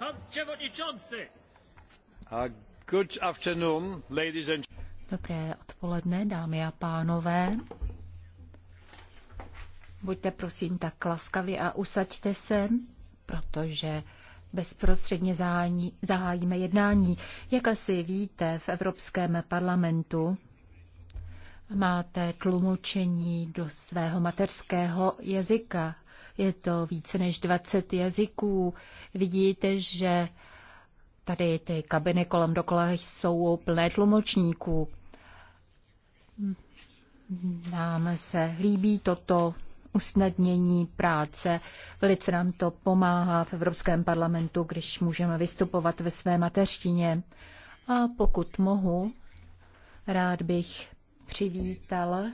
Pan převodničonci! Good afternoon, ladies and... Dobré odpoledne, dámy a pánové. Buďte prosím tak laskavi a usaďte se, protože bezprostředně zahájí, zahájíme jednání. Jak asi víte, v Evropském parlamentu máte tlumočení do svého mateřského jazyka. Je to více než 20 jazyků. Vidíte, že tady ty kabiny kolem dokola jsou plné tlumočníků. Nám se líbí toto usnadnění práce. Velice nám to pomáhá v Evropském parlamentu, když můžeme vystupovat ve své mateřtině. A pokud mohu, rád bych přivítal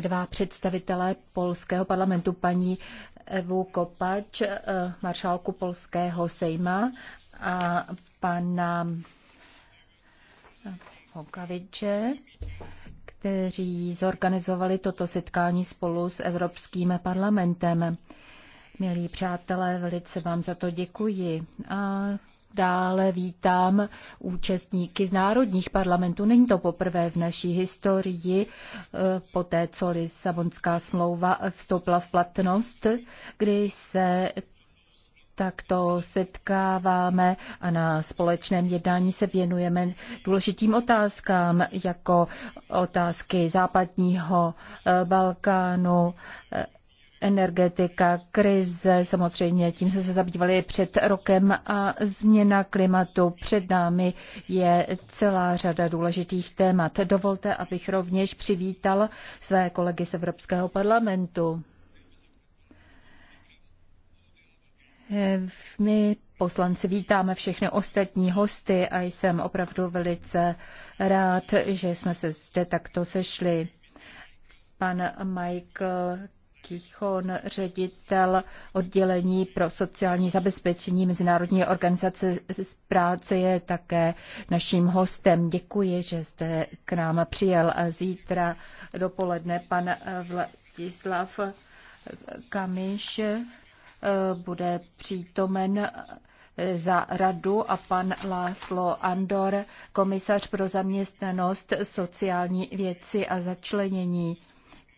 dva představitelé polského parlamentu, paní Evu Kopač, eh, maršálku polského sejma a pana eh, Hokaviče, kteří zorganizovali toto setkání spolu s Evropským parlamentem. Milí přátelé, velice vám za to děkuji a Dále vítám účastníky z národních parlamentů. Není to poprvé v naší historii, eh, po té, co Lisabonská smlouva vstoupila v platnost, kdy se takto setkáváme a na společném jednání se věnujeme důležitým otázkám, jako otázky západního eh, Balkánu, eh, energetika, krize, samozřejmě tím jsme se zabývali před rokem a změna klimatu. Před námi je celá řada důležitých témat. Dovolte, abych rovněž přivítal své kolegy z Evropského parlamentu. My poslanci vítáme všechny ostatní hosty a jsem opravdu velice rád, že jsme se zde takto sešli. Pan Michael Kichon, ředitel oddělení pro sociální zabezpečení Mezinárodní organizace z práce, je také naším hostem. Děkuji, že jste k nám přijel. A zítra dopoledne pan Vladislav Kamiš eh, bude přítomen eh, za radu a pan Láslo Andor, komisař pro zaměstnanost, sociální věci a začlenění.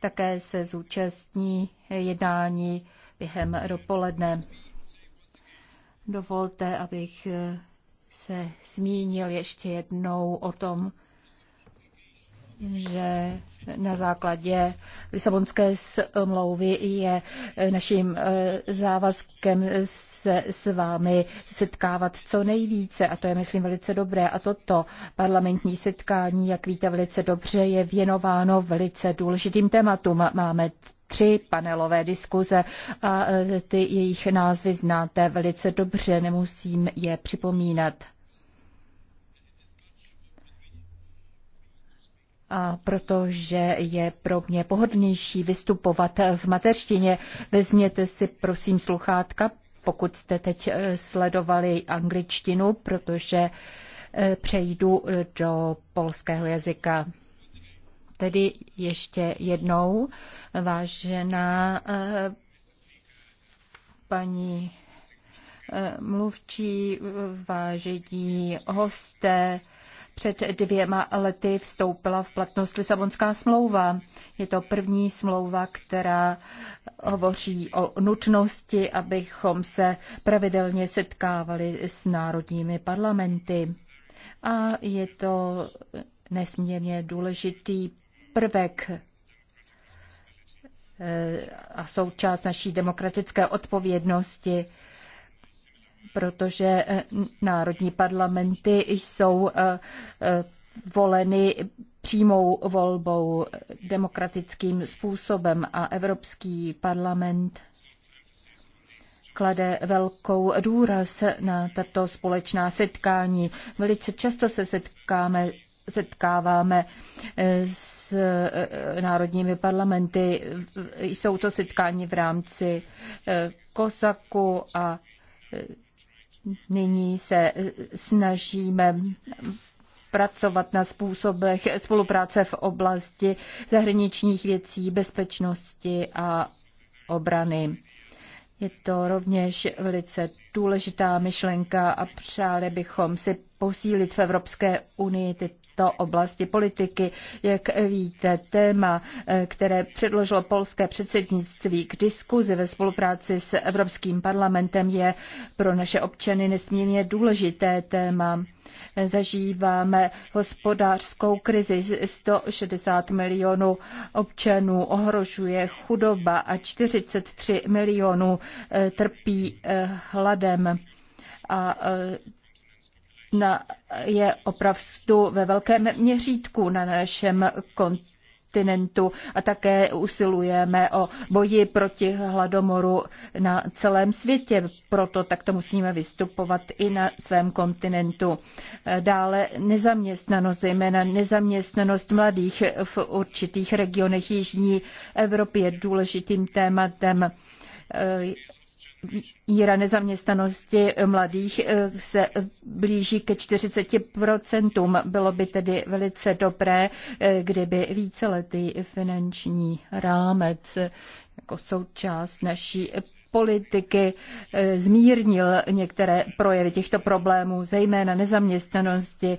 Také se zúčastní jednání během dopoledne. Dovolte, abych se zmínil ještě jednou o tom, že na základě Lisabonské smlouvy je naším eh, závazkem se s vámi setkávat co nejvíce a to je, myslím, velice dobré. A toto parlamentní setkání, jak víte velice dobře, je věnováno velice důležitým tématům. Máme tři panelové diskuze a eh, ty jejich názvy znáte velice dobře, nemusím je připomínat. a protože je pro mě pohodlnější vystupovat v mateřštině, vezměte si prosím sluchátka, pokud jste teď eh, sledovali angličtinu, protože eh, přejdu eh, do polského jazyka. Tedy ještě jednou, vážená paní mluvčí, vážení hosté, před dvěma lety vstoupila v platnost Lisabonská smlouva. Je to první smlouva, která hovoří o nutnosti, abychom se pravidelně setkávali s národními parlamenty. A je to nesmírně důležitý prvek eh, a součást naší demokratické odpovědnosti protože eh, národní parlamenty jsou eh, eh, voleny přímou volbou demokratickým způsobem a Evropský parlament klade velkou důraz na tato společná setkání. Velice často se setkáme setkáváme s národními parlamenty. Jsou to setkání v rámci Kosaku a Nyní se eh, snažíme pracovat na způsobech spolupráce v oblasti zahraničních věcí, bezpečnosti a obrany. Je to rovněž velice důležitá myšlenka a přáli bychom si posílit v Evropské unii tyto této oblasti politiky. Jak víte, téma, eh, které předložilo polské předsednictví k diskuzi ve spolupráci s Evropským parlamentem, je pro naše občany nesmírně důležité téma. Zažíváme hospodářskou krizi. 160 milionů občanů ohrožuje chudoba a 43 milionů eh, trpí eh, hladem. A na, je opravdu ve velkém měřítku na našem kontinentu a také usilujeme o boji proti hladomoru na celém světě. Proto takto musíme vystupovat i na svém kontinentu. Dále nezaměstnanost, zejména nezaměstnanost mladých v určitých regionech Jižní Evropy je důležitým tématem míra nezaměstnanosti mladých eh, se blíží ke 40%. Bylo by tedy velice dobré, eh, kdyby víceletý finanční rámec eh, jako součást naší politiky zmírnil některé projevy těchto problémů, zejména nezaměstnanosti.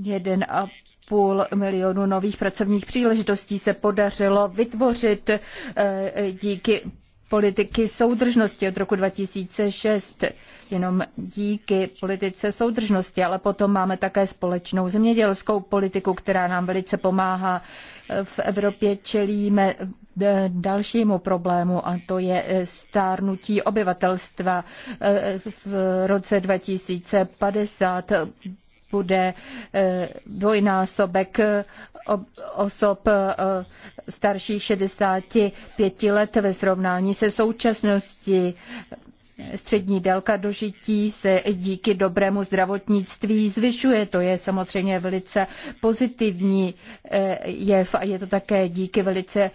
1,5 půl milionu nových pracovních příležitostí se podařilo vytvořit díky politiky soudržnosti od roku 2006, jenom díky politice soudržnosti, ale potom máme také společnou zemědělskou politiku, která nám velice pomáhá. V Evropě čelíme dalšímu problému a to je e, stárnutí obyvatelstva. E, v roce 2050 bude eh, dvojnásobek eh, osob eh, starších 65 let ve srovnání se současností. Střední délka dožití se díky dobrému zdravotnictví zvyšuje. To je samozřejmě velice pozitivní jev a je to také díky velice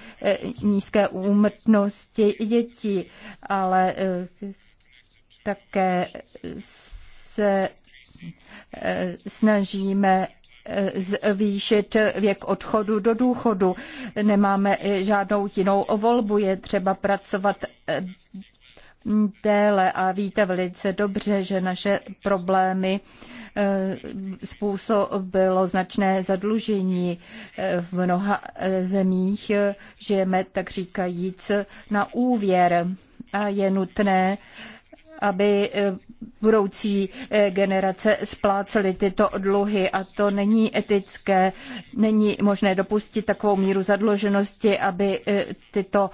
nízké úmrtnosti dětí, ale také se Eh, snažíme eh, zvýšit věk odchodu do důchodu. Nemáme eh, žádnou jinou volbu, je třeba pracovat déle a víte velice dobře, že naše problémy způsobilo značné zadlužení v mnoha zemích. Žijeme, tak říkajíc, na úvěr a je nutné aby eh, budoucí eh, generace splácely tyto dluhy a to není etické. Není možné dopustit takovou míru zadluženosti, aby eh, tyto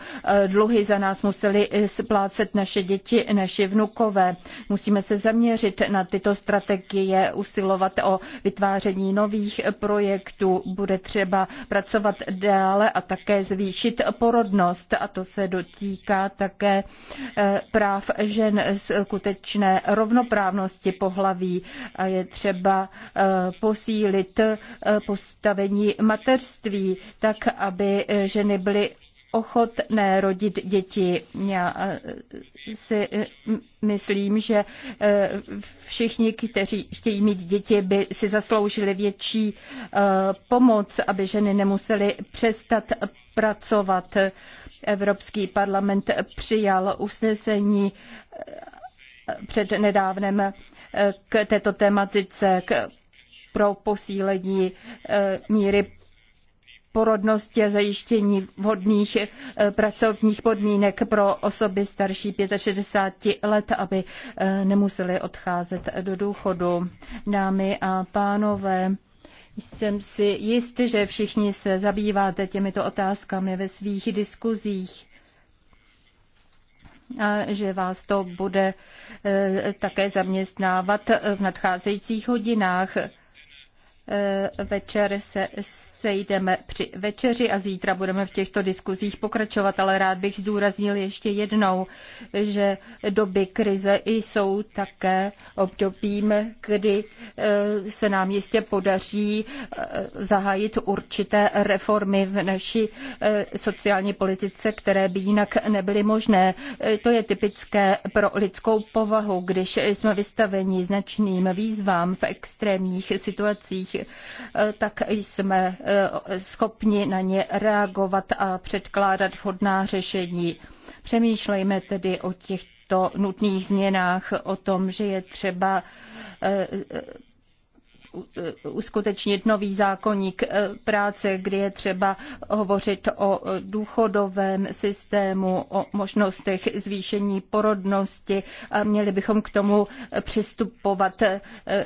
dluhy za nás museli splácet naše děti, naši vnukové. Musíme se zaměřit na tyto strategie, usilovat o vytváření nových projektů. Bude třeba pracovat dále a také zvýšit porodnost a to se dotýká také práv žen s skutečné rovnoprávnosti pohlaví a je třeba eh, posílit eh, postavení mateřství, tak aby eh, ženy byly ochotné rodit děti. Já si myslím, že všichni, kteří chtějí mít děti, by si zasloužili větší pomoc, aby ženy nemusely přestat pracovat. Evropský parlament přijal usnesení před nedávnem eh, k této tematice k, pro posílení eh, míry porodnosti a zajištění vhodných eh, pracovních podmínek pro osoby starší 65 let, aby nemuseli odcházet do důchodu. Dámy a pánové, jsem si jist, že všichni se zabýváte těmito otázkami ve svých diskuzích a že vás to bude eh, také zaměstnávat v nadcházejících hodinách. Eh, večer se sejdeme při večeři a zítra budeme v těchto diskuzích pokračovat, ale rád bych zdůraznil ještě jednou, že doby krize jsou také obdobím, kdy eh, se nám jistě podaří eh, zahájit určité reformy v naší eh, sociální politice, které by jinak nebyly možné. To je typické pro lidskou povahu, když jsme vystaveni značným výzvám v extrémních situacích, tak jsme Eh, schopni na ně reagovat a předkládat vhodná řešení. Přemýšlejme tedy o těchto nutných změnách, o tom, že je třeba eh, uskutečnit nový zákonník eh, práce, kdy je třeba hovořit o eh, důchodovém systému, o možnostech zvýšení porodnosti a měli bychom k tomu eh, přistupovat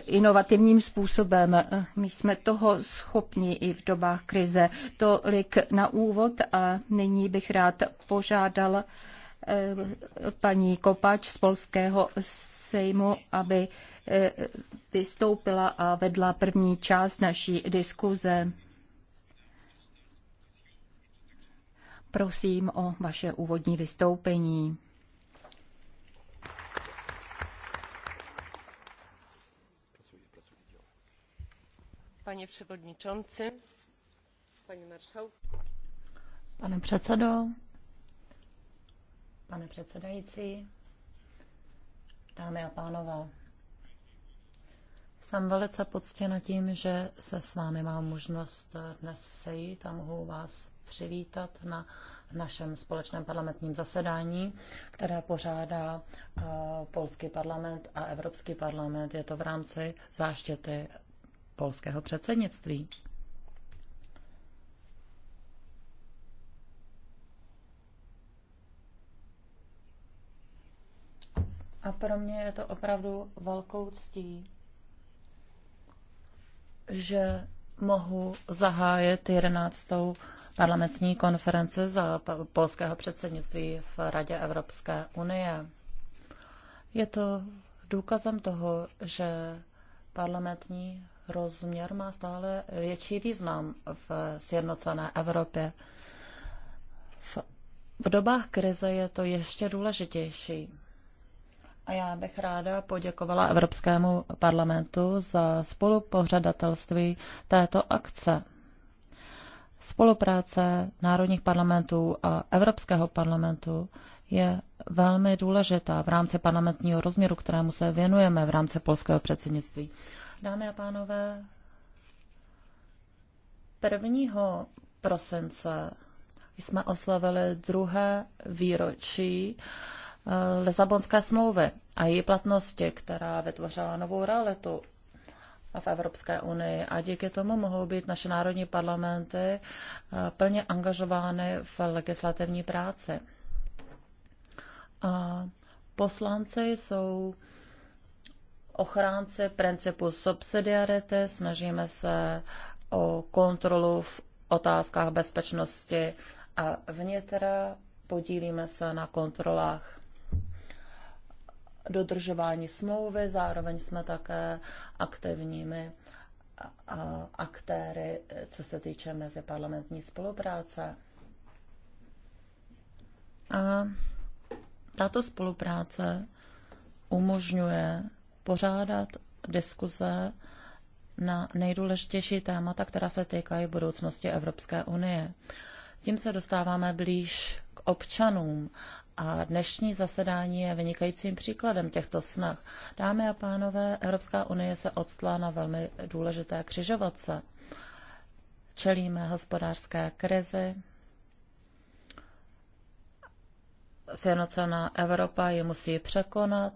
inovativním způsobem. My jsme toho schopni i v dobách krize. Tolik na úvod a nyní bych rád požádal paní Kopač z Polského sejmu, aby Eh, vystoupila a vedla první část naší diskuze. Prosím o vaše úvodní vystoupení. Pane předsedající, paní Pane předsedo, pane předsedající, dámy a pánové, jsem velice poctěna tím, že se s vámi mám možnost eh, dnes sejít a mohu vás přivítat na našem společném parlamentním zasedání, které pořádá eh, Polský parlament a Evropský parlament. Je to v rámci záštěty polského předsednictví. A pro mě je to opravdu velkou ctí že mohu zahájit 11. parlamentní konferenci za polského předsednictví v Radě Evropské unie. Je to důkazem toho, že parlamentní rozměr má stále větší význam v sjednocené Evropě. V, v dobách krize je to ještě důležitější. A já bych ráda poděkovala Evropskému parlamentu za spolupořadatelství této akce. Spolupráce národních parlamentů a Evropského parlamentu je velmi důležitá v rámci parlamentního rozměru, kterému se věnujeme v rámci polského předsednictví. Dámy a pánové, 1. prosince jsme oslavili druhé výročí uh, Eh, Lisabonské smlouvy a její platnosti, která vytvořila novou realitu v Evropské unii a díky tomu mohou být naše národní parlamenty eh, plně angažovány v legislativní práci. A poslanci jsou ochránci principu subsidiarity, snažíme se o kontrolu v otázkách bezpečnosti a vnitra, podílíme se na kontrolách dodržování smlouvy, zároveň jsme také aktivními aktéry, co se týče meziparlamentní spolupráce. A tato spolupráce umožňuje pořádat diskuze na nejdůležitější témata, která se týkají budoucnosti Evropské unie. Tím se dostáváme blíž k občanům a dnešní zasedání je vynikajícím příkladem těchto snah. Dámy a pánové, Evropská unie se odstlá na velmi důležité křižovatce. Čelíme hospodářské krizi, sjednocená Evropa ji musí překonat,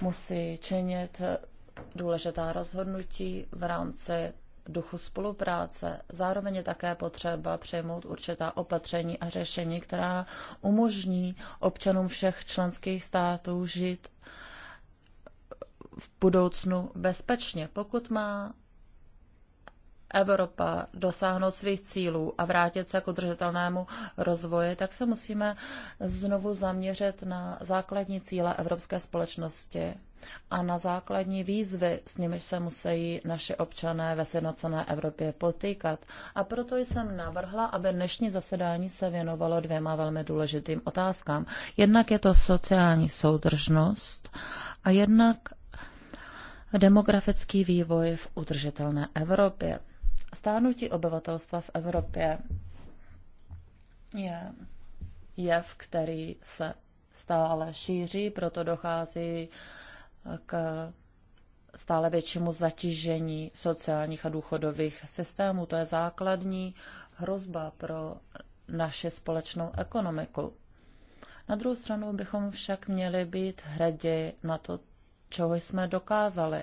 musí činit důležitá rozhodnutí v rámci duchu spolupráce. Zároveň je také potřeba přijmout určitá opatření a řešení, která umožní občanům všech členských států žít v budoucnu bezpečně. Pokud má Evropa dosáhnout svých cílů a vrátit se k udržitelnému rozvoji, tak se musíme znovu zaměřit na základní cíle evropské společnosti a na základní výzvy, s nimiž se musí naše občané ve sjednocené Evropě potýkat. A proto jsem navrhla, aby dnešní zasedání se věnovalo dvěma velmi důležitým otázkám. Jednak je to sociální soudržnost a jednak demografický vývoj v udržitelné Evropě. Stárnutí obyvatelstva v Evropě je jev, který se stále šíří, proto dochází k stále většímu zatížení sociálních a důchodových systémů. To je základní hrozba pro naši společnou ekonomiku. Na druhou stranu bychom však měli být hrdi na to, čeho jsme dokázali.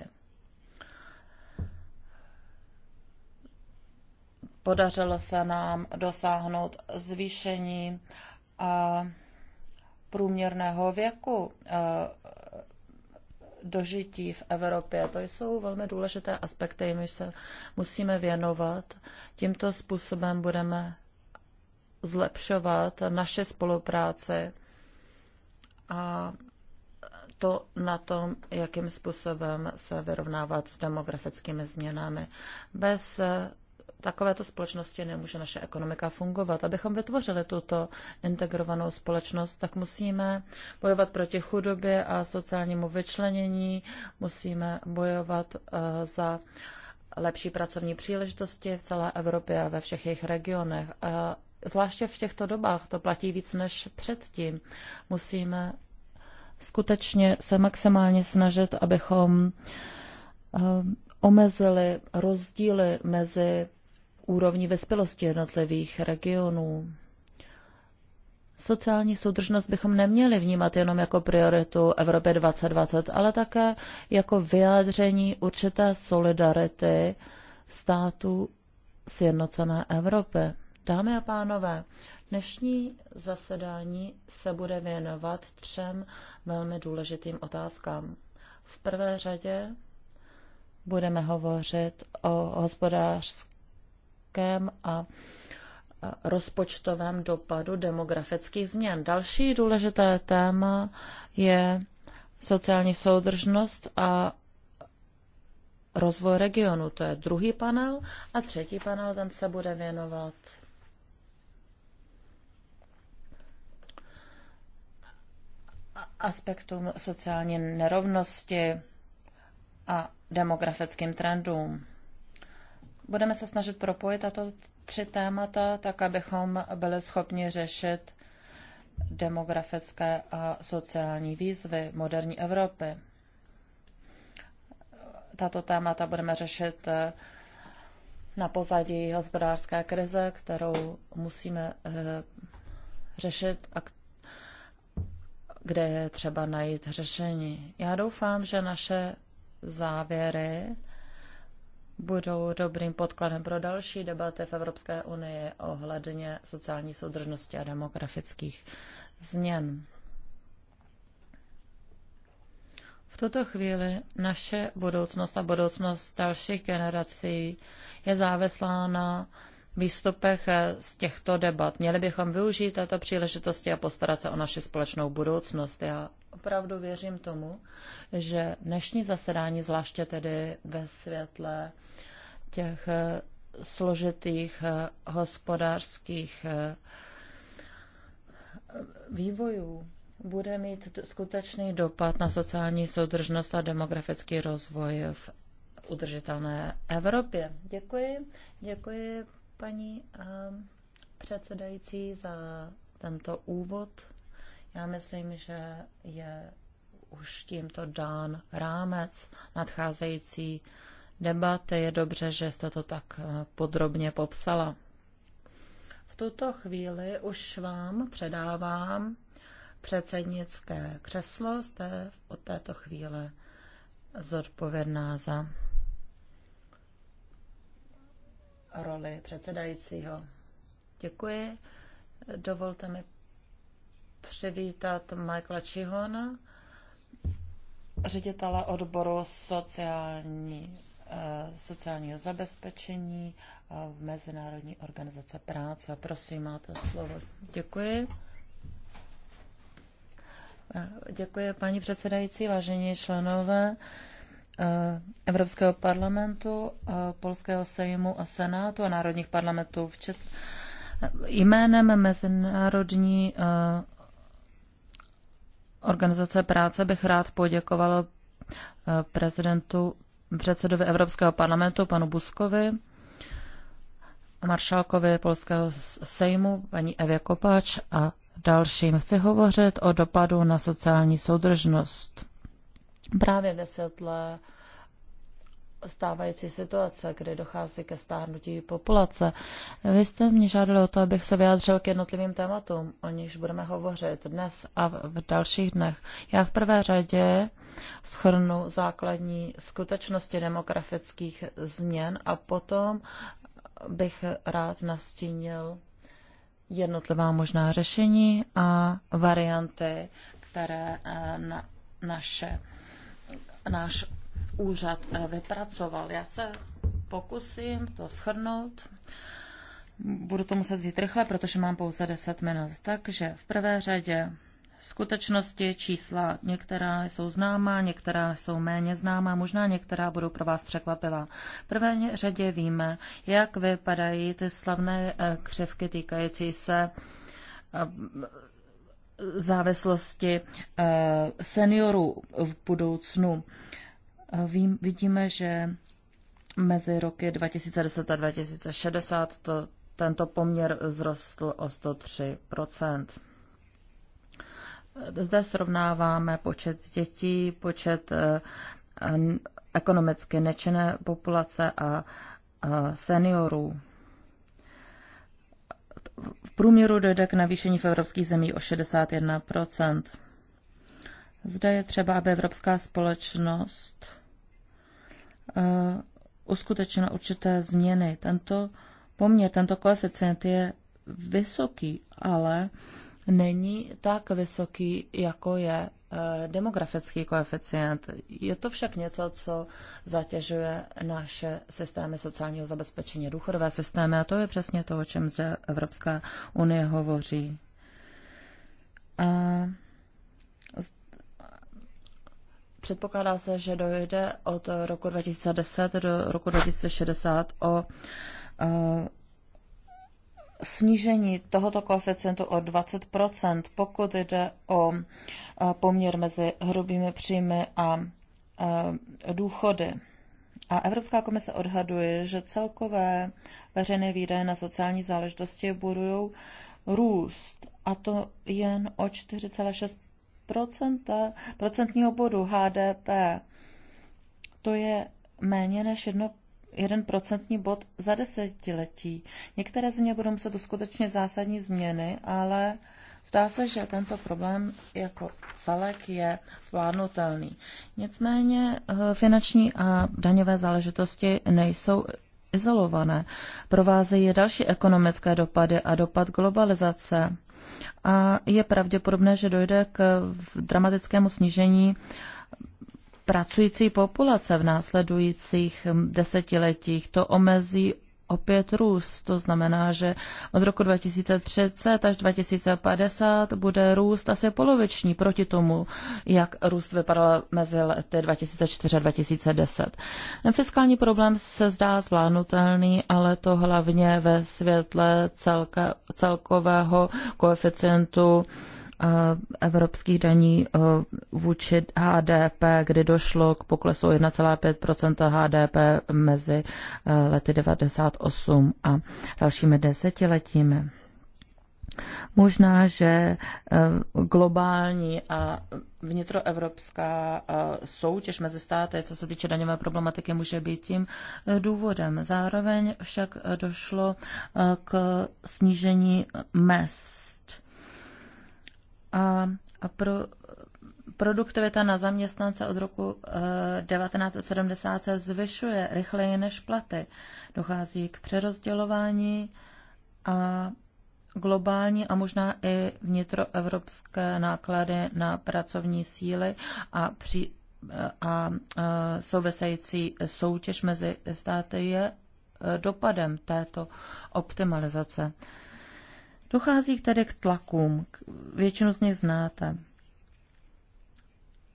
Podařilo se nám dosáhnout zvýšení eh, průměrného věku eh, dožití v Evropě. To jsou velmi důležité aspekty, jimž se musíme věnovat. Tímto způsobem budeme zlepšovat naše spolupráci a to na tom, jakým způsobem se vyrovnávat s demografickými změnami. Bez takovéto společnosti nemůže naše ekonomika fungovat. Abychom vytvořili tuto integrovanou společnost, tak musíme bojovat proti chudobě a sociálnímu vyčlenění, musíme bojovat eh, za lepší pracovní příležitosti v celé Evropě a ve všech jejich regionech. A eh, zvláště v těchto dobách to platí víc než předtím. Musíme skutečně se maximálně snažit, abychom eh, omezili rozdíly mezi úrovni vyspělosti jednotlivých regionů. Sociální soudržnost bychom neměli vnímat jenom jako prioritu Evropy 2020, ale také jako vyjádření určité solidarity států sjednocené Evropy. Dámy a pánové, dnešní zasedání se bude věnovat třem velmi důležitým otázkám. V prvé řadě budeme hovořit o hospodářské ekonomickém a rozpočtovém dopadu demografických změn. Další důležité téma je sociální soudržnost a rozvoj regionu. To je druhý panel a třetí panel ten se bude věnovat aspektům sociální nerovnosti a demografickým trendům. Budeme se snažit propojit tato tři témata, tak abychom byli schopni řešit demografické a sociální výzvy moderní Evropy. Tato témata budeme řešit eh, na pozadí hospodářské krize, kterou musíme eh, řešit a kde je třeba najít řešení. Já doufám, že naše závěry budou dobrým podkladem pro další debaty v Evropské unii ohledně sociální soudržnosti a demografických změn. V tuto chvíli naše budoucnost a budoucnost dalších generací je závislá na výstupech z těchto debat. Měli bychom využít této příležitosti a postarat se o naši společnou budoucnost. Já opravdu věřím tomu, že dnešní zasedání, zvláště tedy ve světle těch eh, složitých eh, hospodářských eh, vývojů, bude mít skutečný dopad na sociální soudržnost a demografický rozvoj v udržitelné Evropě. Děkuji, děkuji paní předsedající za tento úvod. Já myslím, že je už tímto dán rámec nadcházející debaty. Je dobře, že jste to tak eh, podrobně popsala. V tuto chvíli už vám předávám předsednické křeslo. Jste od této chvíle zodpovědná za roli předsedajícího. Děkuji. Dovolte mi přivítat Michaela Čihona, ředitele odboru sociální, eh, sociálního zabezpečení v eh, Mezinárodní organizace práce. Prosím, máte slovo. Děkuji. Eh, děkuji, paní předsedající, vážení členové Evropského parlamentu, Polského sejmu a Senátu a národních parlamentů včetně jménem Mezinárodní organizace práce bych rád poděkoval eh, prezidentu, předsedovi Evropského parlamentu, panu Buskovi, maršálkovi Polského sejmu, paní Evě Kopáč a dalším. Chci hovořit o dopadu na sociální soudržnost. Právě ve světle stávající situace, kdy dochází ke stárnutí populace. Vy jste mě žádali o to, abych se vyjádřil k jednotlivým tématům, o nichž budeme hovořit dnes a v dalších dnech. Já v prvé řadě schrnu základní skutečnosti demografických změn a potom bych rád nastínil jednotlivá možná řešení a varianty, které eh, na, naše náš úřad eh, vypracoval. Já se pokusím to shrnout. Budu to muset zít rychle, protože mám pouze 10 minut. Takže v prvé řadě skutečnosti, čísla, některá jsou známá, některá jsou méně známá, možná některá budou pro vás překvapivá. V prvé řadě víme, jak vypadají ty slavné eh, křivky týkající se eh, závislosti seniorů v budoucnu. Vím, vidíme, že mezi roky 2010 a 2060 to, tento poměr zrostl o 103 Zde srovnáváme počet dětí, počet eh, ekonomicky nečinné populace a eh, seniorů. V průměru dojde k navýšení v evropských zemích o 61 Zde je třeba, aby evropská společnost Eh, uskutečnil určité změny. Tento poměr, tento koeficient je vysoký, ale není tak vysoký, jako je eh, demografický koeficient. Je to však něco, co zatěžuje naše systémy sociálního zabezpečení, důchodové systémy a to je přesně to, o čem zde Evropská unie hovoří. A Předpokládá se, že dojde od roku 2010 do roku 2060 o eh, snížení tohoto koeficientu o 20 pokud jde o eh, poměr mezi hrubými příjmy a eh, důchody. A Evropská komise odhaduje, že celkové veřejné výdaje na sociální záležitosti budou růst, a to jen o 4,6 procenta, procentního bodu HDP. To je méně než jedno, jeden procentní bod za desetiletí. Některé země budou muset skutečně zásadní změny, ale zdá se, že tento problém jako celek je zvládnutelný. Nicméně eh, finanční a daňové záležitosti nejsou izolované. Provázejí je další ekonomické dopady a dopad globalizace a je pravděpodobné, že dojde k dramatickému snížení pracující populace v následujících desetiletích. To omezí opět růst. To znamená, že od roku 2030 až 2050 bude růst asi poloviční proti tomu, jak růst vypadal mezi lety 2004 a 2010. Ten fiskální problém se zdá zvládnutelný, ale to hlavně ve světle celka, celkového koeficientu Eh, evropských daní eh, vůči HDP, kdy došlo k poklesu 1,5 HDP mezi eh, lety 98 a dalšími desetiletími. Možná, že globální a vnitroevropská soutěž mezi státy, co se týče daňové problematiky, může být tím důvodem. Zároveň však došlo k snížení mes a, a pro, produktivita na zaměstnance od roku 1970 eh, se zvyšuje rychleji než platy. Dochází k přerozdělování a globální a možná i vnitroevropské náklady na pracovní síly a, při, eh, a eh, související soutěž mezi státy je dopadem této optimalizace. Dochází tedy k tlakům, většinu z nich znáte.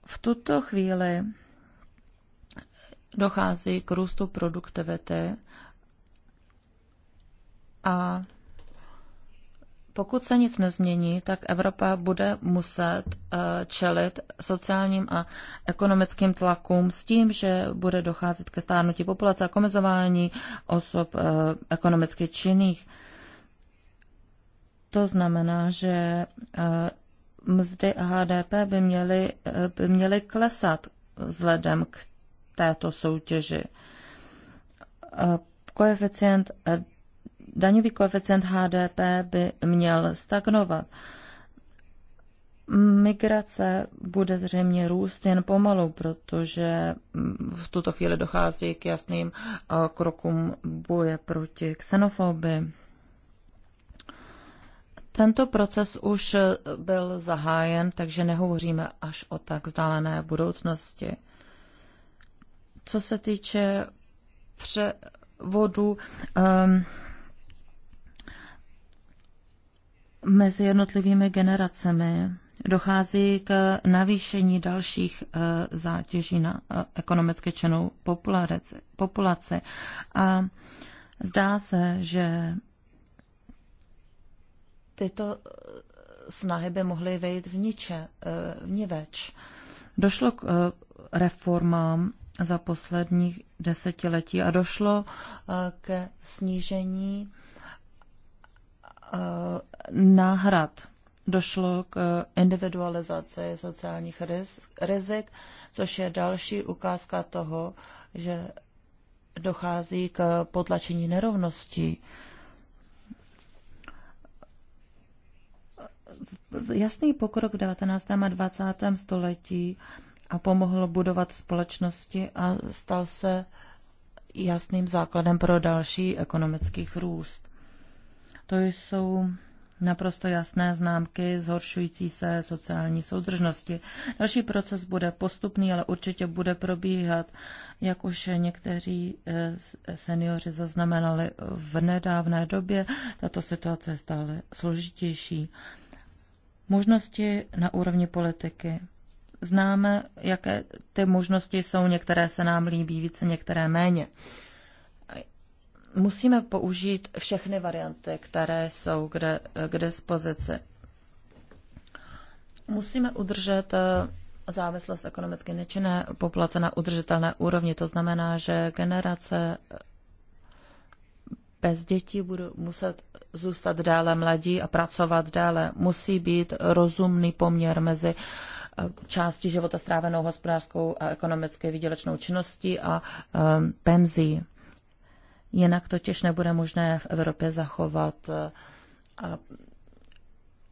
V tuto chvíli dochází k růstu produktivity a pokud se nic nezmění, tak Evropa bude muset eh, čelit sociálním a ekonomickým tlakům s tím, že bude docházet ke stárnutí populace a komizování osob eh, ekonomicky činných. To znamená, že eh, mzdy a HDP by měly, eh, by měly klesat vzhledem k této soutěži. Eh, koeficient, daňový koeficient HDP by měl stagnovat. Migrace bude zřejmě růst jen pomalu, protože mm, v tuto chvíli dochází k jasným krokům boje proti xenofobii. Tento proces už eh, byl zahájen, takže nehovoříme až o tak vzdálené budoucnosti. Co se týče převodu um, mezi jednotlivými generacemi, dochází k navýšení dalších eh, zátěží na eh, ekonomicky činnou populace. A zdá se, že tyto eh, snahy by mohly vejít v, niče, eh, v niveč. Došlo k eh, reformám za posledních desetiletí a došlo ke snížení náhrad. Došlo k individualizaci sociálních rizik, což je další ukázka toho, že dochází k potlačení nerovností jasný pokrok v 19. a 20. století a pomohl budovat společnosti a stal se jasným základem pro další ekonomický růst. To jsou naprosto jasné známky zhoršující se sociální soudržnosti. Další proces bude postupný, ale určitě bude probíhat, jak už někteří eh, seniori zaznamenali v nedávné době. Tato situace je stále složitější. Možnosti na úrovni politiky. Známe, jaké ty možnosti jsou, některé se nám líbí více, některé méně. Musíme použít všechny varianty, které jsou kde, k dispozici. Musíme udržet eh, závislost ekonomicky nečinné populace na udržitelné úrovni. To znamená, že generace bez dětí budou muset zůstat dále mladí a pracovat dále. Musí být rozumný poměr mezi eh, částí života strávenou hospodářskou a ekonomické výdělečnou činností a eh, penzí. Jinak totiž nebude možné v Evropě zachovat eh,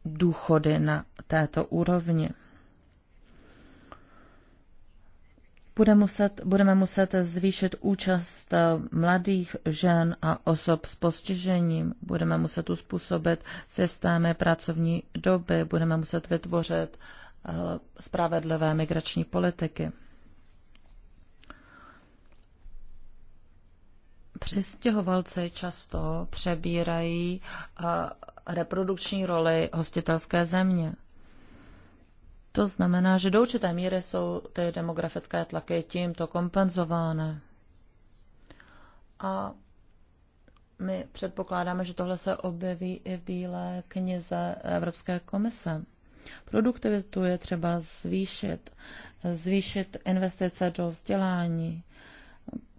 důchody na této úrovni. Bude muset, budeme muset zvýšit účast eh, mladých žen a osob s postižením. Budeme muset uspůsobit systémy pracovní doby. Budeme muset vytvořit eh, spravedlivé migrační politiky. Přistěhovalci často přebírají eh, reprodukční roli hostitelské země. To znamená, že do určité míry jsou ty demografické tlaky tímto kompenzovány. A my předpokládáme, že tohle se objeví i v Bílé knize Evropské komise. Produktivitu je třeba zvýšit, zvýšit investice do vzdělání,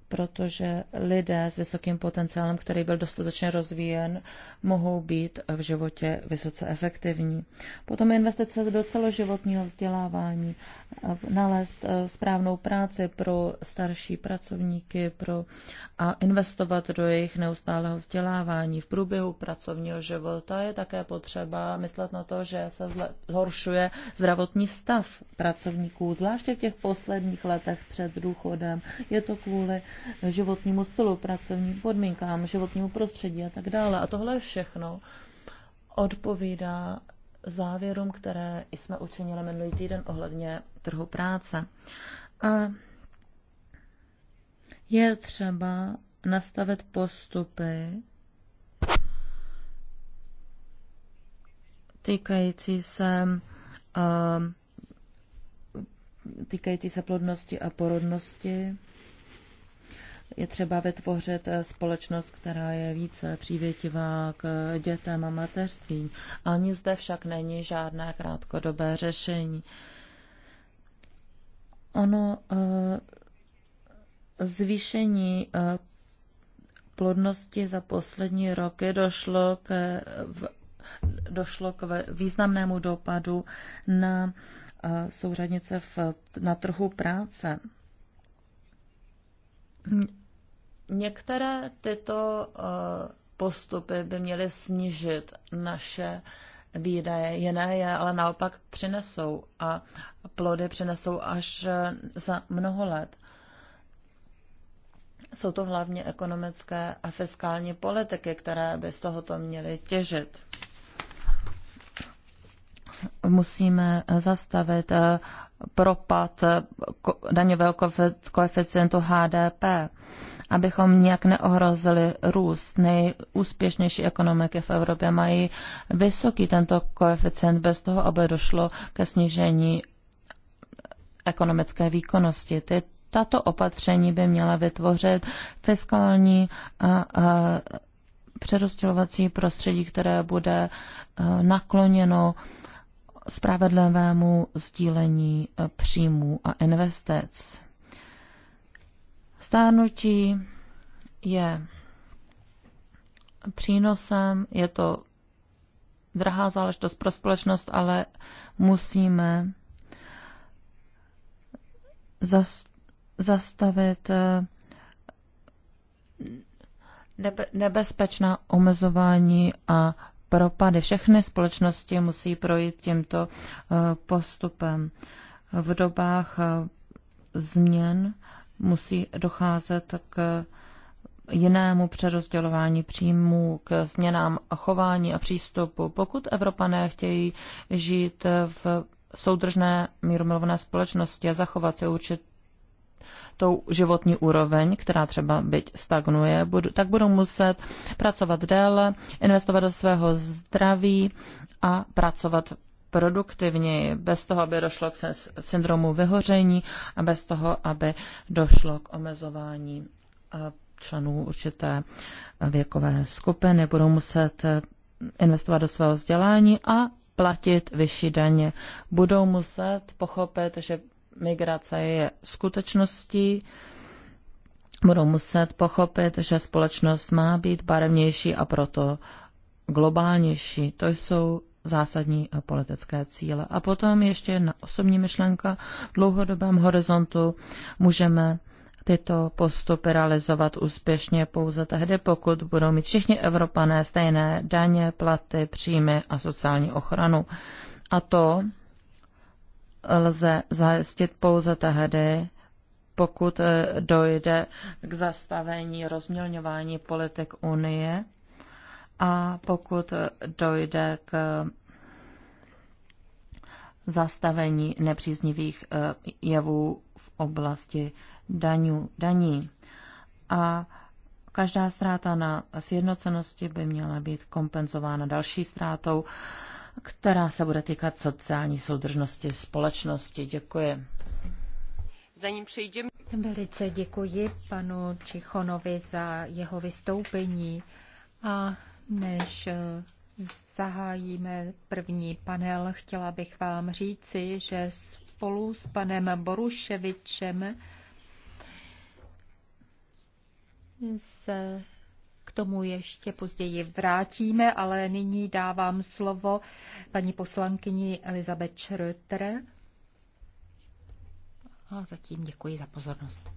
protože lidé s vysokým potenciálem, který byl dostatečně rozvíjen, mohou být v životě vysoce efektivní. Potom investice do celoživotního vzdělávání, nalézt e, správnou práci pro starší pracovníky pro, a investovat do jejich neustálého vzdělávání. V průběhu pracovního života je také potřeba myslet na to, že se zhoršuje zdravotní stav pracovníků, zvláště v těch posledních letech před důchodem. Je to kvůli životnímu stylu, pracovním podmínkám, životnímu prostředí a tak dále. A tohle všechno odpovídá závěrům, které jsme učinili minulý týden ohledně trhu práce. A je třeba nastavit postupy týkající se eh, týkající se plodnosti a porodnosti je třeba vytvořit eh, společnost, která je více přívětivá k dětem a mateřství. Ani zde však není žádné krátkodobé řešení. Ono eh, zvýšení eh, plodnosti za poslední roky došlo k, došlo k významnému dopadu na souřadnice v, na trhu práce. Některé tyto eh, postupy by měly snížit naše výdaje, jiné je ale naopak přinesou a plody přinesou až eh, za mnoho let. Jsou to hlavně ekonomické a fiskální politiky, které by z tohoto měly těžit musíme zastavit eh, propad eh, daňového koeficientu HDP, abychom nějak neohrozili růst. Nejúspěšnější ekonomiky v Evropě mají vysoký tento koeficient bez toho, aby došlo ke snížení ekonomické výkonnosti. Ty, tato opatření by měla vytvořit fiskální a, a, přerozdělovací prostředí, které bude eh, nakloněno spravedlivému sdílení eh, příjmů a investic. Stárnutí je přínosem, je to drahá záležitost pro společnost, ale musíme zas, zastavit eh, nebe, nebezpečná omezování a propady. Všechny společnosti musí projít tímto eh, postupem. V dobách eh, změn musí docházet k jinému přerozdělování příjmů, k změnám chování a přístupu. Pokud Evropané chtějí žít v soudržné mírumilovné společnosti a zachovat si určitě tou životní úroveň, která třeba byť stagnuje, budu, tak budou muset pracovat déle, investovat do svého zdraví a pracovat produktivněji, bez toho, aby došlo k syndromu vyhoření a bez toho, aby došlo k omezování eh, členů určité eh, věkové skupiny. Budou muset eh, investovat do svého vzdělání a platit vyšší daně. Budou muset pochopit, že migrace je skutečností. Budou muset pochopit, že společnost má být barevnější a proto globálnější. To jsou zásadní politické cíle. A potom ještě jedna osobní myšlenka. V dlouhodobém horizontu můžeme tyto postupy realizovat úspěšně pouze tehdy, pokud budou mít všichni Evropané stejné daně, platy, příjmy a sociální ochranu. A to lze zajistit pouze tehdy, pokud eh, dojde k zastavení rozmělňování politik Unie a pokud eh, dojde k eh, zastavení nepříznivých jevů v oblasti daňů, daní. A každá ztráta na sjednocenosti by měla být kompenzována další ztrátou která se bude týkat sociální soudržnosti společnosti. Děkuji. Za ním přejdeme. Velice děkuji panu Čichonovi za jeho vystoupení. A než eh, zahájíme první panel, chtěla bych vám říci, že spolu s panem Boruševičem se tomu ještě později vrátíme, ale nyní dávám slovo paní poslankyni Elizabeth Schröter. A zatím děkuji za pozornost.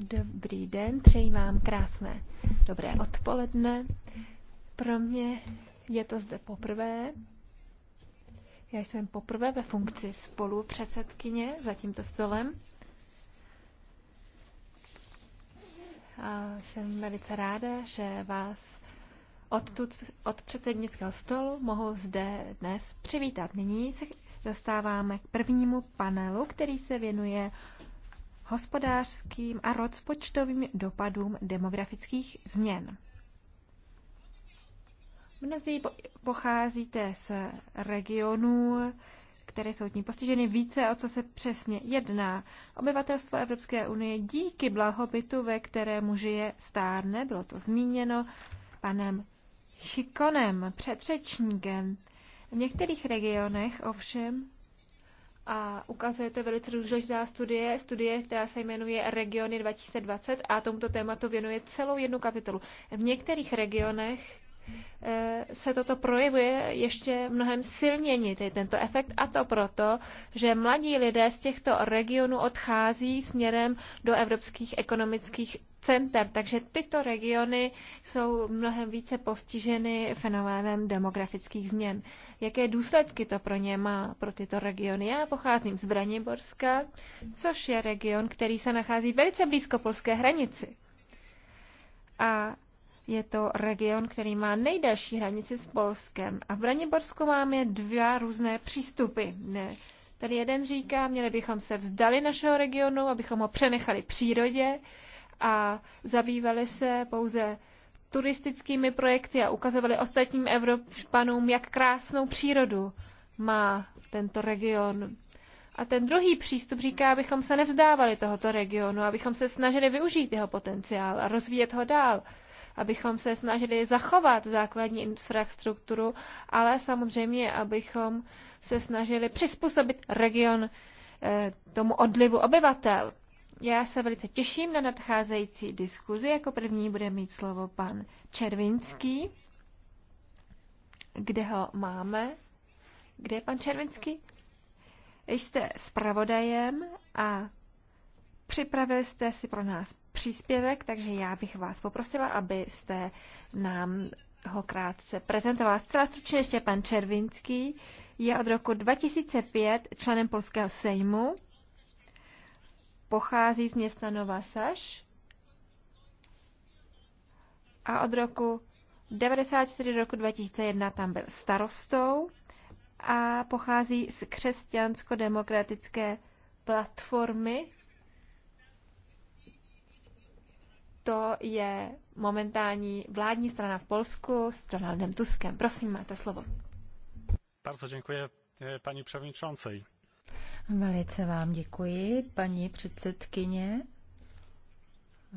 Dobrý den, přeji vám krásné dobré odpoledne. Pro mě je to zde poprvé. Já jsem poprvé ve funkci spolupředsedkyně za tímto stolem. A jsem velice ráda, že vás odtud, od předsednického stolu mohu zde dnes přivítat. Nyní se dostáváme k prvnímu panelu, který se věnuje hospodářským a rozpočtovým dopadům demografických změn. Mnozí pocházíte z regionů, které jsou tím postiženy více, o co se přesně jedná. Obyvatelstvo Evropské unie díky blahobytu, ve kterému žije, stárne, bylo to zmíněno panem Šikonem, předřečníkem. V některých regionech ovšem a ukazuje to velice důležitá studie, studie, která se jmenuje Regiony 2020 a tomuto tématu věnuje celou jednu kapitolu. V některých regionech eh, se toto projevuje ještě mnohem silněji, tedy tento efekt, a to proto, že mladí lidé z těchto regionů odchází směrem do evropských ekonomických center, takže tyto regiony jsou mnohem více postiženy fenoménem demografických změn jaké důsledky to pro ně má, pro tyto regiony. Já pocházím z Braniborska, což je region, který se nachází velice blízko polské hranici. A je to region, který má nejdelší hranici s Polskem. A v Braniborsku máme dva různé přístupy. Ne. Tady jeden říká, měli bychom se vzdali našeho regionu, abychom ho přenechali přírodě a zabývali se pouze turistickými projekty a ukazovali ostatním Evropanům, jak krásnou přírodu má tento region. A ten druhý přístup říká, abychom se nevzdávali tohoto regionu, abychom se snažili využít jeho potenciál a rozvíjet ho dál, abychom se snažili zachovat základní infrastrukturu, ale samozřejmě, abychom se snažili přizpůsobit region eh, tomu odlivu obyvatel. Já se velice těším na nadcházející diskuzi. Jako první bude mít slovo pan Červinský. Kde ho máme? Kde je pan Červinský? Jste zpravodajem a připravili jste si pro nás příspěvek, takže já bych vás poprosila, abyste nám ho krátce prezentovala. Zcela stručně ještě pan Červinský je od roku 2005 členem Polského sejmu pochází z města Nova Saš a od roku 94 do roku 2001 tam byl starostou a pochází z křesťansko-demokratické platformy. To je momentální vládní strana v Polsku s Donaldem Tuskem. Prosím, máte slovo. Bardzo dziękuję e, pani przewodniczącej Velice vám děkuji, paní předsedkyně.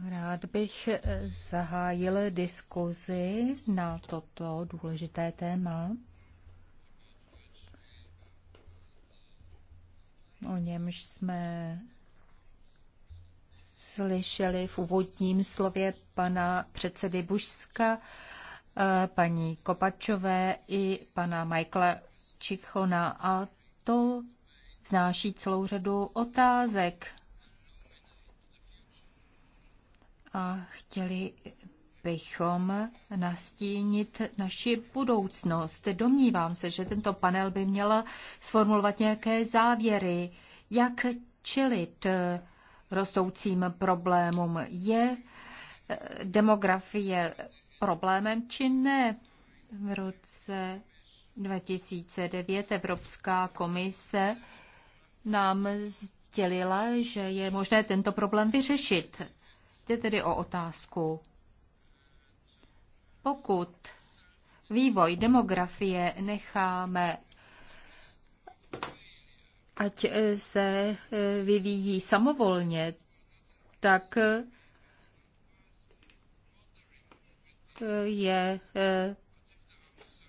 Rád bych eh, zahájil diskuzi na toto důležité téma. O němž jsme slyšeli v úvodním slově pana předsedy Bušska, eh, paní Kopačové i pana Michaela Čichona. A to vznáší celou řadu otázek a chtěli bychom nastínit naši budoucnost. Domnívám se, že tento panel by měl sformulovat nějaké závěry, jak čelit rostoucím problémům. Je eh, demografie problémem či ne? V roce 2009 Evropská komise nám sdělila, že je možné tento problém vyřešit. Jde tedy o otázku. Pokud vývoj demografie necháme ať se vyvíjí samovolně, tak je eh,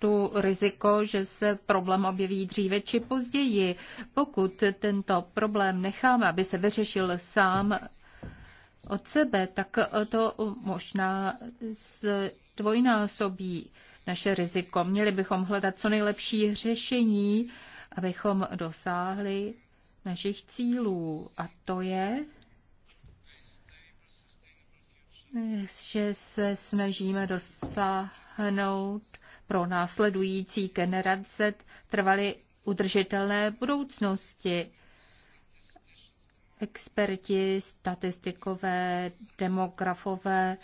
tu riziko, že se problém objeví dříve či později. Pokud tento problém necháme, aby se vyřešil sám od sebe, tak to možná dvojnásobí naše riziko. Měli bychom hledat co nejlepší řešení, abychom dosáhli našich cílů. A to je, že se snažíme dosáhnout pro následující generace trvaly udržitelné budoucnosti. Experti, statistikové, demografové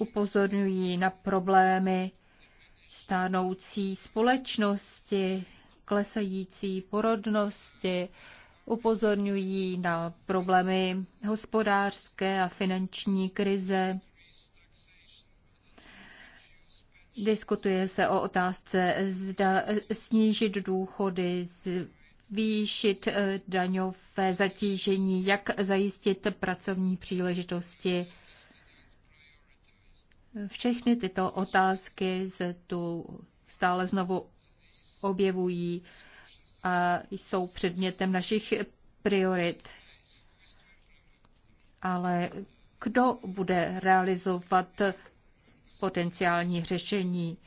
upozorňují na problémy stánoucí společnosti, klesající porodnosti, upozorňují na problémy hospodářské a finanční krize, Diskutuje se o otázce, zda snížit důchody, zvýšit eh, daňové zatížení, jak zajistit pracovní příležitosti. Všechny tyto otázky se tu stále znovu objevují a jsou předmětem našich priorit. Ale kdo bude realizovat potenciální řešení.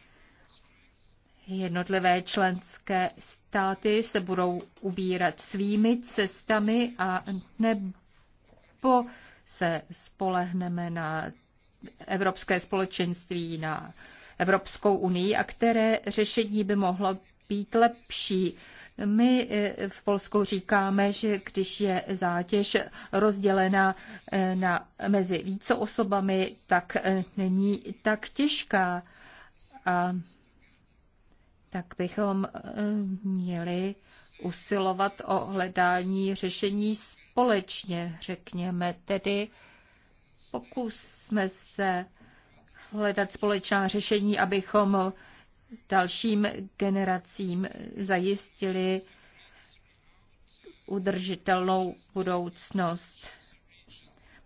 Jednotlivé členské státy se budou ubírat svými cestami a nebo se spolehneme na Evropské společenství, na Evropskou unii a které řešení by mohlo být lepší. My eh, v Polsku říkáme, že když je zátěž rozdělena eh, na, mezi více osobami, tak eh, není tak těžká. A tak bychom měli usilovat o hledání řešení společně, řekněme tedy. Pokusme se hledat společná řešení, abychom dalším generacím zajistili udržitelnou budoucnost.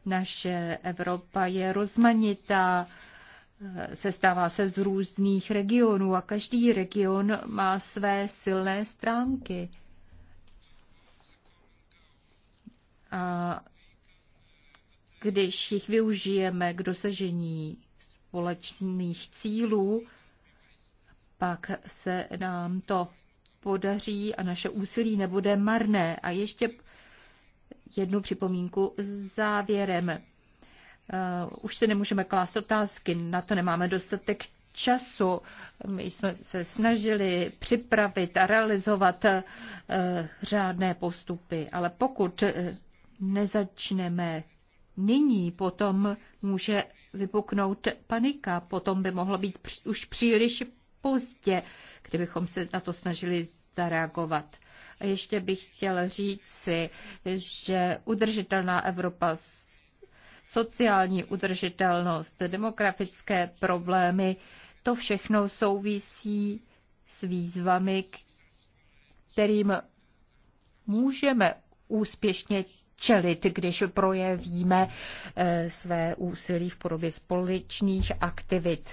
Naše Evropa je rozmanitá, sestává se z různých regionů a každý region má své silné stránky. A když jich využijeme k dosažení společných cílů, pak se nám to podaří a naše úsilí nebude marné. A ještě jednu připomínku závěrem. Uh, už se nemůžeme klást otázky, na to nemáme dostatek času. My jsme se snažili připravit a realizovat uh, řádné postupy, ale pokud uh, nezačneme nyní, potom může vypuknout panika, potom by mohlo být už příliš pozdě, kdybychom se na to snažili zareagovat. A ještě bych chtěl říci, že udržitelná Evropa, sociální udržitelnost, demografické problémy, to všechno souvisí s výzvami, kterým můžeme úspěšně čelit, když projevíme eh, své úsilí v podobě společných aktivit.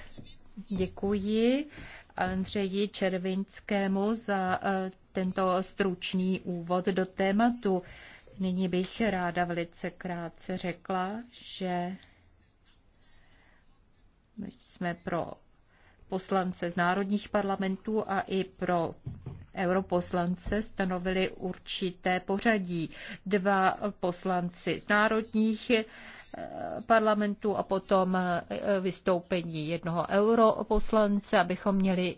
Děkuji. Andřeji Červinskému za eh, tento stručný úvod do tématu. Nyní bych ráda velice krátce řekla, že jsme pro poslance z národních parlamentů a i pro europoslance stanovili určité pořadí. Dva poslanci z národních parlamentu a potom e, e, vystoupení jednoho europoslance, abychom měli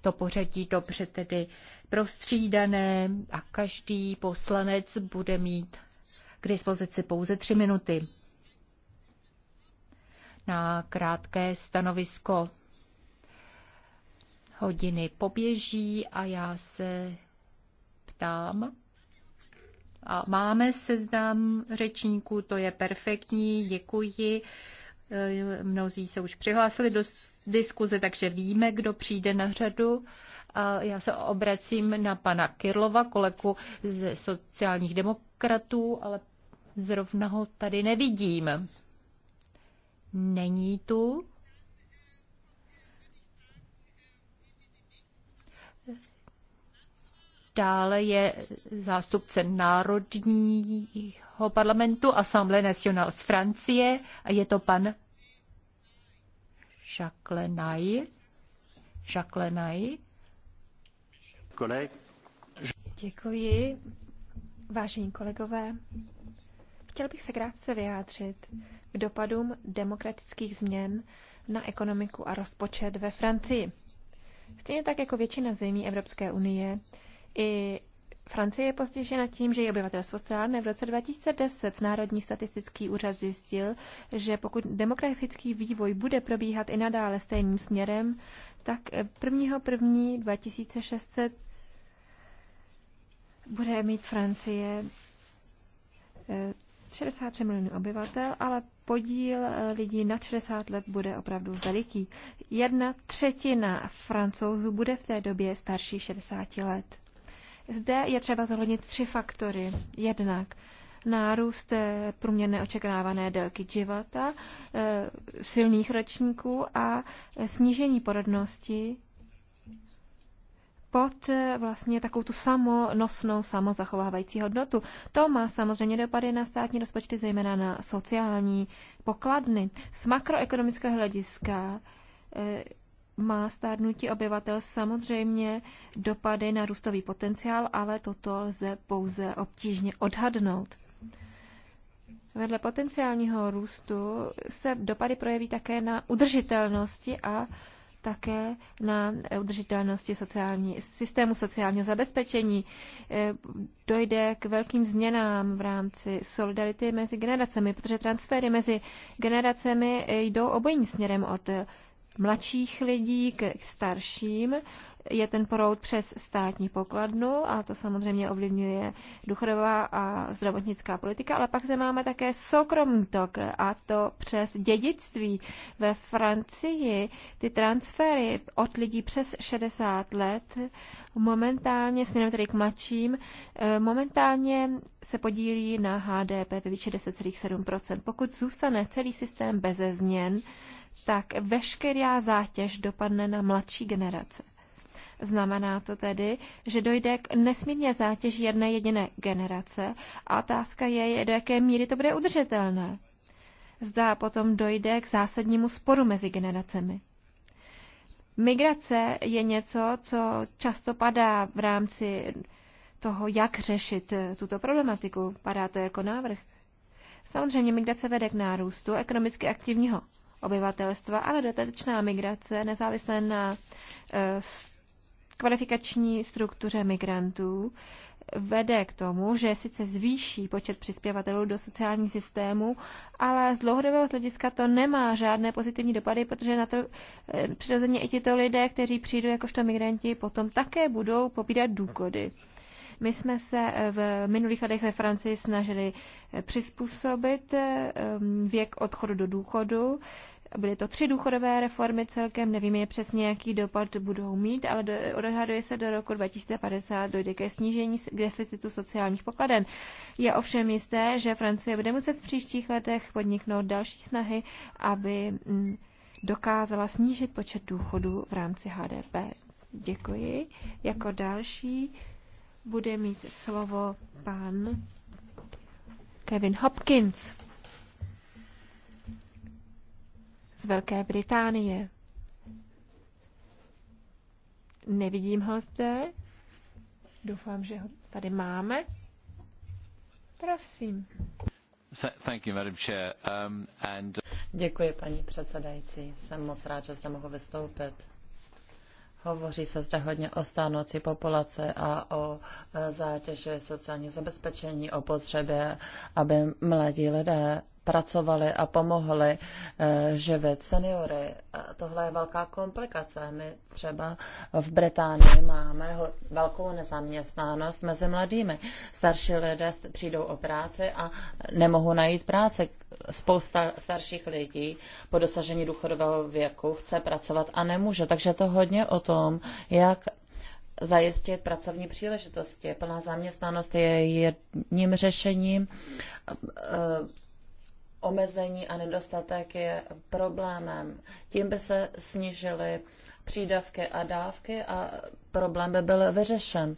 to pořadí dobře tedy prostřídané a každý poslanec bude mít k dispozici pouze tři minuty na krátké stanovisko. Hodiny poběží a já se ptám, a máme seznam řečníků, to je perfektní, děkuji. Eh, mnozí se už přihlásili do diskuze, takže víme, kdo přijde na řadu. A já se obracím na pana Kirlova, kolegu ze sociálních demokratů, ale zrovna ho tady nevidím. Není tu. Dále je zástupce Národního parlamentu Assemblée nationale z Francie a je to pan Jacques Lenay. Děkuji, vážení kolegové. Chtěl bych se krátce vyjádřit k dopadům demokratických změn na ekonomiku a rozpočet ve Francii. Stejně tak jako většina zemí Evropské unie i Francie je postižena tím, že její obyvatelstvo stárne. V roce 2010 Národní statistický úřad zjistil, že pokud demografický vývoj bude probíhat i nadále stejným směrem, tak 1.1.2600 eh, 2600 bude mít Francie 63 eh, milionů obyvatel, ale podíl eh, lidí nad 60 let bude opravdu veliký. Jedna třetina francouzů bude v té době starší 60 let. Zde je třeba zohlednit tři faktory. Jednak nárůst eh, průměrné očekávané délky života, eh, silných ročníků a eh, snížení porodnosti pod vlastně takovou tu samonosnou, samozachovávající hodnotu. To má samozřejmě dopady na státní rozpočty, zejména na sociální pokladny. Z makroekonomického hlediska má stárnutí obyvatel samozřejmě dopady na růstový potenciál, ale toto lze pouze obtížně odhadnout. Vedle potenciálního růstu se dopady projeví také na udržitelnosti a také na udržitelnosti sociální, systému sociálního zabezpečení. Eh, dojde k velkým změnám v rámci solidarity mezi generacemi, protože transfery mezi generacemi jdou obojím směrem od mladších lidí k starším. Je ten proud přes státní pokladnu a to samozřejmě ovlivňuje duchová a zdravotnická politika, ale pak zde máme také soukromý tok a to přes dědictví. Ve Francii ty transfery od lidí přes 60 let momentálně, směrem tedy k mladším, eh, momentálně se podílí na HDP ve výši 10,7%. Pokud zůstane celý systém beze změn, tak veškerá zátěž dopadne na mladší generace. Znamená to tedy, že dojde k nesmírně zátěži jedné jediné generace a otázka je, do jaké míry to bude udržitelné. Zdá potom dojde k zásadnímu sporu mezi generacemi. Migrace je něco, co často padá v rámci toho, jak řešit eh, tuto problematiku. Padá to jako návrh. Samozřejmě migrace vede k nárůstu ekonomicky aktivního obyvatelstva, ale dodatečná migrace nezávisle na eh, kvalifikační struktuře migrantů vede k tomu, že sice zvýší počet přispěvatelů do sociální systému, ale z dlouhodobého hlediska to nemá žádné pozitivní dopady, protože na to eh, přirozeně i tito lidé, kteří přijdou jakožto migranti, potom také budou pobírat důkody. My jsme se eh, v minulých letech ve Francii snažili přizpůsobit věk odchodu do důchodu Byly to tři důchodové reformy celkem, nevíme je přesně, jaký dopad budou mít, ale do, odhaduje se do roku 2050 dojde ke snížení deficitu sociálních pokladen. Je ovšem jisté, že Francie bude muset v příštích letech podniknout další snahy, aby mm, dokázala snížit počet důchodů v rámci HDP. Děkuji. Jako další bude mít slovo pan Kevin Hopkins. z Velké Británie. Nevidím ho zde. Doufám, že ho tady máme. Prosím. Thank you, Madam Chair. Um, and... Uh, Děkuji, paní předsedající. Jsem moc rád, že zde mohu vystoupit. Hovoří se zde hodně o stánoci populace a o e, zátěži sociální zabezpečení, o potřebě, aby mladí lidé pracovali a pomohli eh, živit seniory. Eh, tohle je velká komplikace. My třeba v Británii máme velkou nezaměstnanost mezi mladými. Starší lidé přijdou o práci a nemohou najít práci. Spousta starších lidí po dosažení důchodového věku chce pracovat a nemůže. Takže to hodně o tom, jak zajistit pracovní příležitosti. Plná zaměstnanost je jedním řešením. Eh, omezení a nedostatek je problémem. Tím by se snížily přídavky a dávky a problém by byl vyřešen.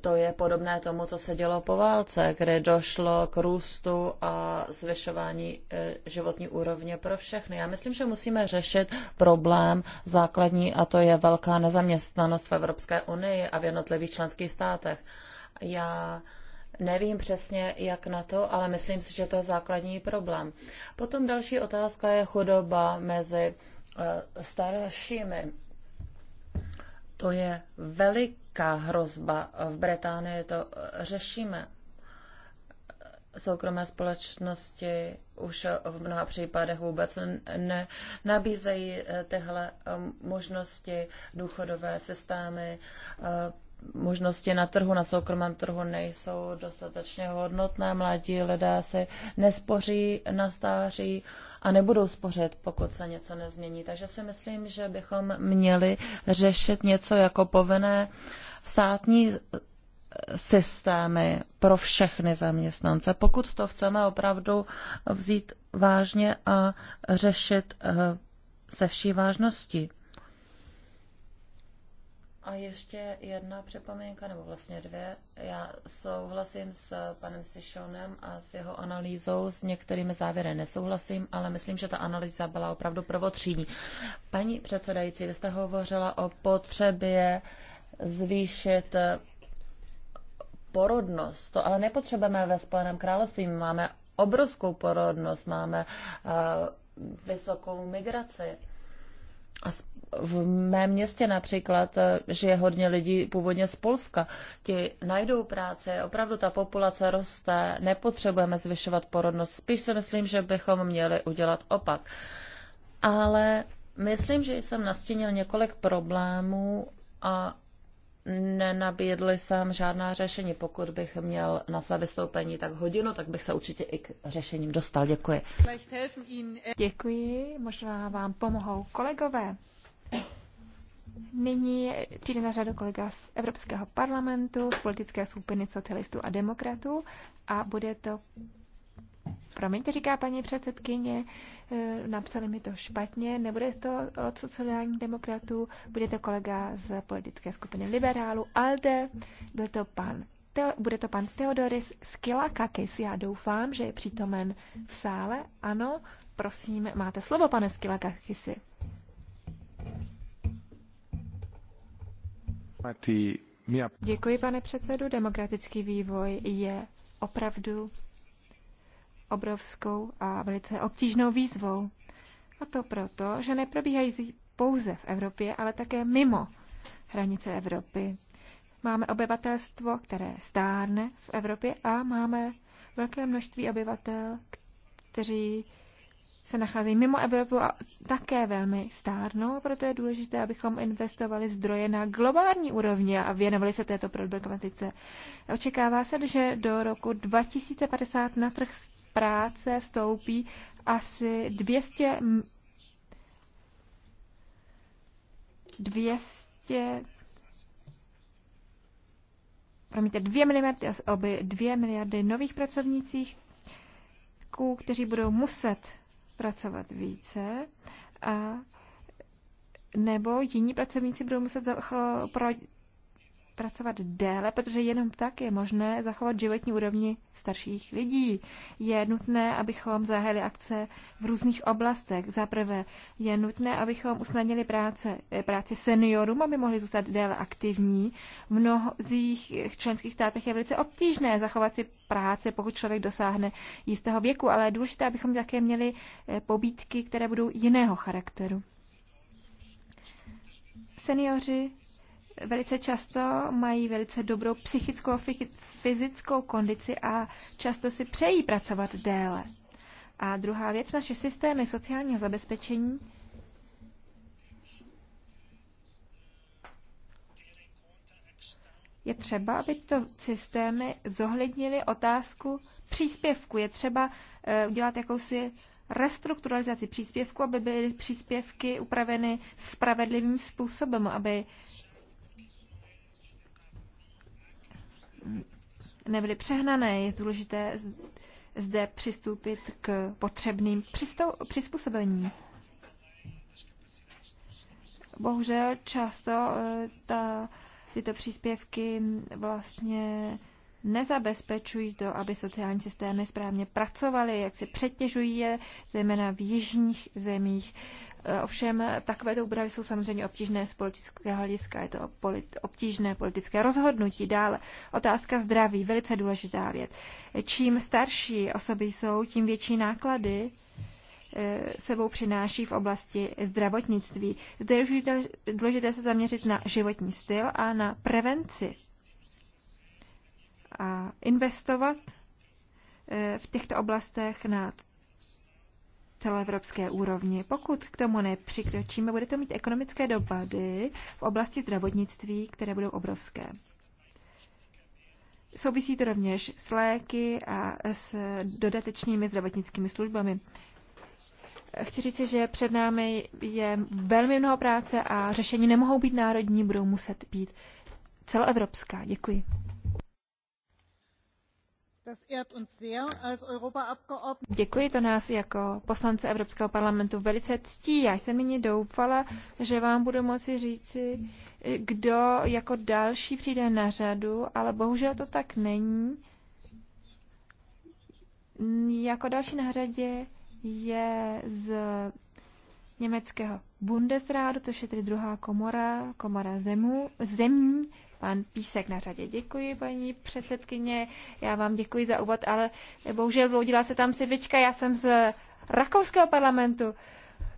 To je podobné tomu, co se dělo po válce, kde došlo k růstu a zvyšování e, životní úrovně pro všechny. Já myslím, že musíme řešit problém základní a to je velká nezaměstnanost v Evropské unii a v jednotlivých členských státech. Já Nevím přesně, jak na to, ale myslím si, že to je základní problém. Potom další otázka je chudoba mezi eh, staršími. To je veliká hrozba. V Británii to eh, řešíme. Soukromé společnosti už v mnoha případech vůbec ne, nabízejí eh, tyhle možnosti, důchodové systémy, možnosti na trhu, na soukromém trhu nejsou dostatečně hodnotné. Mladí lidé se nespoří na stáří a nebudou spořit, pokud se něco nezmění. Takže si myslím, že bychom měli řešit něco jako povinné státní systémy pro všechny zaměstnance, pokud to chceme opravdu vzít vážně a řešit eh, se vší vážností. A ještě jedna připomínka, nebo vlastně dvě. Já souhlasím s panem Sišonem a s jeho analýzou. S některými závěry nesouhlasím, ale myslím, že ta analýza byla opravdu prvotřídní. Paní předsedající, vy jste hovořila o potřebě zvýšit porodnost. To ale nepotřebujeme ve Spojeném království. Máme obrovskou porodnost, máme uh, vysokou migraci v mém městě například eh, žije hodně lidí původně z Polska. Ti najdou práci, opravdu ta populace roste, nepotřebujeme zvyšovat porodnost. Spíš si myslím, že bychom měli udělat opak. Ale myslím, že jsem nastínil několik problémů a nenabídli jsem žádná řešení. Pokud bych měl na své vystoupení tak hodinu, tak bych se určitě i k řešením dostal. Děkuji. Děkuji, možná vám pomohou kolegové. Nyní přijde na řadu kolega z Evropského parlamentu, z politické skupiny socialistů a demokratů a bude to, promiňte, říká paní předsedkyně, Eh, napsali mi to špatně, nebude to od sociálních demokratů, bude to kolega z politické skupiny liberálu ALDE, byl to pan Teo, bude to pan Theodoris Skilakakis. Já doufám, že je přítomen v sále. Ano, prosím, máte slovo, pane Skilakakisi. Děkuji, pane předsedu. Demokratický vývoj je opravdu obrovskou a velice obtížnou výzvou. A to proto, že neprobíhají pouze v Evropě, ale také mimo hranice Evropy. Máme obyvatelstvo, které stárne v Evropě a máme velké množství obyvatel, kteří se nacházejí mimo Evropu a také velmi stárnou, proto je důležité, abychom investovali zdroje na globální úrovni a věnovali se této problematice. Očekává se, že do roku 2050 na trh práce stoupí asi 200, 200 promiňte, 2 miliardy, oby 2 miliardy nových pracovnících, kteří budou muset pracovat více a nebo jiní pracovníci budou muset pracovat déle, protože jenom tak je možné zachovat životní úrovni starších lidí. Je nutné, abychom zahájili akce v různých oblastech. Za prvé je nutné, abychom usnadnili práce, eh, práci seniorům, aby mohli zůstat déle aktivní. V mnohých členských státech je velice obtížné zachovat si práce, pokud člověk dosáhne jistého věku, ale je důležité, abychom také měli eh, pobídky, které budou jiného charakteru. Seniori velice často mají velice dobrou psychickou, fyzickou kondici a často si přejí pracovat déle. A druhá věc, naše systémy sociálního zabezpečení je třeba, aby tyto systémy zohlednily otázku příspěvku. Je třeba eh, udělat jakousi restrukturalizaci příspěvku, aby byly příspěvky upraveny spravedlivým způsobem, aby nebyly přehnané. Je důležité zde přistoupit k potřebným přizpůsobení. Bohužel často e, ta, tyto příspěvky vlastně nezabezpečují to, aby sociální systémy správně pracovaly, jak se přetěžují je, zejména v jižních zemích. Ovšem takovéto úpravy jsou samozřejmě obtížné z politického hlediska, je to polit, obtížné politické rozhodnutí. Dále otázka zdraví, velice důležitá věc. Čím starší osoby jsou, tím větší náklady eh, sebou přináší v oblasti zdravotnictví. Zde je důležité se zaměřit na životní styl a na prevenci. A investovat eh, v těchto oblastech na celoevropské úrovni. Pokud k tomu nepřikročíme, bude to mít ekonomické dopady v oblasti zdravotnictví, které budou obrovské. Souvisí to rovněž s léky a s dodatečnými zdravotnickými službami. Chci říct, že před námi je velmi mnoho práce a řešení nemohou být národní, budou muset být celoevropská. Děkuji. Děkuji, to nás jako poslance Evropského parlamentu velice ctí. Já jsem nyní doufala, že vám budu moci říci, kdo jako další přijde na řadu, ale bohužel to tak není. Jako další na řadě je z německého Bundesrádu, to je tedy druhá komora, komora zemů, zemí, pan Písek na řadě. Děkuji, paní předsedkyně, já vám děkuji za úvod, ale bohužel vloudila se tam sivička, já jsem z rakouského parlamentu.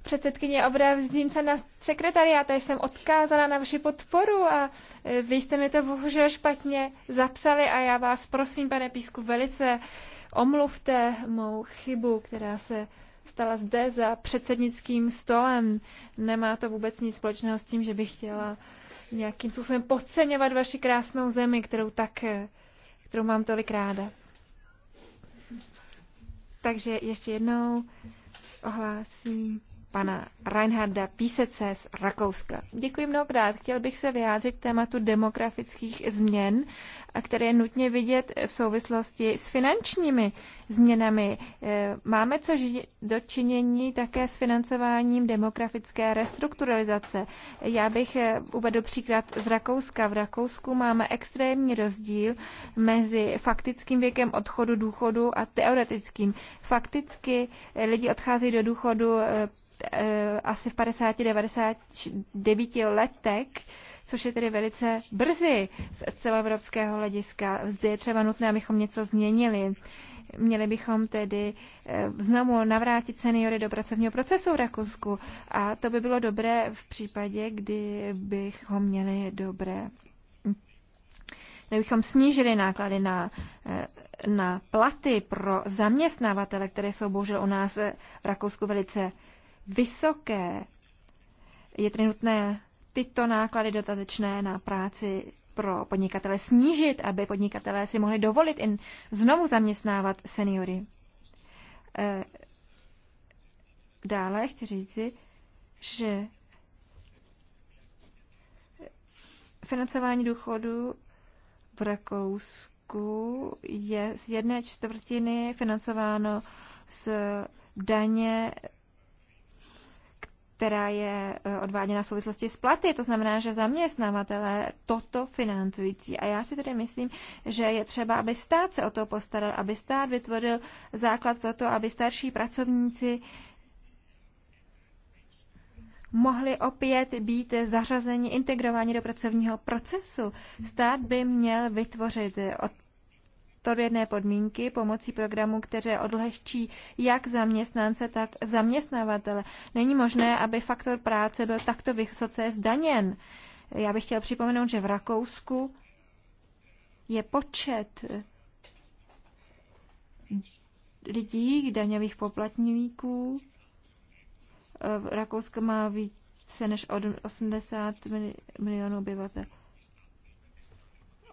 Předsedkyně obrázním se na sekretariát, jsem odkázala na vaši podporu a e, vy jste mi to bohužel špatně zapsali a já vás prosím, pane Písku, velice omluvte mou chybu, která se stala zde za předsednickým stolem. Nemá to vůbec nic společného s tím, že bych chtěla nějakým způsobem podceňovat vaši krásnou zemi, kterou tak, kterou mám tolik ráda. Takže ještě jednou ohlásím pana Reinharda Písece z Rakouska. Děkuji mnohokrát. Chtěl bych se vyjádřit k tématu demografických změn, které je nutně vidět v souvislosti s finančními změnami. Eh, máme co dočinění také s financováním demografické restrukturalizace. Já bych eh, uvedl příklad z Rakouska. V Rakousku máme extrémní rozdíl mezi faktickým věkem odchodu důchodu a teoretickým. Fakticky eh, lidi odcházejí do důchodu Eh, asi v 50-99 letech, což je tedy velice brzy z celoevropského hlediska. Zde je třeba nutné, abychom něco změnili. Měli bychom tedy eh, znovu navrátit seniory do pracovního procesu v Rakousku a to by bylo dobré v případě, kdy bychom měli dobré kdybychom snížili náklady na, eh, na platy pro zaměstnavatele, které jsou bohužel u nás v Rakousku velice vysoké. Je tedy nutné tyto náklady dodatečné na práci pro podnikatele snížit, aby podnikatelé si mohli dovolit in znovu zaměstnávat seniory. E, dále chci říci, že financování důchodu v Rakousku je z jedné čtvrtiny financováno z daně která je eh, odváděna v souvislosti s platy. To znamená, že zaměstnavatele toto financující. A já si tedy myslím, že je třeba, aby stát se o to postaral, aby stát vytvořil základ pro to, aby starší pracovníci mohli opět být zařazeni, integrováni do pracovního procesu. Stát by měl vytvořit odpovědné podmínky pomocí programu, které odlehčí jak zaměstnance, tak zaměstnavatele. Není možné, aby faktor práce byl takto vysoce zdaněn. Já bych chtěl připomenout, že v Rakousku je počet lidí, daňových poplatníků. Rakousko má více než 80 milionů obyvatel.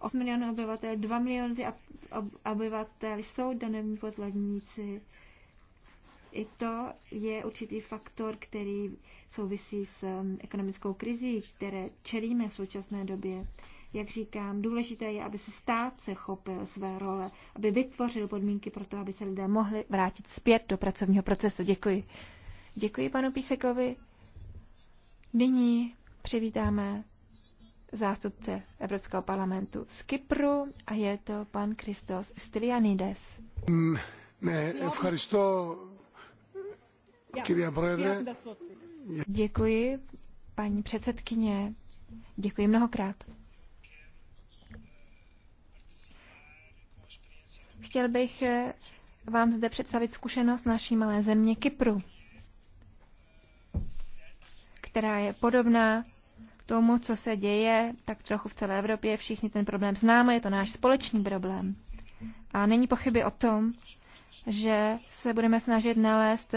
8 milionů obyvatel, 2 miliony obyvatel jsou danými podvodníci. I to je určitý faktor, který souvisí s um, ekonomickou krizí, které čelíme v současné době. Jak říkám, důležité je, aby se stát se chopil své role, aby vytvořil podmínky pro to, aby se lidé mohli vrátit zpět do pracovního procesu. Děkuji. Děkuji panu Písekovi. Nyní přivítáme zástupce Evropského parlamentu z Kypru a je to pan Kristos Stylianides. Mm, Děkuji, paní předsedkyně. Děkuji mnohokrát. Chtěl bych eh, vám zde představit zkušenost naší malé země Kypru, která je podobná tomu, co se děje tak trochu v celé Evropě. Všichni ten problém známe, je to náš společný problém. A není pochyby o tom, že se budeme snažit nalézt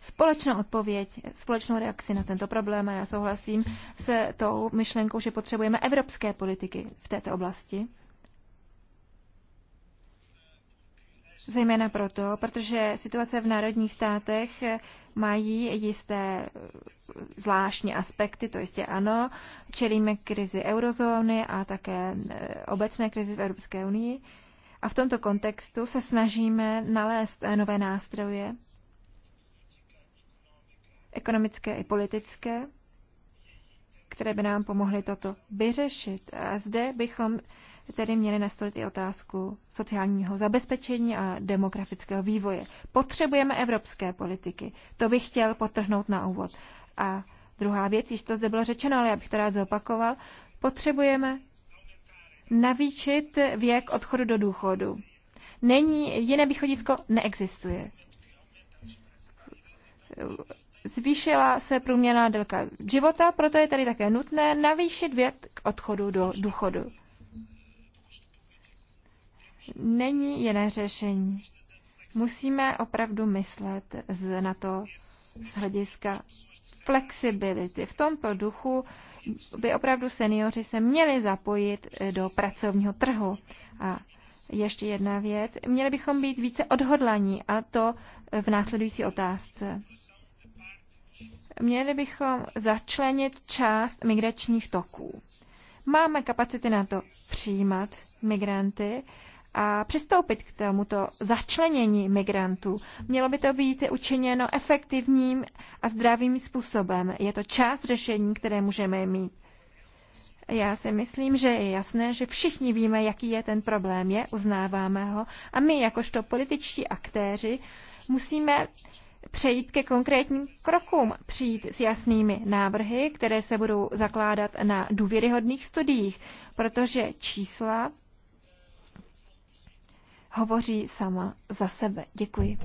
společnou odpověď, společnou reakci na tento problém. A já souhlasím se tou myšlenkou, že potřebujeme evropské politiky v této oblasti. Zejména proto, protože situace v národních státech mají jisté zvláštní aspekty, to jistě ano. Čelíme krizi eurozóny a také e, obecné krizi v Evropské unii. A v tomto kontextu se snažíme nalézt e, nové nástroje, ekonomické i politické, které by nám pomohly toto vyřešit. A zde bychom tedy měli nastolit i otázku sociálního zabezpečení a demografického vývoje. Potřebujeme evropské politiky. To bych chtěl potrhnout na úvod. A druhá věc, již to zde bylo řečeno, ale já bych to rád zopakoval, potřebujeme navýšit věk odchodu do důchodu. Není, jiné východisko neexistuje. Zvýšila se průměrná délka života, proto je tady také nutné navýšit věk odchodu do důchodu není jiné řešení. Musíme opravdu myslet z, na to z hlediska flexibility. V tomto duchu by opravdu seniori se měli zapojit do pracovního trhu. A ještě jedna věc. Měli bychom být více odhodlaní a to v následující otázce. Měli bychom začlenit část migračních toků. Máme kapacity na to přijímat migranty, a přistoupit k tomuto začlenění migrantů. Mělo by to být učiněno efektivním a zdravým způsobem. Je to část řešení, které můžeme mít. Já si myslím, že je jasné, že všichni víme, jaký je ten problém, je, uznáváme ho a my, jakožto političtí aktéři, musíme přejít ke konkrétním krokům, přijít s jasnými návrhy, které se budou zakládat na důvěryhodných studiích, protože čísla hovoří sama za sebe. Děkuji.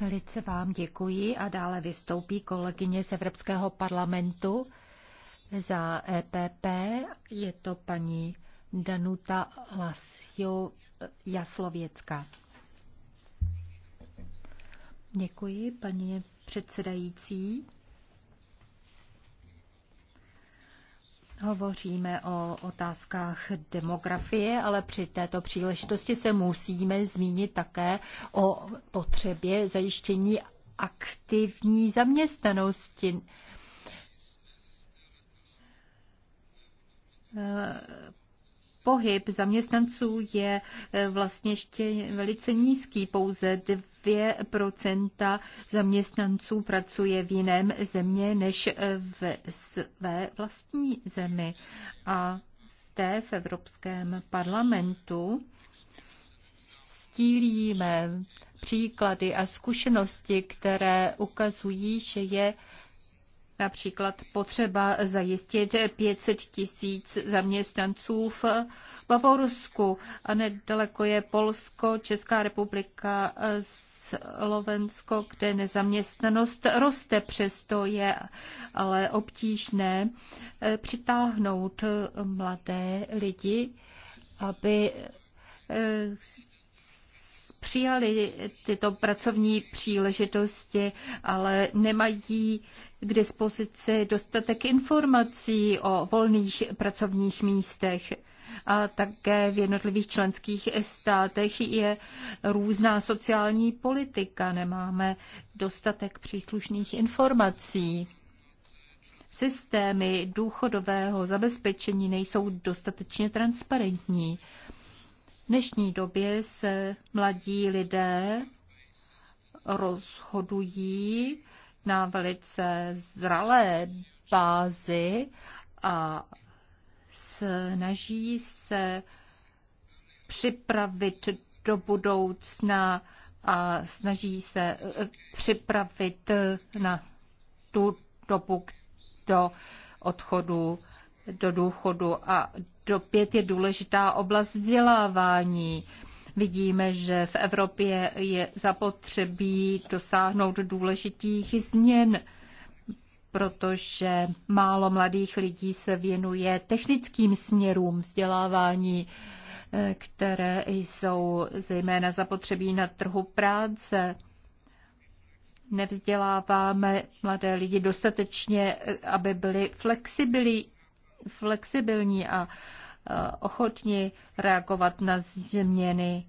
Velice vám děkuji a dále vystoupí kolegyně z Evropského parlamentu za EPP. Je to paní Danuta Lasio Jaslověcka. Děkuji, paní předsedající. Hovoříme o otázkách demografie, ale při této příležitosti se musíme zmínit také o potřebě zajištění aktivní zaměstnanosti pohyb zaměstnanců je e, vlastně ještě velice nízký, pouze 2% zaměstnanců pracuje v jiném země než v své vlastní zemi. A zde v Evropském parlamentu stílíme příklady a zkušenosti, které ukazují, že je Například potřeba zajistit 500 tisíc zaměstnanců v Bavorsku a nedaleko je Polsko, Česká republika, Slovensko, kde nezaměstnanost roste, přesto je ale obtížné eh, přitáhnout mladé lidi, aby eh, přijali tyto pracovní příležitosti, ale nemají k dispozici dostatek informací o volných pracovních místech. A také v jednotlivých členských státech je různá sociální politika. Nemáme dostatek příslušných informací systémy důchodového zabezpečení nejsou dostatečně transparentní dnešní době se mladí lidé rozhodují na velice zralé bázi a snaží se připravit do budoucna a snaží se eh, připravit na tu dobu do odchodu do důchodu a do je důležitá oblast vzdělávání. Vidíme, že v Evropě je zapotřebí dosáhnout důležitých změn, protože málo mladých lidí se věnuje technickým směrům vzdělávání, které jsou zejména zapotřebí na trhu práce nevzděláváme mladé lidi dostatečně, aby byli flexibilní flexibilní a ochotní reagovat na změny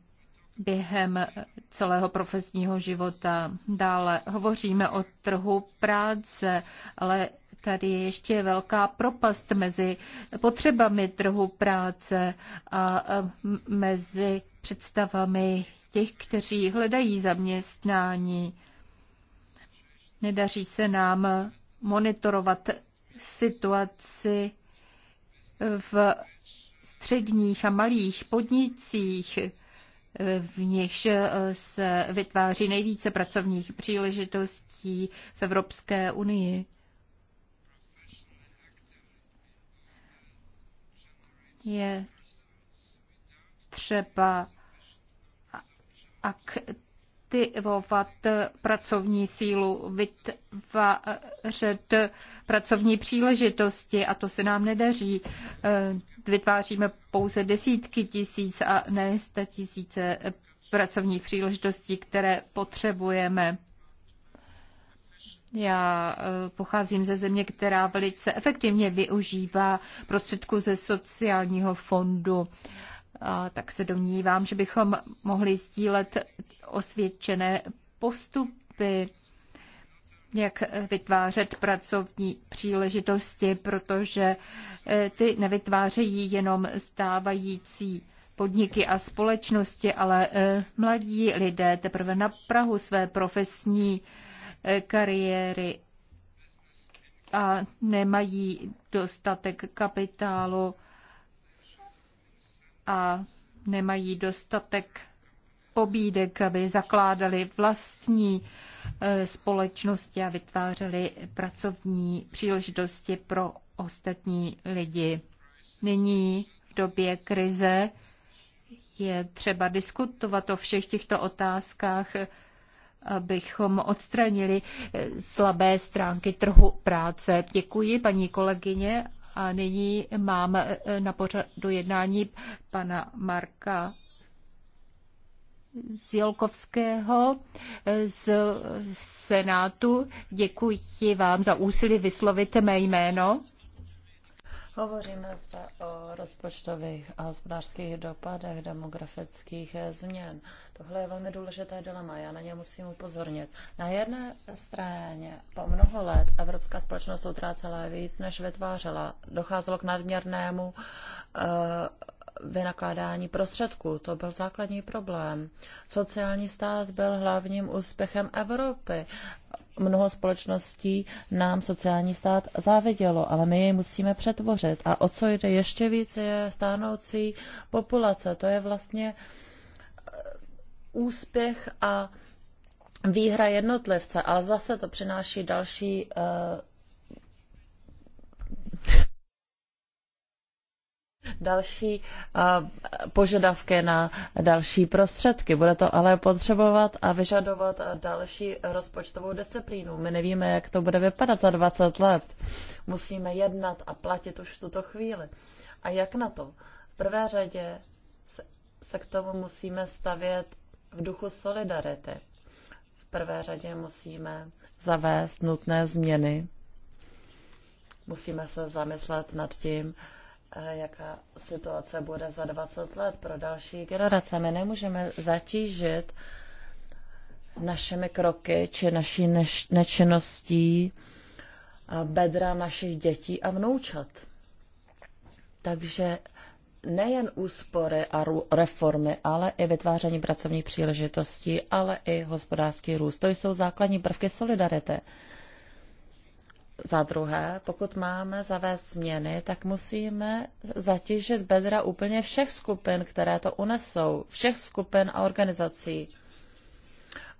během celého profesního života. Dále hovoříme o trhu práce, ale tady je ještě velká propast mezi potřebami trhu práce a mezi představami těch, kteří hledají zaměstnání. Nedaří se nám monitorovat situaci v středních a malých podnicích, v nichž se vytváří nejvíce pracovních příležitostí v Evropské unii. Je třeba ak motivovat pracovní sílu, vytvářet pracovní příležitosti a to se nám nedaří. Eh, vytváříme pouze desítky tisíc a ne sta tisíce pracovních příležitostí, které potřebujeme. Já eh, pocházím ze země, která velice efektivně využívá prostředku ze sociálního fondu tak se domnívám, že bychom mohli sdílet osvědčené postupy, jak vytvářet pracovní příležitosti, protože eh, ty nevytvářejí jenom stávající podniky a společnosti, ale eh, mladí lidé teprve na Prahu své profesní eh, kariéry a nemají dostatek kapitálu a nemají dostatek pobídek, aby zakládali vlastní e, společnosti a vytvářeli pracovní příležitosti pro ostatní lidi. Nyní v době krize je třeba diskutovat o všech těchto otázkách, abychom odstranili e, slabé stránky trhu práce. Děkuji paní kolegyně a nyní mám eh, na pořadu jednání pana Marka Zjolkovského eh, z Senátu. Děkuji vám za úsilí vyslovit mé jméno. Hovoříme zde o rozpočtových a hospodářských dopadech demografických změn. Tohle je velmi důležité dilema, já na ně musím upozornit. Na jedné straně po mnoho let evropská společnost utrácela víc, než vytvářela. Docházelo k nadměrnému eh, vynakládání prostředků. To byl základní problém. Sociální stát byl hlavním úspěchem Evropy mnoho společností nám sociální stát závidělo, ale my jej musíme přetvořit. A o co jde ještě víc je stánoucí populace. To je vlastně eh, úspěch a výhra jednotlivce, ale zase to přináší další eh, další požadavky na další prostředky. Bude to ale potřebovat a vyžadovat další rozpočtovou disciplínu. My nevíme, jak to bude vypadat za 20 let. Musíme jednat a platit už v tuto chvíli. A jak na to? V prvé řadě se, se k tomu musíme stavět v duchu solidarity. V prvé řadě musíme zavést nutné změny. Musíme se zamyslet nad tím, Eh, jaká situace bude za 20 let pro další generace. My nemůžeme zatížit našimi kroky či naší nečinností eh, bedra našich dětí a vnoučat. Takže nejen úspory a reformy, ale i vytváření pracovních příležitostí, ale i hospodářský růst. To jsou základní prvky solidarity. Za druhé, pokud máme zavést změny, tak musíme zatížit bedra úplně všech skupin, které to unesou, všech skupin a organizací.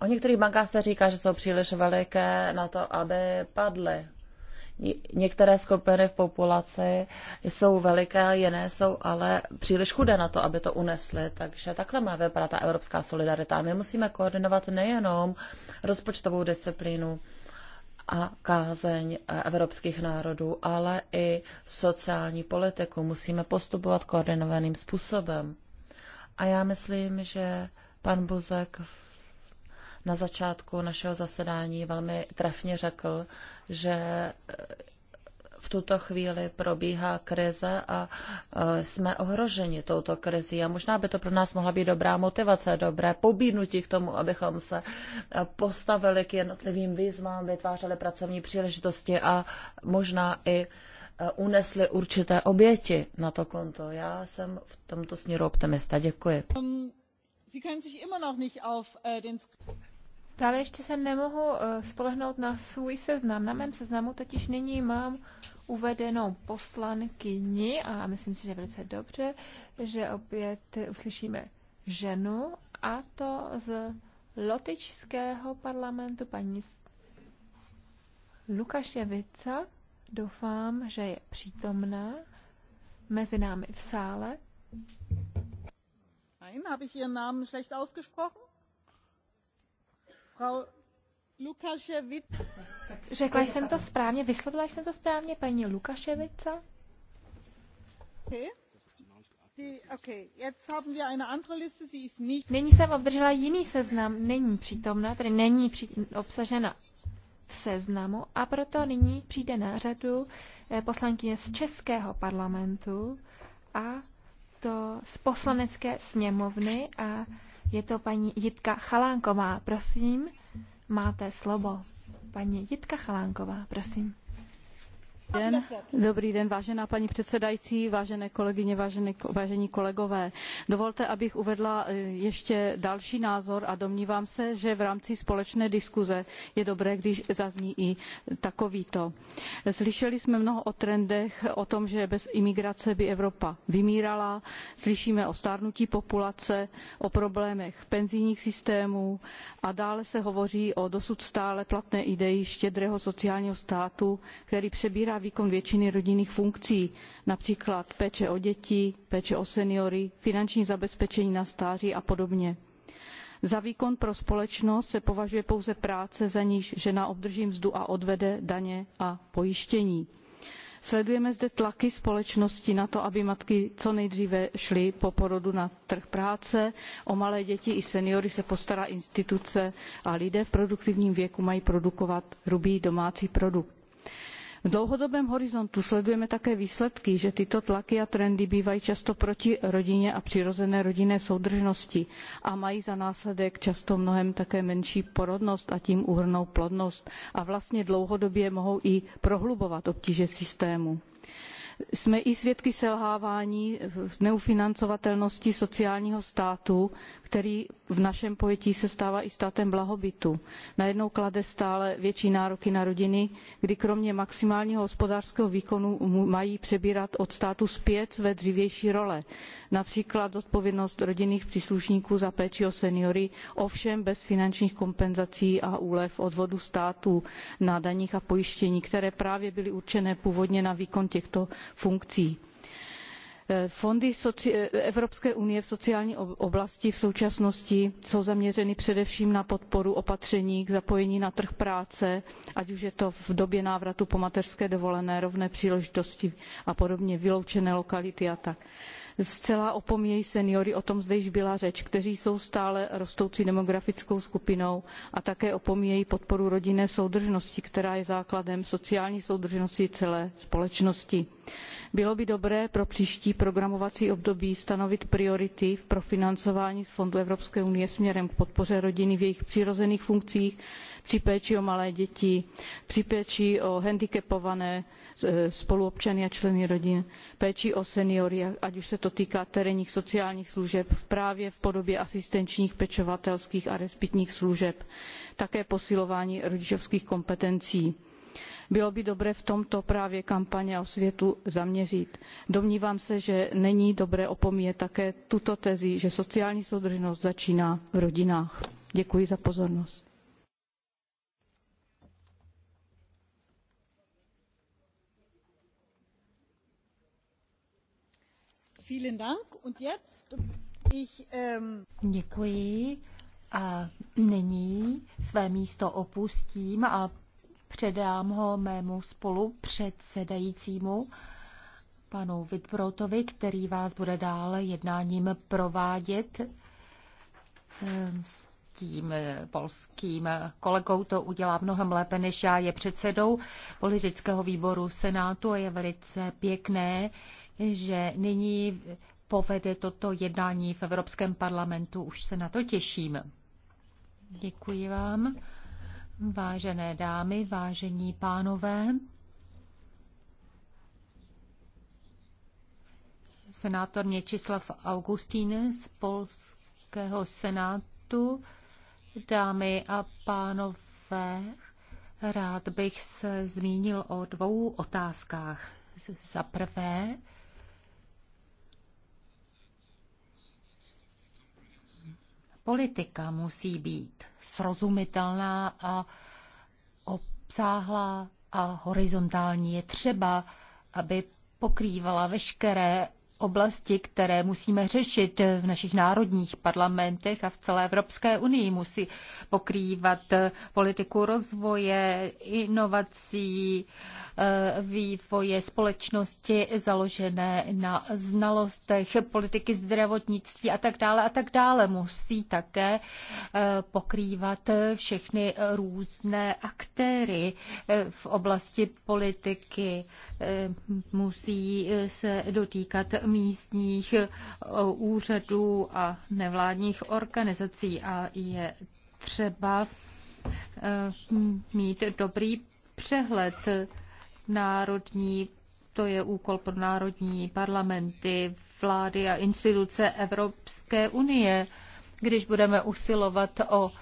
O některých bankách se říká, že jsou příliš veliké na to, aby padly. Některé skupiny v populaci jsou veliké, jiné jsou ale příliš chudé na to, aby to unesly. Takže takhle má vypadat ta evropská solidarita. My musíme koordinovat nejenom rozpočtovou disciplínu, a kázeň evropských národů, ale i sociální politiku. Musíme postupovat koordinovaným způsobem. A já myslím, že pan Buzek na začátku našeho zasedání velmi trefně řekl, že v tuto chvíli probíhá krize a e, jsme ohroženi touto krizi. A možná by to pro nás mohla být dobrá motivace, dobré pobídnutí k tomu, abychom se e, postavili k jednotlivým výzvám, vytvářeli pracovní příležitosti a možná i e, unesli určité oběti na to konto. Já jsem v tomto směru optimista. Děkuji. Um, Stále ještě se nemohu eh, spolehnout na svůj seznam. Na mém seznamu totiž nyní mám uvedenou poslankyni a myslím si, že je velice dobře, že opět uslyšíme ženu a to z lotičského parlamentu paní Lukaševica. Doufám, že je přítomná mezi námi v sále. Nein, habe ich Ihren Namen schlecht ausgesprochen? Řekla jsem to správně, vyslovila jsem to správně, paní Lukaševica. Okay. Nyní jsem obdržela jiný seznam, není přítomna, tedy není při, obsažena v seznamu a proto nyní přijde na řadu eh, poslankyně z Českého parlamentu a to z poslanecké sněmovny a je to paní Jitka Chalánková. Prosím, máte slovo. Paní Jitka Chalánková, prosím. Den. Dobrý den, vážená paní předsedající, vážené kolegyně, vážené, vážení kolegové. Dovolte, abych uvedla eh, ještě další názor a domnívám se, že v rámci společné diskuze je dobré, když zazní i takovýto. Slyšeli jsme mnoho o trendech, o tom, že bez imigrace by Evropa vymírala, slyšíme o stárnutí populace, o problémech penzijních systémů a dále se hovoří o dosud stále platné ideji štědrého sociálního státu, který přebírá výkon většiny rodinných funkcí, například péče o děti, péče o seniory, finanční zabezpečení na stáří a podobně. Za výkon pro společnost se považuje pouze práce, za níž žena obdrží mzdu a odvede daně a pojištění. Sledujeme zde tlaky společnosti na to, aby matky co nejdříve šly po porodu na trh práce. O malé děti i seniory se postará instituce a lidé v produktivním věku mají produkovat hrubý domácí produkt. V dlouhodobém horizontu sledujeme také výsledky, že tyto tlaky a trendy bývají často proti rodině a přirozené rodinné soudržnosti a mají za následek často mnohem také menší porodnost a tím úhrnou plodnost a vlastně dlouhodobě mohou i prohlubovat obtíže systému jsme i svědky selhávání neufinancovatelnosti sociálního státu který v našem pojetí se stává i státem blahobytu. Najednou klade stále větší nároky na rodiny, kdy kromě maximálního hospodářského výkonu mají přebírat od státu zpět své dřívější role. Například zodpovědnost rodinných příslušníků za péči o seniory, ovšem bez finančních kompenzací a úlev odvodu státu na daních a pojištění, které právě byly určené původně na výkon těchto funkcí Eh, fondy eh, Evropské unie v sociální oblasti v současnosti jsou zaměřeny především na podporu opatření k zapojení na trh práce, ať už je to v době návratu po mateřské dovolené, rovné příležitosti a podobně, vyloučené lokality a tak. Zcela opomíjejí seniory, o tom zde již byla řeč, kteří jsou stále rostoucí demografickou skupinou a také opomíjejí podporu rodinné soudržnosti, která je základem sociální soudržnosti celé společnosti. Bylo by dobré pro příští programovací období stanovit priority pro profinancování z Fondu Evropské unie směrem k podpoře rodiny v jejich přirozených funkcích, při péči o malé děti, při péči o handicapované, Eh, spoluobčany a členy rodin, péči o seniory, ať už se to týká terénních sociálních služeb, právě v podobě asistenčních, pečovatelských a respitních služeb, také posilování rodičovských kompetencí. Bylo by dobré v tomto právě kampaně a osvětu zaměřit. Domnívám se, že není dobré opomíjet také tuto tezi, že sociální soudržnost začíná v rodinách. Děkuji za pozornost. Ähm, Děkuji. A nyní své místo opustím a předám ho mému spolupředsedajícímu, panu Vitbroutovi, který vás bude dále jednáním provádět. Ehm, s tím eh, polským kolegou to udělá mnohem lépe než já. Je předsedou politického výboru Senátu a je velice pěkné, že nyní povede toto jednání v Evropském parlamentu. Už se na to těším. Děkuji vám. Vážené dámy, vážení pánové, senátor Měčislav Augustín z Polského senátu, dámy a pánové, rád bych se zmínil o dvou otázkách. Za prvé, Politika musí být srozumitelná a obsáhlá a horizontální. Je třeba, aby pokrývala veškeré oblasti, které musíme řešit v našich národních parlamentech a v celé Evropské unii. Musí pokrývat eh, politiku rozvoje, inovací, eh, vývoje společnosti založené na znalostech, politiky zdravotnictví a tak dále a tak dále. Musí také eh, pokrývat všechny různé aktéry v oblasti politiky. Musí se dotýkat místních eh, úřadů a nevládních organizací a je třeba eh, mít dobrý přehled národní, to je úkol pro národní parlamenty, vlády a instituce Evropské unie. Když budeme usilovat o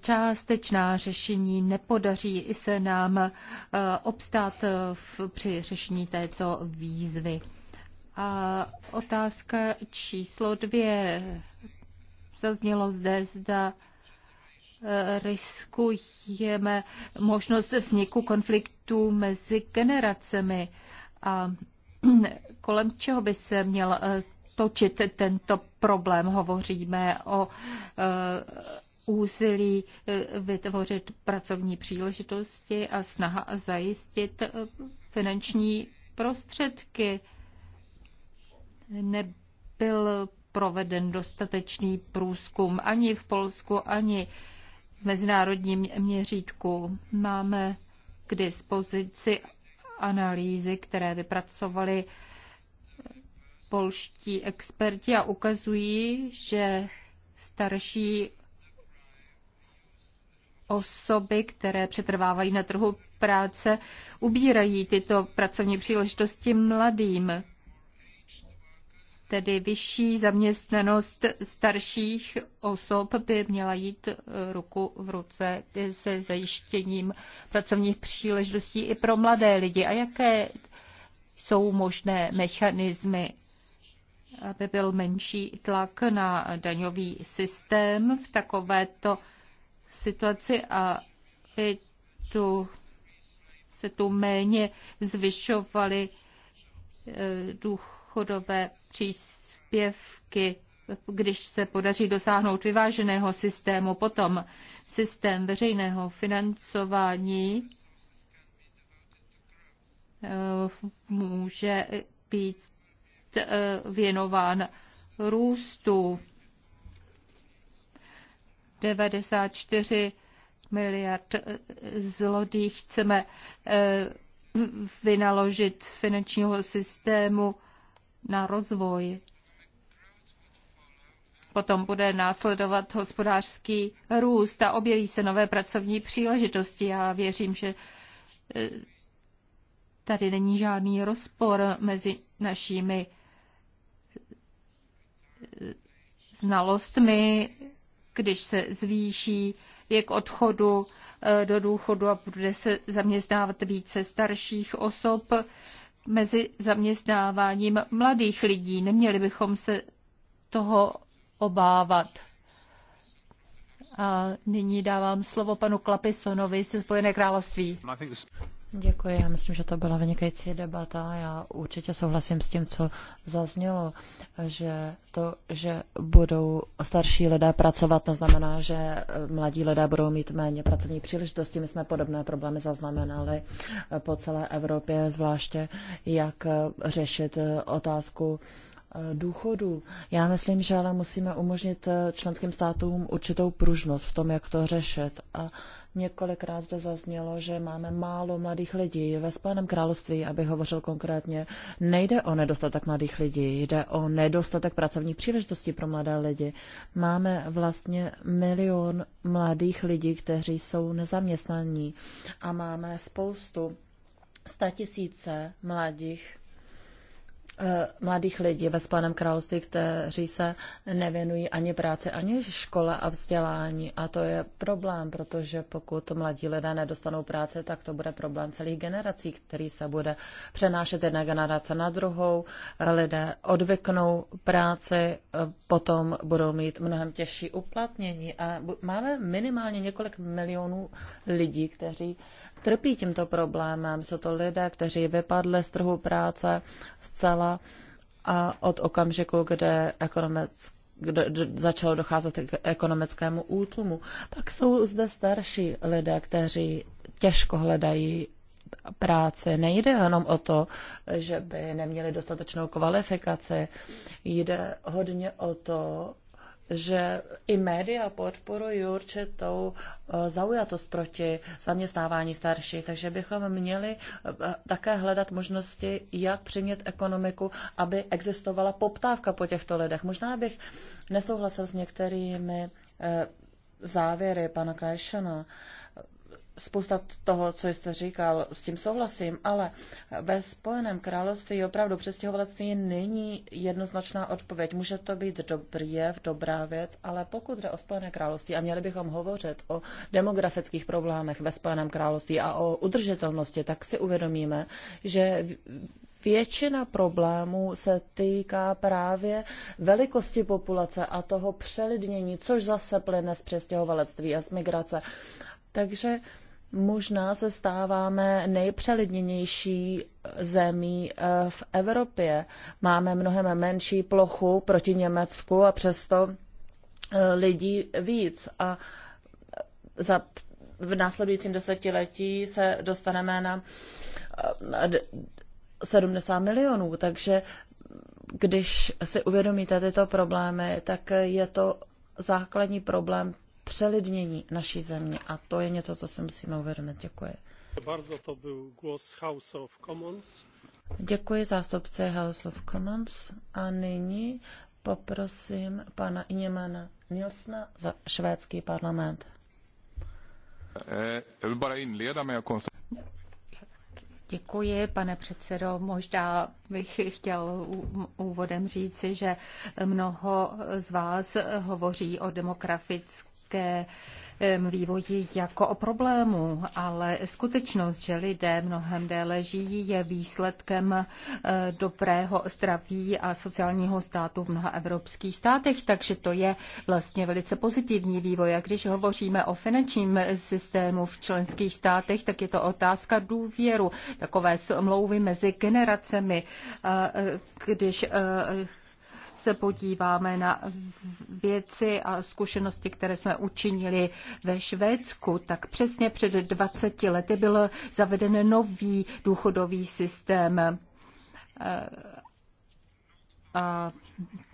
částečná řešení, nepodaří se nám eh, obstát v, při řešení této výzvy. A otázka číslo dvě. Zaznělo zde, zda e, riskujeme možnost vzniku konfliktů mezi generacemi a kolem čeho by se měl e, točit tento problém. Hovoříme o e, úsilí vytvořit pracovní příležitosti a snaha zajistit finanční prostředky nebyl proveden dostatečný průzkum ani v Polsku, ani v mezinárodním měřítku. Máme k dispozici analýzy, které vypracovali polští experti a ukazují, že starší osoby, které přetrvávají na trhu práce, ubírají tyto pracovní příležitosti mladým. Tedy vyšší zaměstnanost starších osob by měla jít e, ruku v ruce se zajištěním pracovních příležitostí i pro mladé lidi. A jaké jsou možné mechanismy, aby byl menší tlak na daňový systém v takovéto situaci a by tu, se tu méně zvyšovaly e, duch důchodové příspěvky, když se podaří dosáhnout vyváženého systému, potom systém veřejného financování eh, může být eh, věnován růstu 94 miliard eh, zlodých chceme vynaložit z finančního systému na rozvoj. Potom bude následovat hospodářský růst a objeví se nové pracovní příležitosti. Já věřím, že e, tady není žádný rozpor mezi našimi e, znalostmi, když se zvýší věk odchodu e, do důchodu a bude se zaměstnávat více starších osob, mezi zaměstnáváním mladých lidí. Neměli bychom se toho obávat. A nyní dávám slovo panu Klapisonovi ze Spojené království. Děkuji, já myslím, že to byla vynikající debata. Já určitě souhlasím s tím, co zaznělo, že to, že budou starší lidé pracovat, neznamená, že eh, mladí lidé budou mít méně pracovní příležitosti. My jsme podobné problémy zaznamenali eh, po celé Evropě, zvláště jak eh, řešit otázku důchodu. Já myslím, že ale musíme umožnit členským státům určitou pružnost v tom, jak to řešit. A Několikrát zde zaznělo, že máme málo mladých lidí. Ve Spojeném království, abych hovořil konkrétně, nejde o nedostatek mladých lidí, jde o nedostatek pracovních příležitostí pro mladé lidi. Máme vlastně milion mladých lidí, kteří jsou nezaměstnaní a máme spoustu statisíce mladých Eh, mladých lidí ve Spojeném království, kteří se nevěnují ani práci, ani škole a vzdělání. A to je problém, protože pokud mladí lidé nedostanou práci, tak to bude problém celých generací, který se bude přenášet jedna generace na druhou. Eh, lidé odvyknou práci, eh, potom budou mít mnohem těžší uplatnění. A máme minimálně několik milionů lidí, kteří trpí tímto problémem. Jsou to lidé, kteří vypadli z trhu práce zcela a od okamžiku, kde ekonomické kde začalo docházet k ekonomickému útlumu. Pak jsou zde starší lidé, kteří těžko hledají práci. Nejde jenom o to, že by neměli dostatečnou kvalifikaci, jde hodně o to, že i média podporují určitou eh, zaujatost proti zaměstnávání starších, takže bychom měli eh, také hledat možnosti, jak přimět ekonomiku, aby existovala poptávka po těchto lidech. Možná bych nesouhlasil s některými eh, závěry pana Krajšana, spousta toho, co jste říkal, s tím souhlasím, ale ve Spojeném království opravdu přestěhovalectví není jednoznačná odpověď. Může to být dobrý jev, dobrá věc, ale pokud jde o Spojené království a měli bychom hovořit o demografických problémech ve Spojeném království a o udržitelnosti, tak si uvědomíme, že většina problémů se týká právě velikosti populace a toho přelidnění, což zase plyne z přestěhovalectví a z migrace. Takže Možná se stáváme nejpřelidněnější zemí eh, v Evropě. Máme mnohem menší plochu proti Německu a přesto eh, lidí víc. A eh, za, v následujícím desetiletí se dostaneme na 70 milionů, takže když si uvědomíte tyto problémy, tak je to základní problém přelidnění naší země. A to je něco, co si musíme uvědomit. Děkuji. Bardzo to byl głos House of Commons. Děkuji zástupce House of Commons a nyní poprosím pana Ingemana Nilsna za švédský parlament. Eh, Děkuji, pane předsedo. Možná bych chtěl úvodem říci, že mnoho z vás hovoří o demografické ke vývoji jako o problému, ale skutečnost, že lidé mnohem déle žijí, je výsledkem eh, dobrého zdraví a sociálního státu v mnoha evropských státech, takže to je vlastně velice pozitivní vývoj. A když hovoříme o finančním systému v členských státech, tak je to otázka důvěru, takové smlouvy mezi generacemi. Eh, když eh, se podíváme na věci a zkušenosti, které jsme učinili ve Švédsku, tak přesně před 20 lety byl zaveden nový důchodový systém. E, a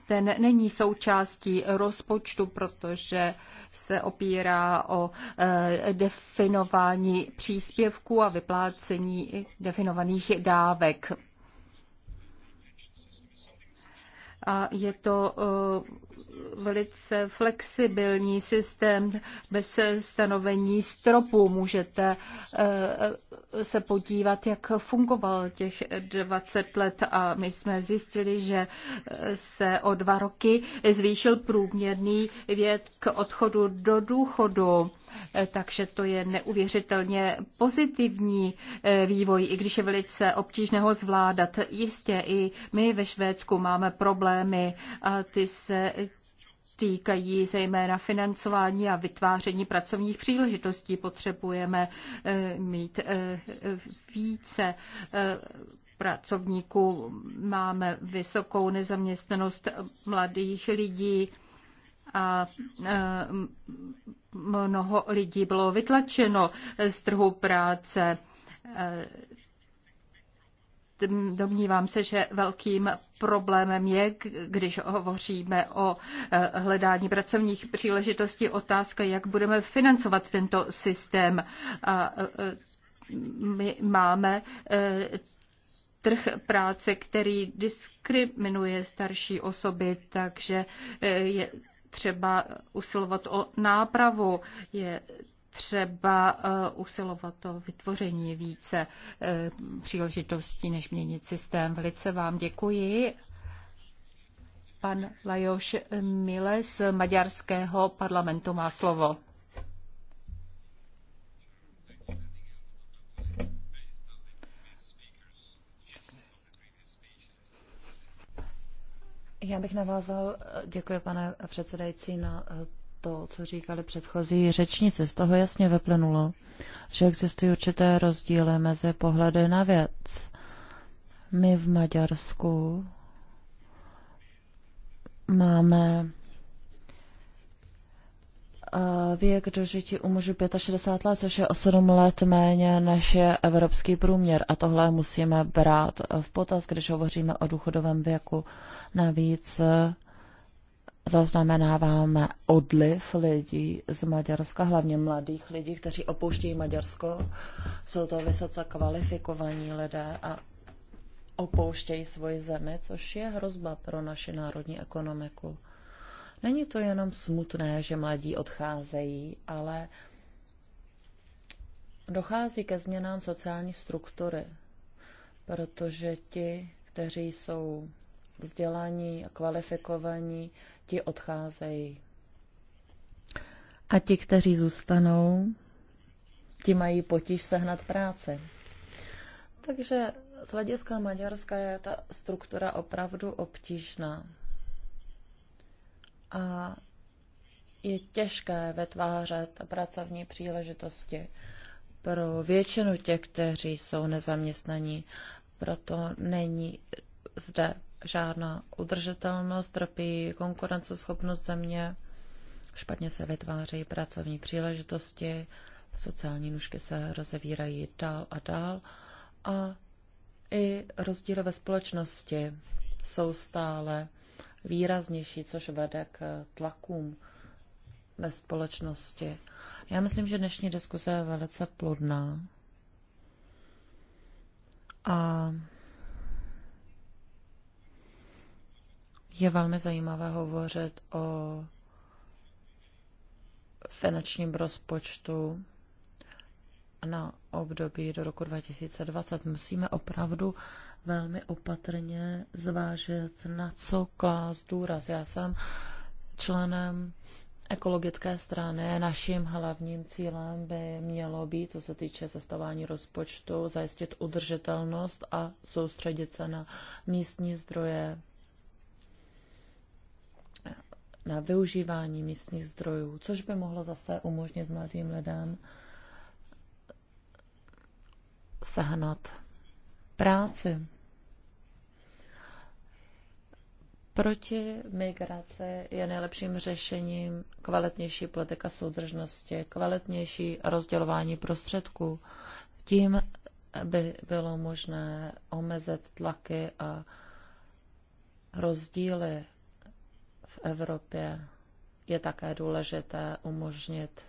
ten není součástí rozpočtu, protože se opírá o e, definování příspěvků a vyplácení definovaných dávek. a je to eh, velice flexibilní systém bez stanovení stropu. Můžete eh, se podívat, jak fungoval těch 20 let a my jsme zjistili, že se o dva roky zvýšil průměrný věk k odchodu do důchodu. Takže to je neuvěřitelně pozitivní eh, vývoj, i když je velice obtížné ho zvládat. Jistě i my ve Švédsku máme problémy a ty se týkají zejména financování a vytváření pracovních příležitostí. Potřebujeme eh, mít eh, více eh, pracovníků. Máme vysokou nezaměstnanost mladých lidí a mnoho lidí bylo vytlačeno z trhu práce Domnívám se, že velkým problémem je, když hovoříme o eh, hledání pracovních příležitostí, otázka, jak budeme financovat tento systém. A my máme eh, trh práce, který diskriminuje starší osoby, takže eh, je třeba usilovat o nápravu. Je třeba eh, usilovat o vytvoření více eh, příležitostí, než měnit systém. Velice vám děkuji. Pan Lajoš Mile z maďarského parlamentu má slovo. Já bych navázal, eh, děkuji pane předsedající, na to, co říkali předchozí řečnice. Z toho jasně vyplynulo, že existují určité rozdíly mezi pohledy na věc. My v Maďarsku máme eh, věk dožití u mužů 65 let, což je o 7 let méně než je evropský průměr. A tohle musíme brát v potaz, když hovoříme o důchodovém věku. Navíc eh, zaznamenáváme odliv lidí z Maďarska, hlavně mladých lidí, kteří opouštějí Maďarsko. Jsou to vysoce kvalifikovaní lidé a opouštějí svoji zemi, což je hrozba pro naši národní ekonomiku. Není to jenom smutné, že mladí odcházejí, ale dochází ke změnám sociální struktury, protože ti, kteří jsou vzdělaní a kvalifikovaní, ti odcházejí. A ti, kteří zůstanou, ti mají potíž sehnat práce. Takže z hlediska Maďarska je ta struktura opravdu obtížná. A je těžké vytvářet pracovní příležitosti pro většinu těch, kteří jsou nezaměstnaní. Proto není zde žádná udržitelnost, trpí konkurenceschopnost země, špatně se vytvářejí pracovní příležitosti, sociální nůžky se rozevírají dál a dál a i rozdíly ve společnosti jsou stále výraznější, což vede k tlakům ve společnosti. Já myslím, že dnešní diskuze je velice plodná. A Je velmi zajímavé hovořit o finančním rozpočtu na období do roku 2020. Musíme opravdu velmi opatrně zvážit, na co klást důraz. Já jsem členem ekologické strany. Naším hlavním cílem by mělo být, co se týče sestavání rozpočtu, zajistit udržitelnost a soustředit se na místní zdroje, na využívání místních zdrojů, což by mohlo zase umožnit mladým lidem sehnat práci. Proti migraci je nejlepším řešením kvalitnější politika soudržnosti, kvalitnější rozdělování prostředků. Tím by bylo možné omezit tlaky a rozdíly v Evropě je také důležité umožnit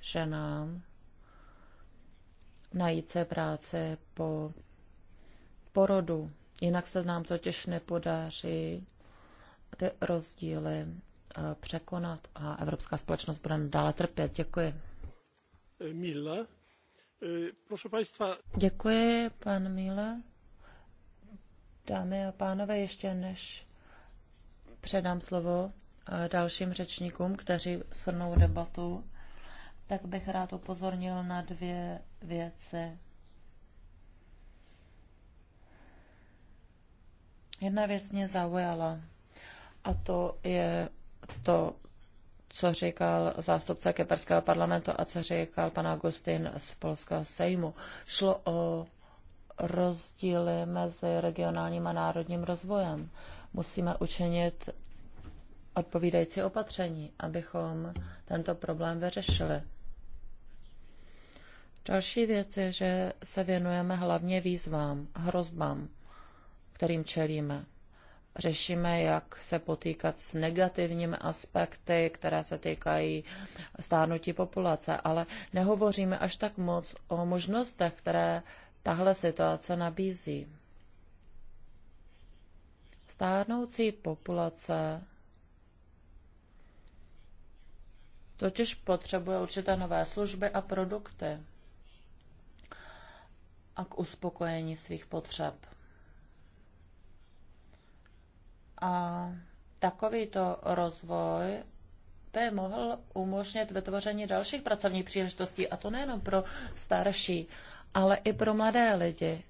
ženám najít se práci po porodu. Jinak se nám totiž nepodaří ty rozdíly eh, překonat a evropská společnost bude dále trpět. Děkuji. Míle. Eh, proszę Państwa. Děkuji, pan Míle. Dámy a pánové, ještě než předám slovo eh, dalším řečníkům, kteří shrnou debatu, tak bych rád upozornil na dvě věci. Jedna věc mě zaujala a to je to, co říkal zástupce Keperského parlamentu a co říkal pan Agustin z Polského sejmu. Šlo o rozdíly mezi regionálním a národním rozvojem musíme učinit odpovídající opatření, abychom tento problém vyřešili. Další věc je, že se věnujeme hlavně výzvám, hrozbám, kterým čelíme. Řešíme, jak se potýkat s negativními aspekty, které se týkají stárnutí populace, ale nehovoříme až tak moc o možnostech, které tahle situace nabízí. Stárnoucí populace totiž potřebuje určité nové služby a produkty a k uspokojení svých potřeb. A takovýto rozvoj by mohl umožnit vytvoření dalších pracovních příležitostí, a to nejenom pro starší, ale i pro mladé lidi,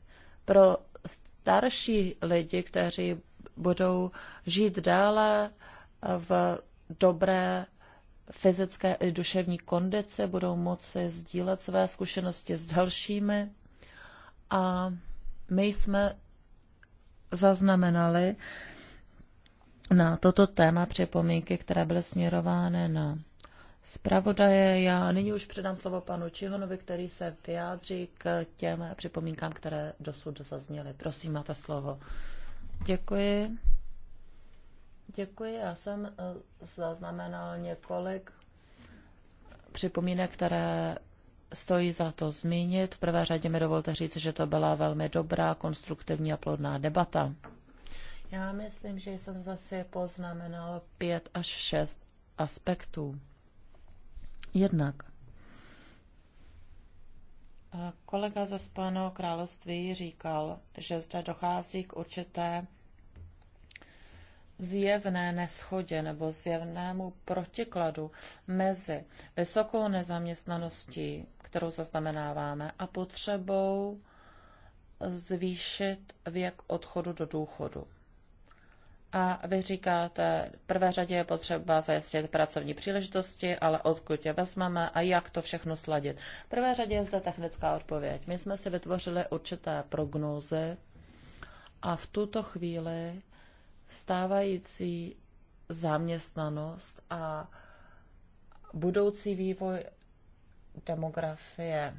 pro starší lidi, kteří budou žít dále v dobré fyzické i duševní kondici, budou moci sdílet své zkušenosti s dalšími. A my jsme zaznamenali na toto téma připomínky, které byly směrovány na zpravodaje. Já nyní už předám slovo panu Čihonovi, který se vyjádří k těm připomínkám, které dosud zazněly. Prosím, máte slovo. Děkuji. Děkuji. Já jsem eh, zaznamenal několik připomínek, které stojí za to zmínit. V prvé řadě mi dovolte říct, že to byla velmi dobrá, konstruktivní a plodná debata. Já myslím, že jsem zase poznamenal pět až šest aspektů. Jednak Kolega ze Spojeného království říkal, že zde dochází k určité zjevné neschodě nebo zjevnému protikladu mezi vysokou nezaměstnaností, kterou zaznamenáváme, a potřebou zvýšit věk odchodu do důchodu. A vy říkáte, v prvé řadě je potřeba zajistit pracovní příležitosti, ale odkud je vezmeme a jak to všechno sladit. V prvé řadě je zde technická odpověď. My jsme si vytvořili určité prognózy a v tuto chvíli stávající zaměstnanost a budoucí vývoj demografie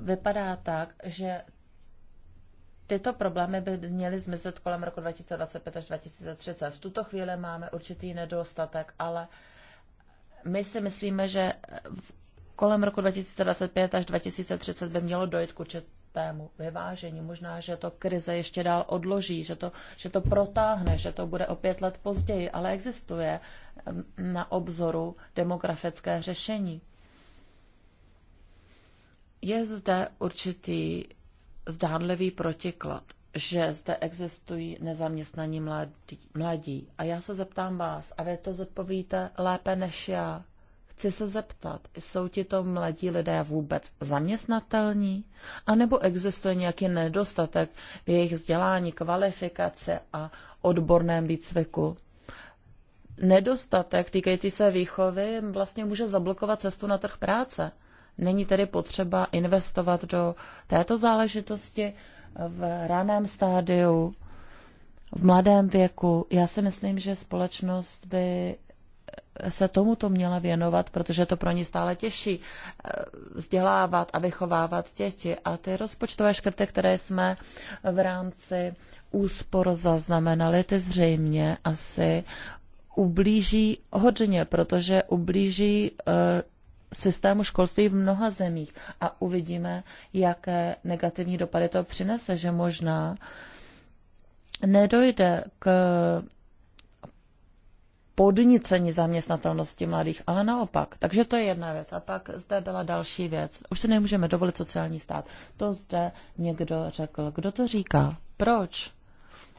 vypadá tak, že tyto problémy by měly zmizet kolem roku 2025 až 2030. V tuto chvíli máme určitý nedostatek, ale my si myslíme, že kolem roku 2025 až 2030 by mělo dojít k určitému vyvážení. Možná, že to krize ještě dál odloží, že to, že to protáhne, že to bude o pět let později, ale existuje na obzoru demografické řešení. Je zde určitý zdánlivý protiklad, že zde existují nezaměstnaní mladí, mladí. A já se zeptám vás, a vy to zodpovíte lépe než já. Chci se zeptat, jsou ti to mladí lidé vůbec zaměstnatelní? A nebo existuje nějaký nedostatek v jejich vzdělání, kvalifikaci a odborném výcviku? Nedostatek týkající se výchovy vlastně může zablokovat cestu na trh práce. Není tedy potřeba investovat do této záležitosti v raném stádiu, v mladém věku. Já si myslím, že společnost by se tomuto měla věnovat, protože to pro ní stále těžší eh, vzdělávat a vychovávat děti. A ty rozpočtové škrty, které jsme v rámci úspor zaznamenali, ty zřejmě asi ublíží hodně, protože ublíží eh, systému školství v mnoha zemích a uvidíme, jaké negativní dopady to přinese, že možná nedojde k podnicení zaměstnatelnosti mladých, ale naopak. Takže to je jedna věc. A pak zde byla další věc. Už si nemůžeme dovolit sociální stát. To zde někdo řekl. Kdo to říká? Proč?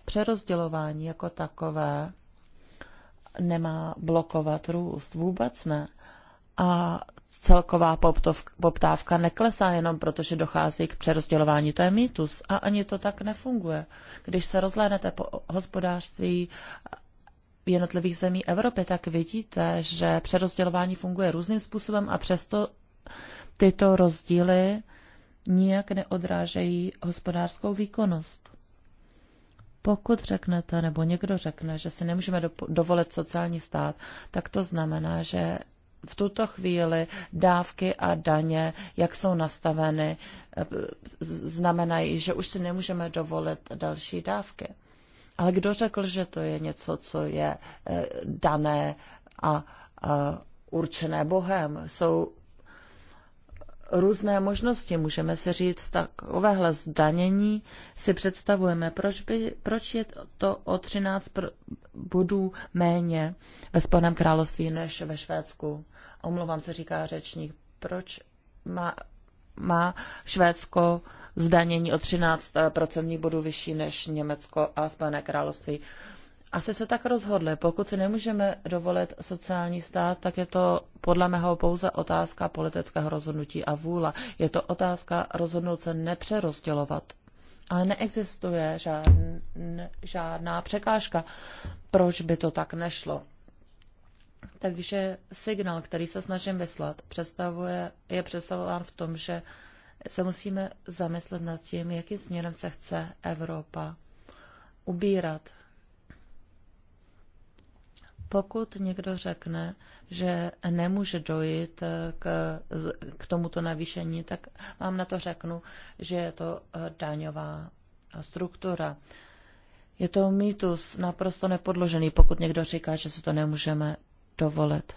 Přerozdělování jako takové nemá blokovat růst. Vůbec ne. A celková poptávka neklesá jenom proto, že dochází k přerozdělování. To je mýtus a ani to tak nefunguje. Když se rozhlédnete po hospodářství jednotlivých zemí Evropy, tak vidíte, že přerozdělování funguje různým způsobem a přesto tyto rozdíly nijak neodrážejí hospodářskou výkonnost. Pokud řeknete, nebo někdo řekne, že si nemůžeme dovolit sociální stát, tak to znamená, že v tuto chvíli dávky a daně, jak jsou nastaveny, znamenají, že už si nemůžeme dovolit další dávky. Ale kdo řekl, že to je něco, co je eh, dané a, a eh, určené Bohem? Jsou různé možnosti. Můžeme si říct, takovéhle zdanění si představujeme, proč, by, proč je to o 13 bodů méně ve Spojeném království než ve Švédsku omlouvám se, říká řečník, proč má, má Švédsko zdanění o 13% eh, bodů vyšší než Německo a Spojené království. Asi se tak rozhodli. Pokud si nemůžeme dovolit sociální stát, tak je to podle mého pouze otázka politického rozhodnutí a vůla. Je to otázka rozhodnout se nepřerozdělovat. Ale neexistuje žádn, žádná překážka, proč by to tak nešlo. Takže signál, který se snažím vyslat, představuje, je představován v tom, že se musíme zamyslet nad tím, jakým směrem se chce Evropa ubírat. Pokud někdo řekne, že nemůže dojít k, k tomuto navýšení, tak vám na to řeknu, že je to eh, daňová struktura. Je to mýtus naprosto nepodložený, pokud někdo říká, že se to nemůžeme dovolit.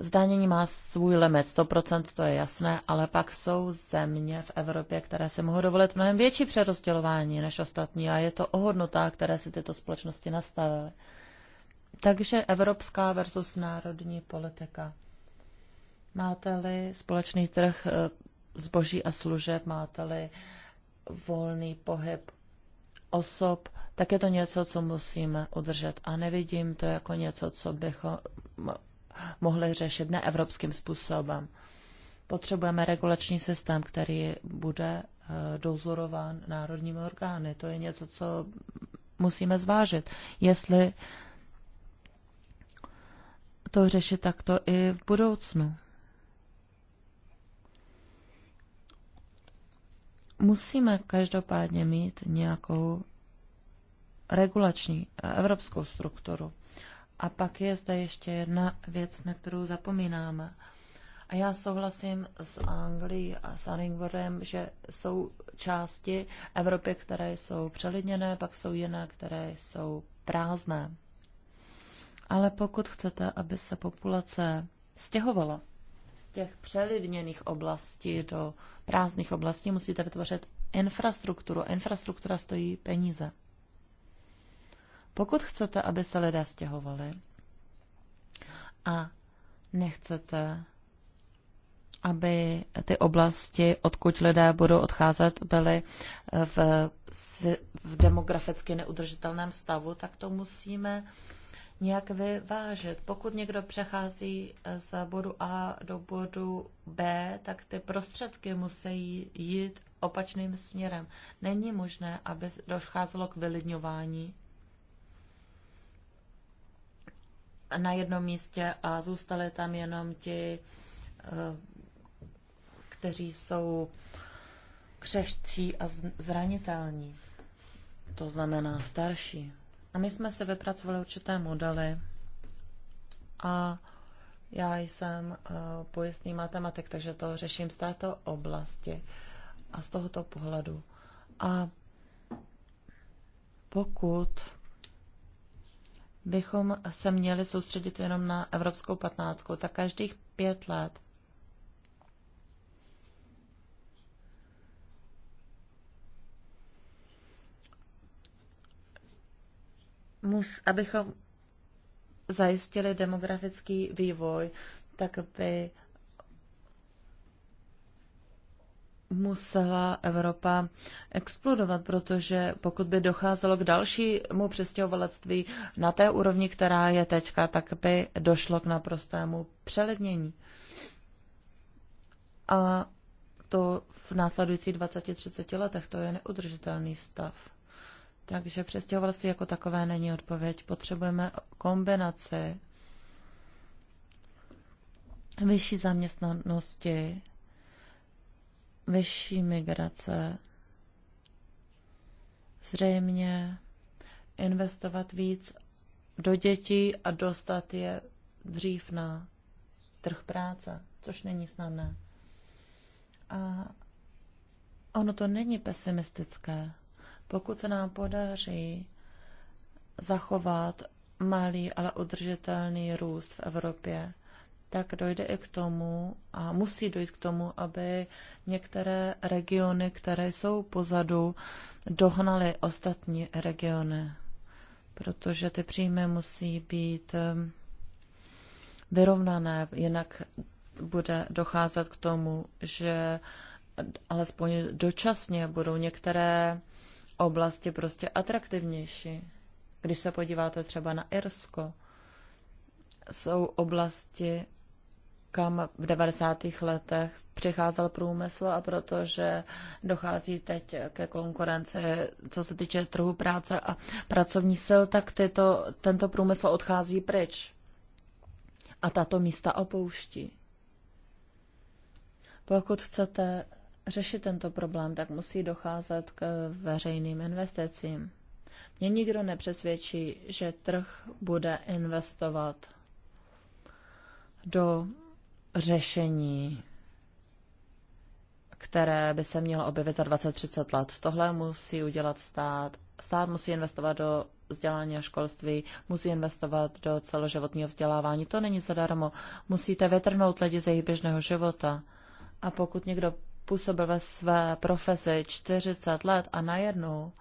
Zdanění má svůj limit, 100% to je jasné, ale pak jsou země v Evropě, které si mohou dovolit mnohem větší přerozdělování než ostatní a je to o hodnotách, které si tyto společnosti nastavily. Takže evropská versus národní politika. Máte-li společný trh eh, zboží a služeb, máte-li volný pohyb osob, tak je to něco, co musíme udržet. A nevidím to jako něco, co bychom mohli řešit neevropským způsobem. Potřebujeme regulační systém, který bude eh, dozorován národními orgány. To je něco, co musíme zvážit. Jestli to řešit takto i v budoucnu. Musíme každopádně mít nějakou regulační eh, evropskou strukturu. A pak je zde ještě jedna věc, na kterou zapomínáme. A já souhlasím s Anglií a s Anningworem, že jsou části Evropy, které jsou přelidněné, pak jsou jiné, které jsou prázdné. Ale pokud chcete, aby se populace stěhovala těch přelidněných oblastí do prázdných oblastí musíte vytvořit infrastrukturu. Infrastruktura stojí peníze. Pokud chcete, aby se lidé stěhovali a nechcete, aby ty oblasti, odkud lidé budou odcházet, byly eh, v, v demograficky neudržitelném stavu, tak to musíme nějak vyvážet. Pokud někdo přechází z bodu A do bodu B, tak ty prostředky musí jít opačným směrem. Není možné, aby docházelo k vylidňování na jednom místě a zůstali tam jenom ti, eh, kteří jsou křehčí a zranitelní. To znamená starší. A my jsme se vypracovali určité modely a já jsem eh, pojistný matematik, takže to řeším z této oblasti a z tohoto pohledu. A pokud bychom se měli soustředit jenom na Evropskou patnáctku, tak každých pět let mus, abychom zajistili demografický vývoj, tak by musela Evropa explodovat, protože pokud by docházelo k dalšímu přestěhovalectví na té úrovni, která je teďka, tak by došlo k naprostému přelidnění. A to v následujících 20-30 letech, to je neudržitelný stav. Takže přestěhovalství jako takové není odpověď. Potřebujeme kombinaci vyšší zaměstnanosti, vyšší migrace, zřejmě investovat víc do dětí a dostat je dřív na trh práce, což není snadné. A ono to není pesimistické. Pokud se nám podaří zachovat malý, ale udržitelný růst v Evropě, tak dojde i k tomu, a musí dojít k tomu, aby některé regiony, které jsou pozadu, dohnaly ostatní regiony. Protože ty příjmy musí být um, vyrovnané, jinak bude docházet k tomu, že alespoň dočasně budou některé oblasti prostě atraktivnější. Když se podíváte třeba na Irsko, jsou oblasti, kam v 90. letech přicházel průmysl a protože dochází teď ke konkurenci, co se týče trhu práce a pracovní sil, tak tyto, tento průmysl odchází pryč a tato místa opouští. Pokud chcete řešit tento problém, tak musí docházet k veřejným investicím. Mě nikdo nepřesvědčí, že trh bude investovat do řešení, které by se mělo objevit za 20-30 let. Tohle musí udělat stát. Stát musí investovat do vzdělání a školství, musí investovat do celoživotního vzdělávání. To není zadarmo. Musíte vytrhnout lidi ze jejich běžného života. A pokud někdo působil ve své profesi 40 let a najednou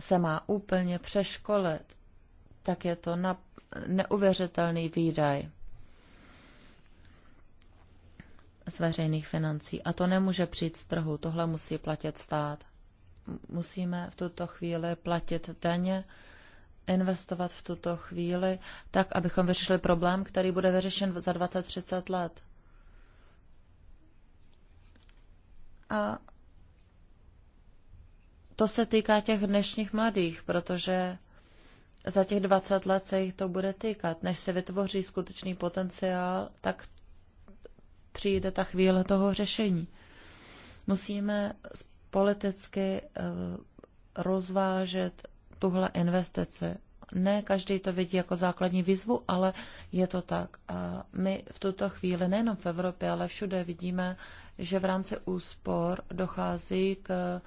se má úplně přeškolit, tak je to na neuvěřitelný výdaj z veřejných financí. A to nemůže přijít z trhu, tohle musí platit stát. Musíme v tuto chvíli platit daně, investovat v tuto chvíli, tak, abychom vyřešili problém, který bude vyřešen za 20-30 let. A to se týká těch dnešních mladých, protože za těch 20 let se jich to bude týkat. Než se vytvoří skutečný potenciál, tak přijde ta chvíle toho řešení. Musíme politicky eh, rozvážet tuhle investici ne každý to vidí jako základní výzvu, ale je to tak. A my v tuto chvíli nejenom v Evropě, ale všude vidíme, že v rámci úspor dochází k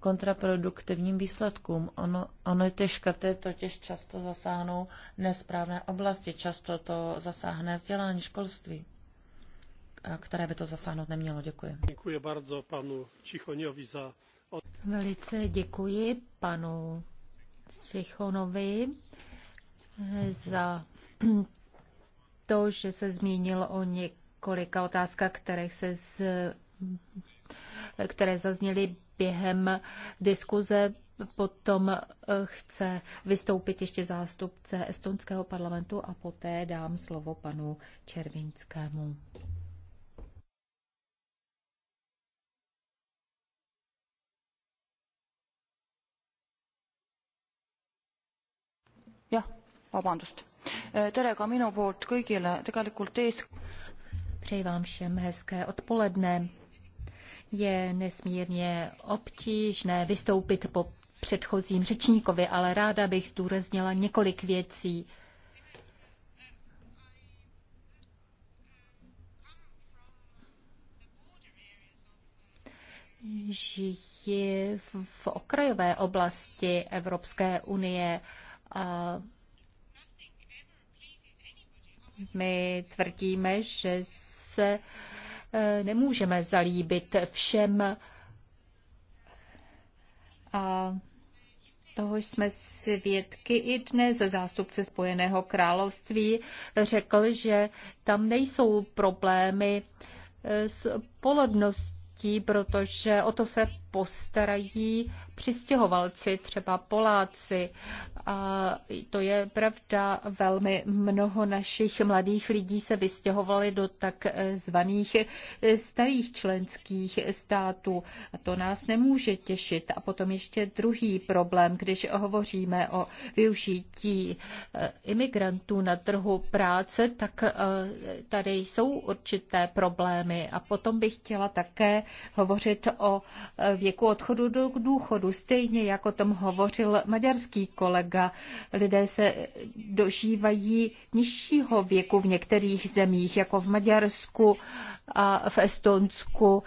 kontraproduktivním výsledkům. Ono, ono ty škrty totiž často zasáhnou nesprávné oblasti, často to zasáhne vzdělání školství které by to zasáhnout nemělo. Děkuji. Děkuji bardzo panu Čichoňovi za... Velice děkuji panu Cichonovi za to, že se zmínil o několika otázkách, které se z, které zazněly během diskuze. Potom eh, chce vystoupit ještě zástupce estonského parlamentu a poté dám slovo panu Červinskému. Äh, tere ka minu poolt kõigile, tegelikult ees. Přeji vám všem hezké odpoledne. Je nesmírně obtížné vystoupit po předchozím řečníkovi, ale ráda bych zdůraznila několik věcí. Žiji v okrajové oblasti Evropské unie a my tvrdíme, že se e, nemůžeme zalíbit všem a toho jsme svědky i dnes. Zástupce Spojeného království řekl, že tam nejsou problémy e, s polodností, protože o to se postarají přistěhovalci, třeba Poláci. A to je pravda, velmi mnoho našich mladých lidí se vystěhovali do takzvaných starých členských států. A to nás nemůže těšit. A potom ještě druhý problém, když hovoříme o využití eh, imigrantů na trhu práce, tak eh, tady jsou určité problémy. A potom bych chtěla také hovořit o eh, věku odchodu do důchodu důchodu. Stejně jak o tom hovořil maďarský kolega, lidé se dožívají nižšího věku v některých zemích, jako v Maďarsku a v Estonsku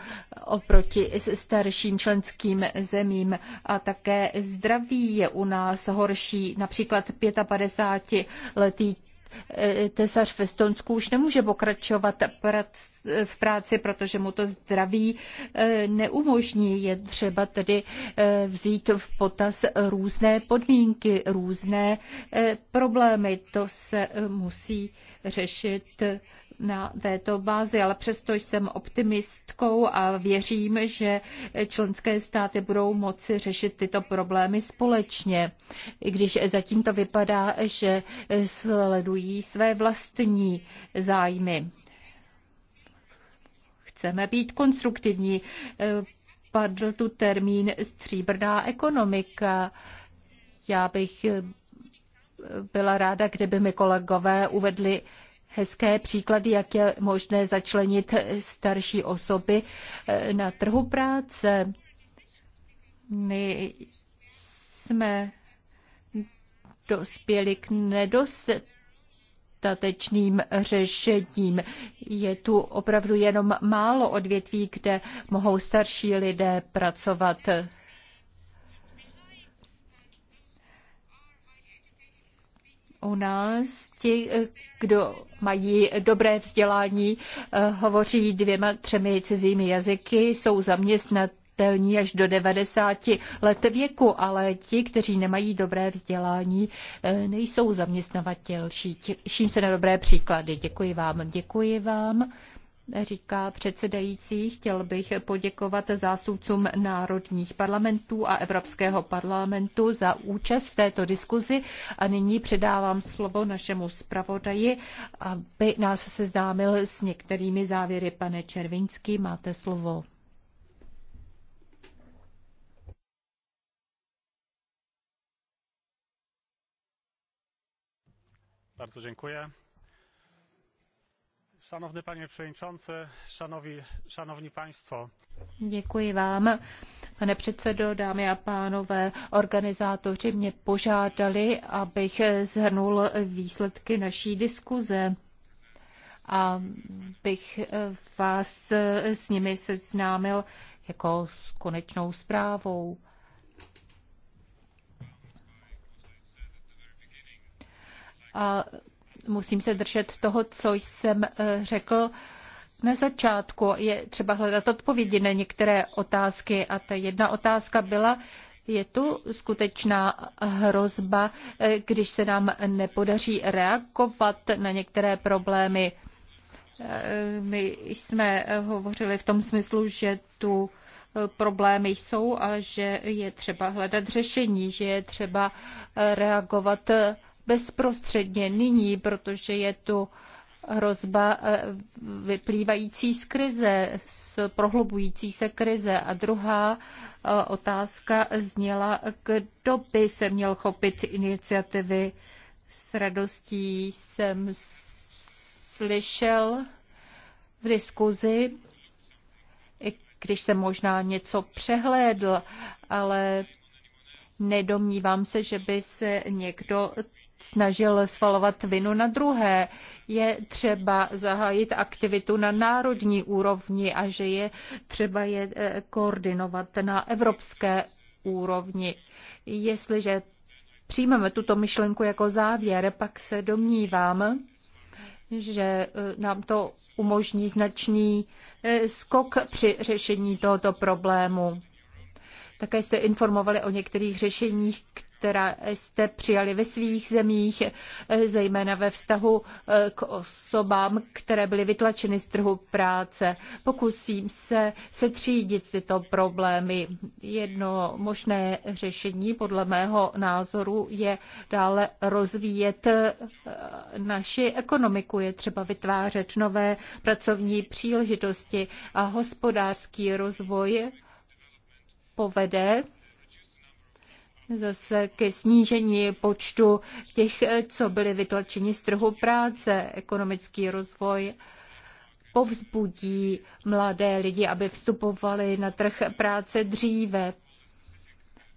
oproti starším členským zemím. A také zdraví je u nás horší, například 55-letý Eh, tesař v Estonsku už nemůže pokračovat eh, v práci, protože mu to zdraví eh, neumožní. Je třeba tedy vzít v potaz různé podmínky, různé problémy. To se musí řešit na této bázi, ale přesto jsem optimistkou a věřím, že členské státy budou moci řešit tyto problémy společně, i když zatím to vypadá, že sledují své vlastní zájmy. Chceme být konstruktivní. Padl tu termín stříbrná ekonomika. Já bych byla ráda, kdyby mi kolegové uvedli hezké příklady, jak je možné začlenit starší osoby eh, na trhu práce. My jsme dospěli k nedostatečným řešením. Je tu opravdu jenom málo odvětví, kde mohou starší lidé pracovat. u nás ti, eh, kdo mají dobré vzdělání, eh, hovoří dvěma, třemi cizími jazyky, jsou zaměstnatelní až do 90 let věku, ale ti, kteří nemají dobré vzdělání, eh, nejsou zaměstnavatelší. Těším se na dobré příklady. Děkuji vám. Děkuji vám říká předsedající. Chtěl bych poděkovat zástupcům národních parlamentů a Evropského parlamentu za účast v této diskuzi a nyní předávám slovo našemu zpravodaji, aby nás seznámil s některými závěry. Pane Červinský, máte slovo. Bardzo dziękuję. Szanowny panie przewodniczący, szanowni, szanowni państwo. vám. Pane předsedo, dámy a pánové, organizátoři mě požádali, abych zhrnul výsledky naší diskuze a bych vás s nimi seznámil jako s konečnou zprávou. A musím se držet toho, co jsem eh, řekl na začátku. Je třeba hledat odpovědi na některé otázky a ta jedna otázka byla, je tu skutečná hrozba, eh, když se nám nepodaří reagovat na některé problémy. Eh, my jsme hovořili v tom smyslu, že tu problémy jsou a že je třeba hledat řešení, že je třeba reagovat bezprostředně nyní, protože je tu hrozba eh, vyplývající z krize, z prohlubující se krize. A druhá eh, otázka zněla, kdo by se měl chopit iniciativy. S radostí jsem slyšel v diskuzi, i když jsem možná něco přehlédl, ale nedomnívám se, že by se někdo snažil svalovat vinu na druhé. Je třeba zahájit aktivitu na národní úrovni a že je třeba je eh, koordinovat na evropské úrovni. Jestliže přijmeme tuto myšlenku jako závěr, pak se domnívám, že eh, nám to umožní značný eh, skok při řešení tohoto problému. Také jste informovali o některých řešeních, která jste přijali ve svých zemích, eh, zejména ve vztahu eh, k osobám, které byly vytlačeny z trhu práce. Pokusím se setřídit tyto problémy. Jedno možné řešení podle mého názoru je dále rozvíjet eh, naši ekonomiku. Je třeba vytvářet nové pracovní příležitosti a hospodářský rozvoj povede zase ke snížení počtu těch, co byli vytlačeni z trhu práce. Ekonomický rozvoj povzbudí mladé lidi, aby vstupovali na trh práce dříve.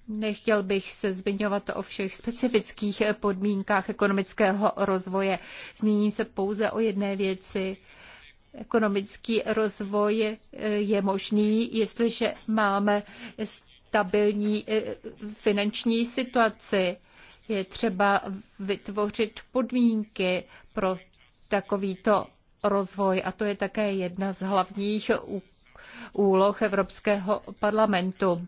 Nechtěl bych se zmiňovat o všech specifických podmínkách ekonomického rozvoje. Zmíním se pouze o jedné věci ekonomický rozvoj eh, je možný, jestliže máme stabilní eh, finanční situaci. Je třeba vytvořit podmínky pro takovýto rozvoj a to je také jedna z hlavních úloh Evropského parlamentu.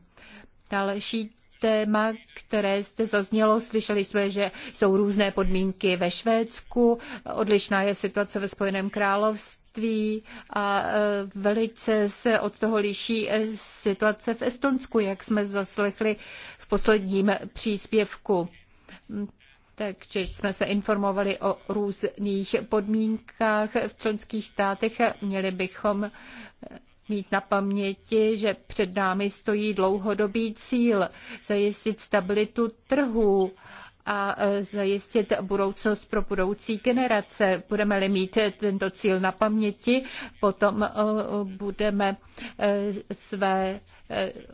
Další téma, které jste zaznělo. Slyšeli jsme, že jsou různé podmínky ve Švédsku, odlišná je situace ve Spojeném království školství a e, velice se od toho liší e, situace v Estonsku, jak jsme zaslechli v posledním příspěvku. Mm, takže jsme se informovali o různých podmínkách v členských státech měli bychom e, mít na paměti, že před námi stojí dlouhodobý cíl zajistit stabilitu trhu a e, zajistit budoucnost pro budoucí generace. Budeme-li mít tento cíl na paměti, potom e, budeme e, své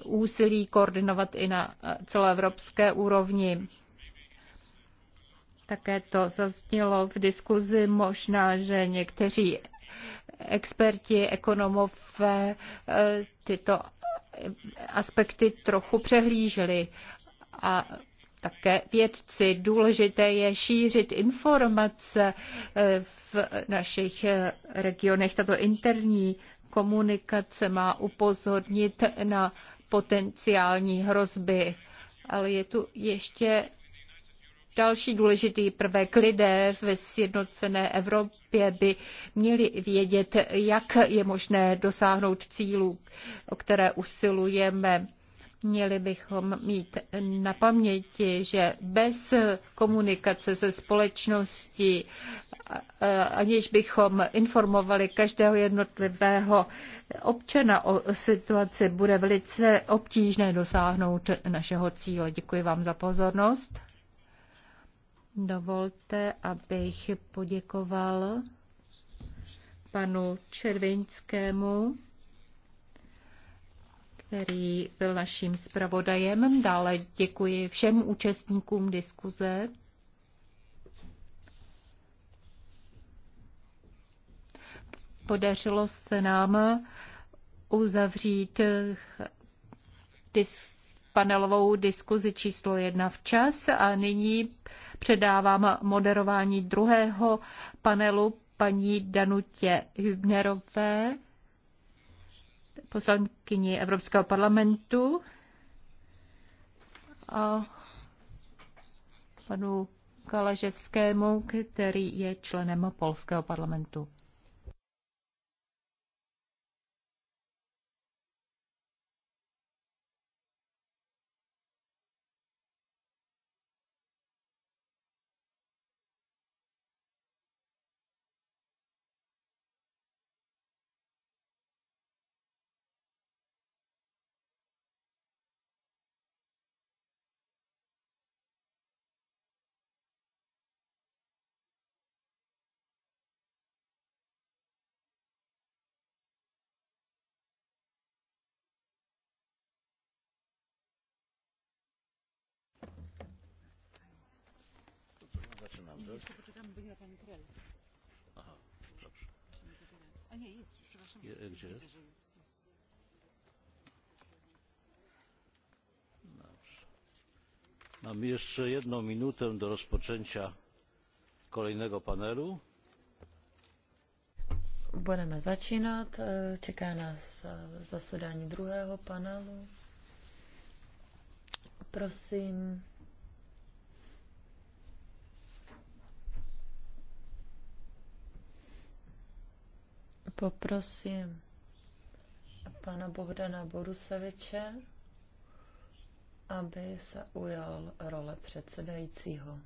úsilí koordinovat i na celoevropské úrovni. Také to zaznělo v diskuzi možná, že někteří experti, ekonomové tyto aspekty trochu přehlíželi a také vědci. Důležité je šířit informace eh, v našich eh, regionech. Tato interní komunikace má upozornit na potenciální hrozby. Ale je tu ještě další důležitý prvek. Lidé ve sjednocené Evropě by měli vědět, jak je možné dosáhnout cílů, o které usilujeme. Měli bychom mít na paměti, že bez komunikace se společností, aniž bychom informovali každého jednotlivého občana o situaci, bude velice obtížné dosáhnout našeho cíle. Děkuji vám za pozornost. Dovolte, abych poděkoval panu Červinskému který byl naším zpravodajem. Dále děkuji všem účastníkům diskuze. Podařilo se nám uzavřít dis- panelovou diskuzi číslo jedna včas a nyní předávám moderování druhého panelu paní Danutě Hübnerové poslankyni Evropského parlamentu a panu Kalaževskému, který je členem polského parlamentu. też? Jeszcze poczekamy, bo nie ma pani Aha, dobrze. A nie, jest, przepraszam. Je, jest, gdzie widzę, Że jest. Dobrze. Mamy jeszcze jedną minutę do rozpoczęcia kolejnego panelu. Budeme začínat. Eh, čeká nás eh, zasedání druhého panelu. Prosím, Poprosím pana Bohdana Borusaviče, aby se ujal role předsedajícího.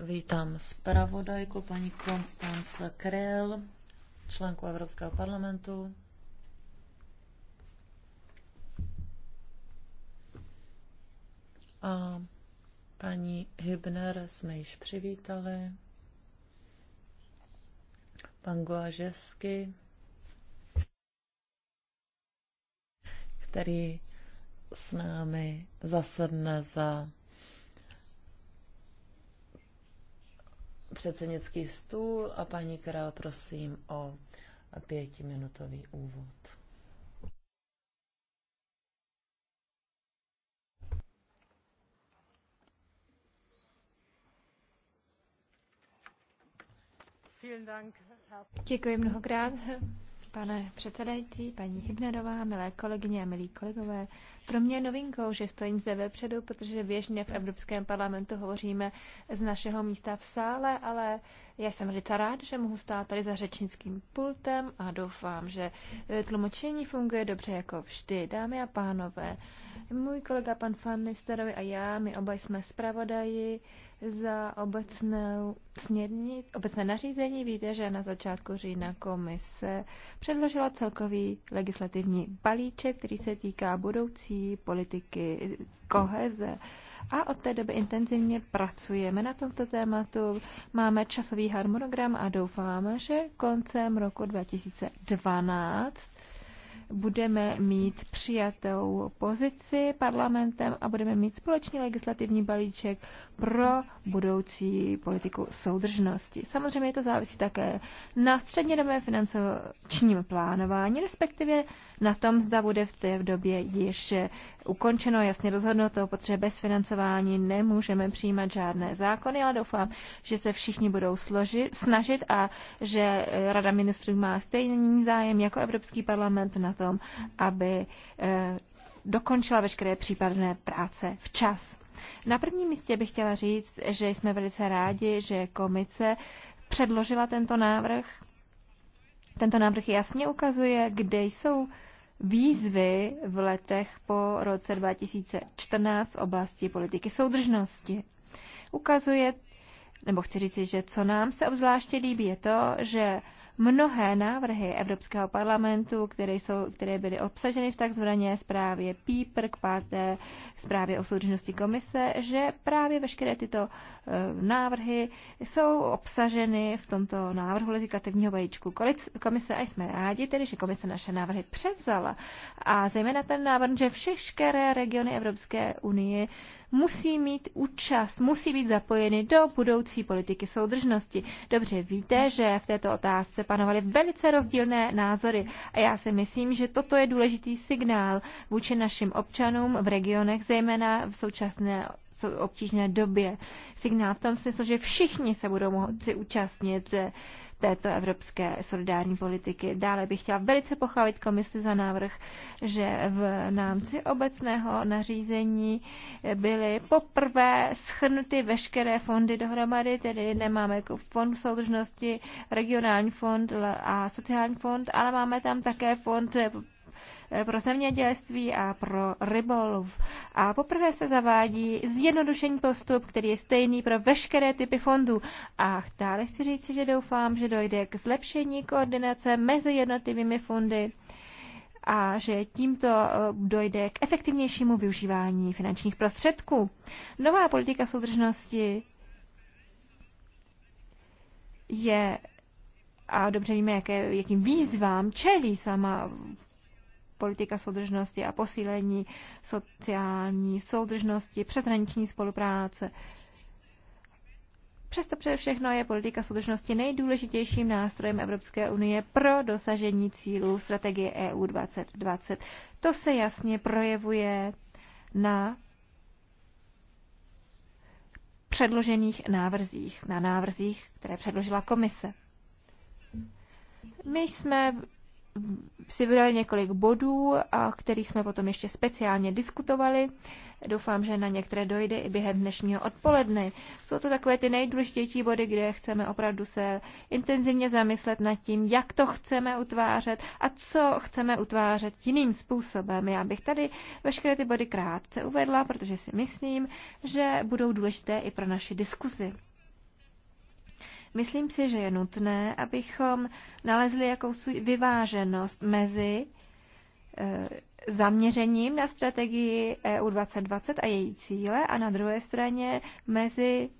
Vítám zpravodajku paní Konstance Krell, členku Evropského parlamentu. A paní Hybner jsme již přivítali. Pan Guažesky, který s námi zasedne za předsednický stůl a paní Král prosím o pětiminutový úvod. Děkuji mnohokrát, pane předsedající, paní Hybnerová, milé kolegyně a milí kolegové. Pro mě novinkou, že stojím zde vepředu, protože běžně v Evropském parlamentu hovoříme z našeho místa v sále, ale já jsem velice rád, že mohu stát tady za řečnickým pultem a doufám, že tlumočení funguje dobře jako vždy. Dámy a pánové, můj kolega pan Fannisterovi a já, my oba jsme zpravodaji za obecnou směrni, obecné nařízení. Víte, že na začátku října komise předložila celkový legislativní balíček, který se týká budoucí politiky koheze. A od té doby intenzivně pracujeme na tomto tématu. Máme časový harmonogram a doufáme, že koncem roku 2012 budeme mít přijatou pozici parlamentem a budeme mít společný legislativní balíček pro budoucí politiku soudržnosti. Samozřejmě to závisí také na střednědobém finančním plánování, respektive na tom, zda bude v té době již ukončeno, jasně rozhodnuto, protože bez financování nemůžeme přijímat žádné zákony, ale doufám, že se všichni budou složit, snažit a že Rada ministrů má stejný zájem jako Evropský parlament na tom, aby eh, dokončila veškeré případné práce včas. Na prvním místě bych chtěla říct, že jsme velice rádi, že komice předložila tento návrh. Tento návrh jasně ukazuje, kde jsou výzvy v letech po roce 2014 v oblasti politiky soudržnosti. Ukazuje, nebo chci říct, že co nám se obzvláště líbí, je to, že mnohé návrhy Evropského parlamentu, které, jsou, které byly obsaženy v takzvané zprávě PIPR k páté zprávě o soudržnosti komise, že právě veškeré tyto e, návrhy jsou obsaženy v tomto návrhu legislativního balíčku komise a jsme rádi, tedy, že komise naše návrhy převzala. A zejména ten návrh, že všechny regiony Evropské unie musí mít účast, musí být zapojeny do budoucí politiky soudržnosti. Dobře víte, že v této otázce panovaly velice rozdílné názory a já si myslím, že toto je důležitý signál vůči našim občanům v regionech, zejména v současné obtížné době. Signál v tom smyslu, že všichni se budou moci účastnit eh, této evropské solidární politiky. Dále bych chtěla velice pochválit komisi za návrh, že v námci obecného nařízení byly poprvé schrnuty veškeré fondy dohromady, tedy nemáme jako fond soudržnosti, regionální fond a sociální fond, ale máme tam také fond Eh, pro zemědělství a pro rybolov. A poprvé se zavádí zjednodušený postup, který je stejný pro veškeré typy fondů. A dále chci říct, že doufám, že dojde k zlepšení koordinace mezi jednotlivými fondy a že tímto eh, dojde k efektivnějšímu využívání finančních prostředků. Nová politika soudržnosti je a dobře víme, jaké, jakým výzvám čelí sama politika soudržnosti a posílení sociální soudržnosti, přeshraniční spolupráce. Přesto přede všechno je politika soudržnosti nejdůležitějším nástrojem Evropské unie pro dosažení cílů strategie EU 2020. To se jasně projevuje na předložených návrzích, na návrzích, které předložila komise. My jsme si vydali několik bodů, a který jsme potom ještě speciálně diskutovali. Doufám, že na některé dojde i během dnešního odpoledne. Jsou to takové ty nejdůležitější body, kde chceme opravdu se intenzivně zamyslet nad tím, jak to chceme utvářet a co chceme utvářet jiným způsobem. Já bych tady veškeré ty body krátce uvedla, protože si myslím, že budou důležité i pro naši diskuzi. Myslím si, že je nutné, abychom nalezli jakousi vyváženost mezi e, zaměřením na strategii EU 2020 a její cíle a na druhé straně mezi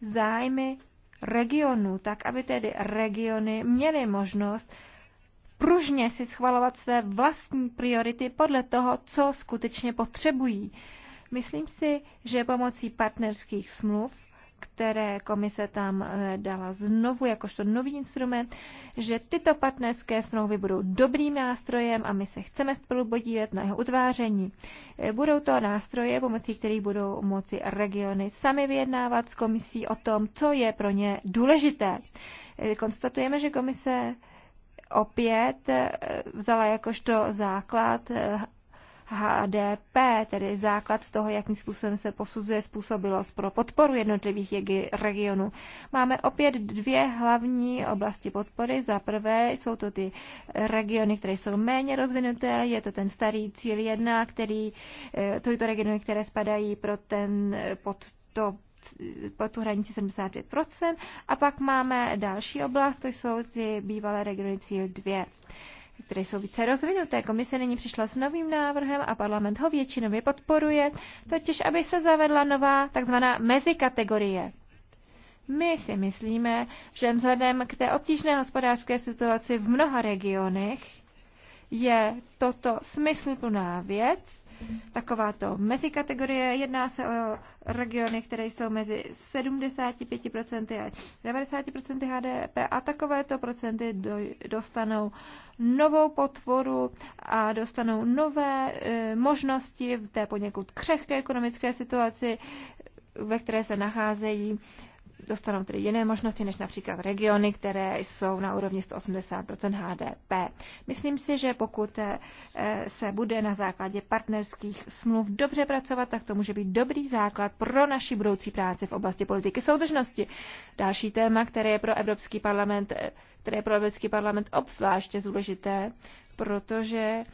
zájmy regionu, tak aby tedy regiony měly možnost pružně si schvalovat své vlastní priority podle toho, co skutečně potřebují. Myslím si, že pomocí partnerských smluv které komise tam eh, dala znovu jakožto nový instrument, že tyto partnerské smlouvy budou dobrým nástrojem a my se chceme spolu podílet na jeho utváření. Eh, budou to nástroje, pomocí kterých budou moci regiony sami vyjednávat s komisí o tom, co je pro ně důležité. Eh, konstatujeme, že komise opět vzala jakožto základ HDP, tedy základ toho, jakým způsobem se posuzuje způsobilost pro podporu jednotlivých regionů. Máme opět dvě hlavní oblasti podpory. Za prvé jsou to ty regiony, které jsou méně rozvinuté, je to ten starý cíl 1, který, eh, to jsou regiony, které spadají pro ten, eh, pod to po tu hranici 75%. A pak máme další oblast, to jsou ty bývalé regiony cíl 2 které jsou více rozvinuté. Komise nyní přišla s novým návrhem a parlament ho většinově podporuje, totiž aby se zavedla nová tzv. mezikategorie. My si myslíme, že vzhledem k té obtížné hospodářské situaci v mnoha regionech je toto smysluplná věc, takováto mezikategorie. Jedná se o regiony, které jsou mezi 75% a 90% HDP a takovéto procenty dostanou novou potvoru a dostanou nové eh, možnosti v té poněkud křehké ekonomické situaci, ve které se nacházejí dostanou tedy jiné možnosti než například regiony, které jsou na úrovni 180 HDP. Myslím si, že pokud eh, se bude na základě partnerských smluv dobře pracovat, tak to může být dobrý základ pro naši budoucí práci v oblasti politiky soudržnosti. Další téma, které je pro Evropský parlament, eh, které je pro Evropský parlament obzvláště důležité, protože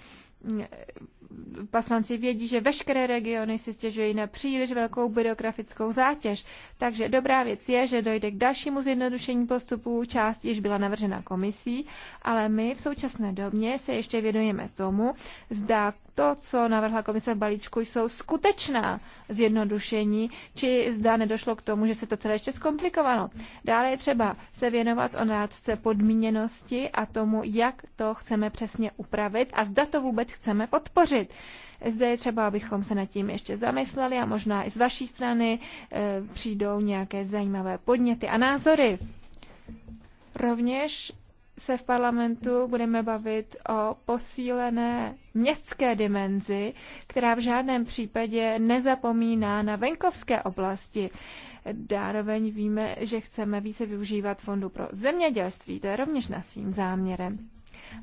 Pasmanci vědí, že veškeré regiony si stěžují na příliš velkou byrokratickou zátěž. Takže dobrá věc je, že dojde k dalšímu zjednodušení postupů. Část již byla navržena komisí, ale my v současné době se ještě věnujeme tomu, zda to, co navrhla komise v balíčku, jsou skutečná zjednodušení, či zda nedošlo k tomu, že se to celé ještě zkomplikovalo. Dále je třeba se věnovat o nádce podmíněnosti a tomu, jak to chceme přesně upravit a zda to vůbec chceme podpořit. Zde je třeba, abychom se nad tím ještě zamysleli a možná i z vaší strany e, přijdou nějaké zajímavé podněty a názory. Rovněž se v parlamentu budeme bavit o posílené městské dimenzi, která v žádném případě nezapomíná na venkovské oblasti. Dároveň víme, že chceme více využívat fondu pro zemědělství, to je rovněž naším záměrem.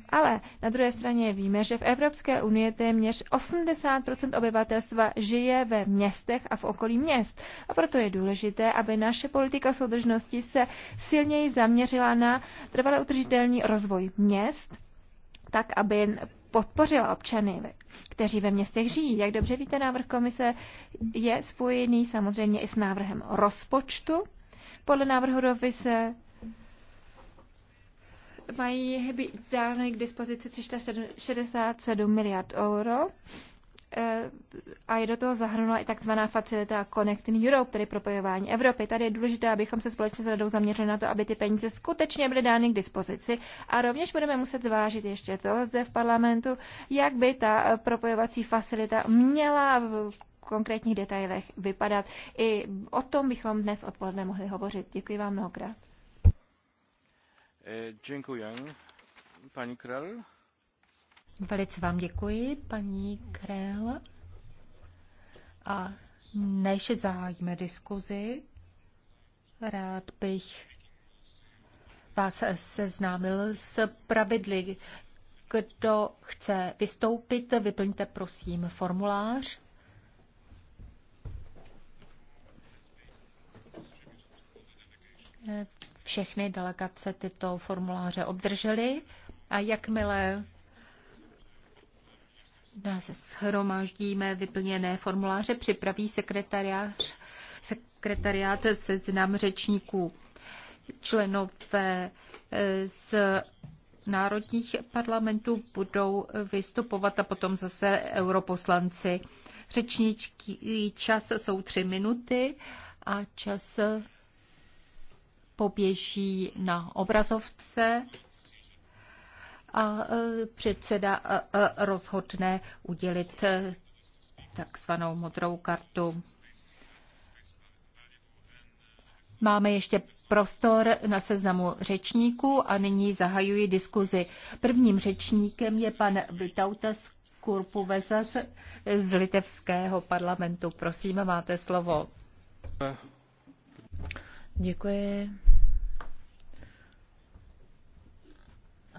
Ale na druhé straně víme, že v Evropské unii téměř 80% obyvatelstva žije ve městech a v okolí měst. A proto je důležité, aby naše politika soudržnosti se silněji zaměřila na trvale utržitelný rozvoj měst, tak aby podpořila občany, kteří ve městech žijí. Jak dobře víte, návrh komise je spojený samozřejmě i s návrhem rozpočtu. Podle návrhu Rovy se mají být dány k dispozici 367 miliard euro eh, a je do toho zahrnula i takzvaná facilita Connecting Europe, tedy propojování Evropy. Tady je důležité, abychom se společně s radou zaměřili na to, aby ty peníze skutečně byly dány k dispozici. A rovněž budeme muset zvážit ještě to zde v parlamentu, jak by ta eh, propojovací facilita měla v konkrétních detailech vypadat. I o tom bychom dnes odpoledne mohli hovořit. Děkuji vám mnohokrát. Eh, děkuji. Paní Krell. Velice vám děkuji, paní Krell. A než zahájíme diskuzi, rád bych vás seznámil s pravidly. Kdo chce vystoupit, vyplňte prosím formulář. Všechny delegace tyto formuláře obdržely a jakmile nás shromaždíme vyplněné formuláře, připraví sekretariát, sekretariát seznam řečníků členové eh, z národních parlamentů budou vystupovat a potom zase europoslanci. Řečničký čas jsou tři minuty a čas poběží na obrazovce a e, předseda e, e, rozhodne udělit takzvanou modrou kartu. Máme ještě prostor na seznamu řečníků a nyní zahajuji diskuzi. Prvním řečníkem je pan Vitautas Kurpuveza z litevského parlamentu. Prosím, máte slovo. Děkuji,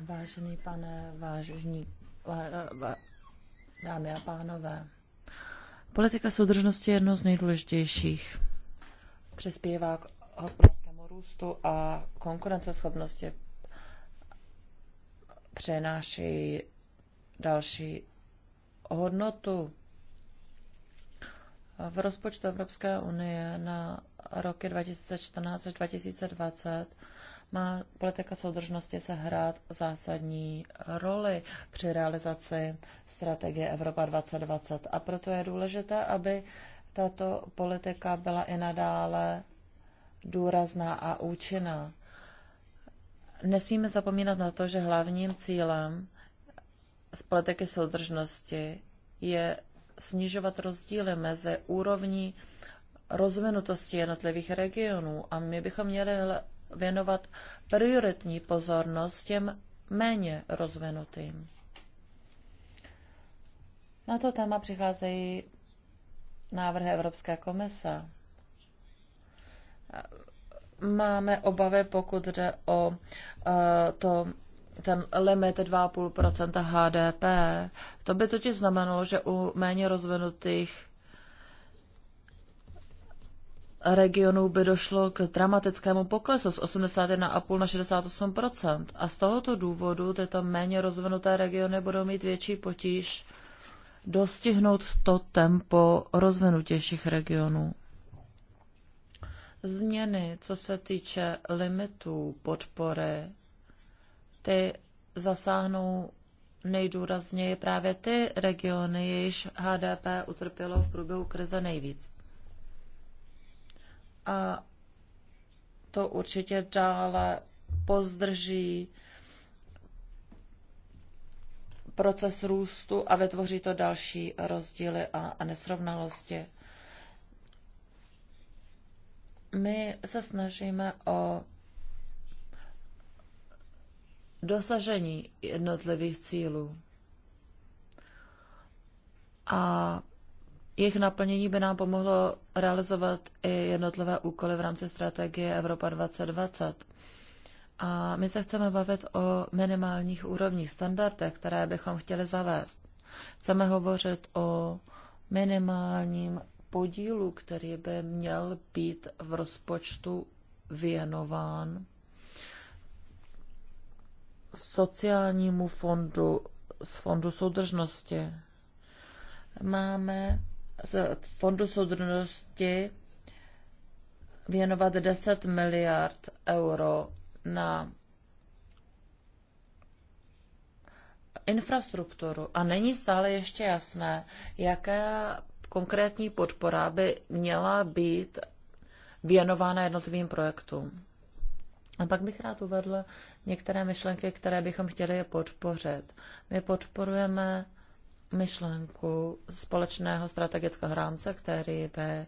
Vážený pane, vážení, dámy a pánové, politika soudržnosti je jedno z nejdůležitějších. Přispívá k hospodářskému růstu a konkurenceschopnosti přenáší další hodnotu. V rozpočtu Evropské unie na roky 2014 až 2020 má politika soudržnosti se hrát zásadní roli při realizaci strategie Evropa 2020. A proto je důležité, aby tato politika byla i nadále důrazná a účinná. Nesmíme zapomínat na to, že hlavním cílem z politiky soudržnosti je snižovat rozdíly mezi úrovní rozvinutosti jednotlivých regionů a my bychom měli věnovat prioritní pozornost těm méně rozvinutým. Na to téma přicházejí návrhy Evropské komise. Máme obavy, pokud jde o e, to, ten limit 2,5 HDP. To by totiž znamenalo, že u méně rozvinutých regionů by došlo k dramatickému poklesu z 81,5 na 68 A z tohoto důvodu tyto méně rozvinuté regiony budou mít větší potíž dostihnout to tempo rozvinutějších regionů. Změny, co se týče limitů podpory, ty zasáhnou nejdůrazněji právě ty regiony, jejichž HDP utrpělo v průběhu krize nejvíc a to určitě dále pozdrží proces růstu a vytvoří to další rozdíly a, a nesrovnalosti. My se snažíme o dosažení jednotlivých cílů. A jejich naplnění by nám pomohlo realizovat i jednotlivé úkoly v rámci strategie Evropa 2020. A my se chceme bavit o minimálních úrovních standardech, které bychom chtěli zavést. Chceme hovořit o minimálním podílu, který by měl být v rozpočtu věnován sociálnímu fondu z fondu soudržnosti. Máme z Fondu soudrnosti věnovat 10 miliard euro na infrastrukturu a není stále ještě jasné, jaká konkrétní podpora by měla být věnována jednotlivým projektům. A pak bych rád uvedl některé myšlenky, které bychom chtěli podpořit. My podporujeme myšlenku společného strategického rámce, který by eh,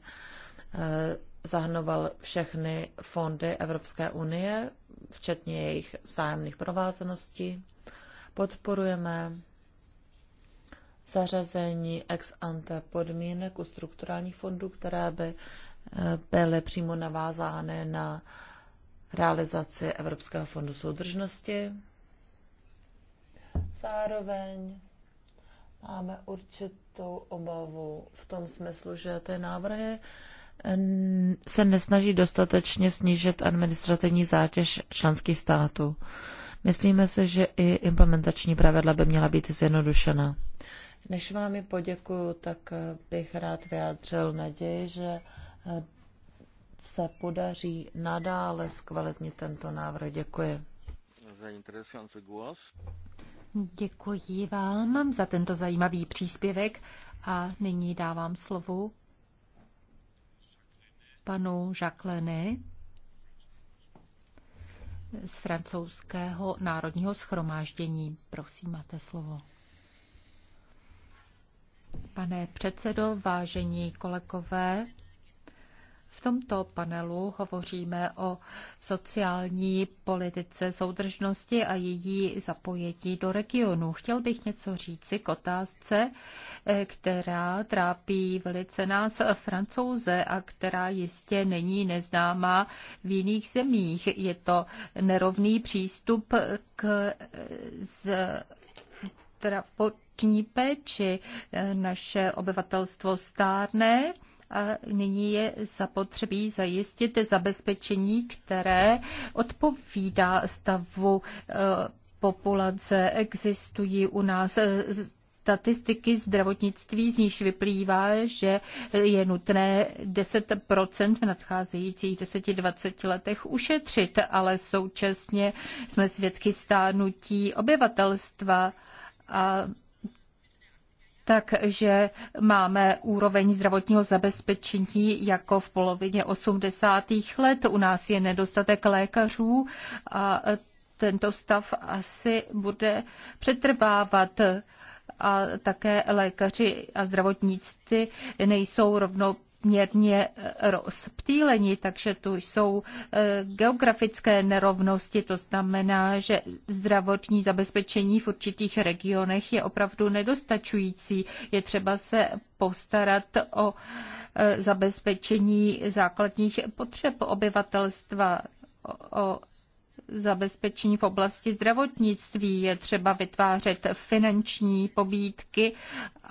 zahrnoval všechny fondy Evropské unie, včetně jejich vzájemných provázeností. Podporujeme zařazení ex ante podmínek u strukturálních fondů, které by eh, byly přímo navázány na realizaci Evropského fondu soudržnosti. Zároveň Máme určitou obavu v tom smyslu, že ty návrhy eh, se nesnaží dostatečně snížit administrativní zátěž členských států. Myslíme se, že i implementační pravidla by měla být zjednodušena. Než vám ji poděkuju, tak eh, bych rád vyjádřil naději, že eh, se podaří nadále zkvalitnit tento návrh. Děkuji. Za interesující głos. Děkuji vám za tento zajímavý příspěvek a nyní dávám slovu panu Jacqueline z francouzského národního schromáždění. Prosím, máte slovo. Pane předsedo, vážení kolegové, v tomto panelu hovoříme o sociální politice soudržnosti a její zapojení do regionu. Chtěl bych něco říci k otázce, eh, která trápí velice nás francouze a která jistě není neznámá v jiných zemích. Je to nerovný přístup k z, teda, péči. Eh, naše obyvatelstvo stárne a nyní je zapotřebí zajistit zabezpečení, které odpovídá stavu eh, populace. Existují u nás eh, statistiky zdravotnictví, z níž vyplývá, že je nutné 10 v nadcházejících 10-20 letech ušetřit, ale současně jsme svědky stárnutí obyvatelstva a takže máme úroveň zdravotního zabezpečení jako v polovině 80. let. U nás je nedostatek lékařů a tento stav asi bude přetrvávat a také lékaři a zdravotníci nejsou rovnou mírně e, rozptýleni, takže tu jsou e, geografické nerovnosti, to znamená, že zdravotní zabezpečení v určitých regionech je opravdu nedostačující. Je třeba se postarat o e, zabezpečení základních potřeb obyvatelstva, o zabezpečení v oblasti zdravotnictví, je třeba vytvářet finanční pobídky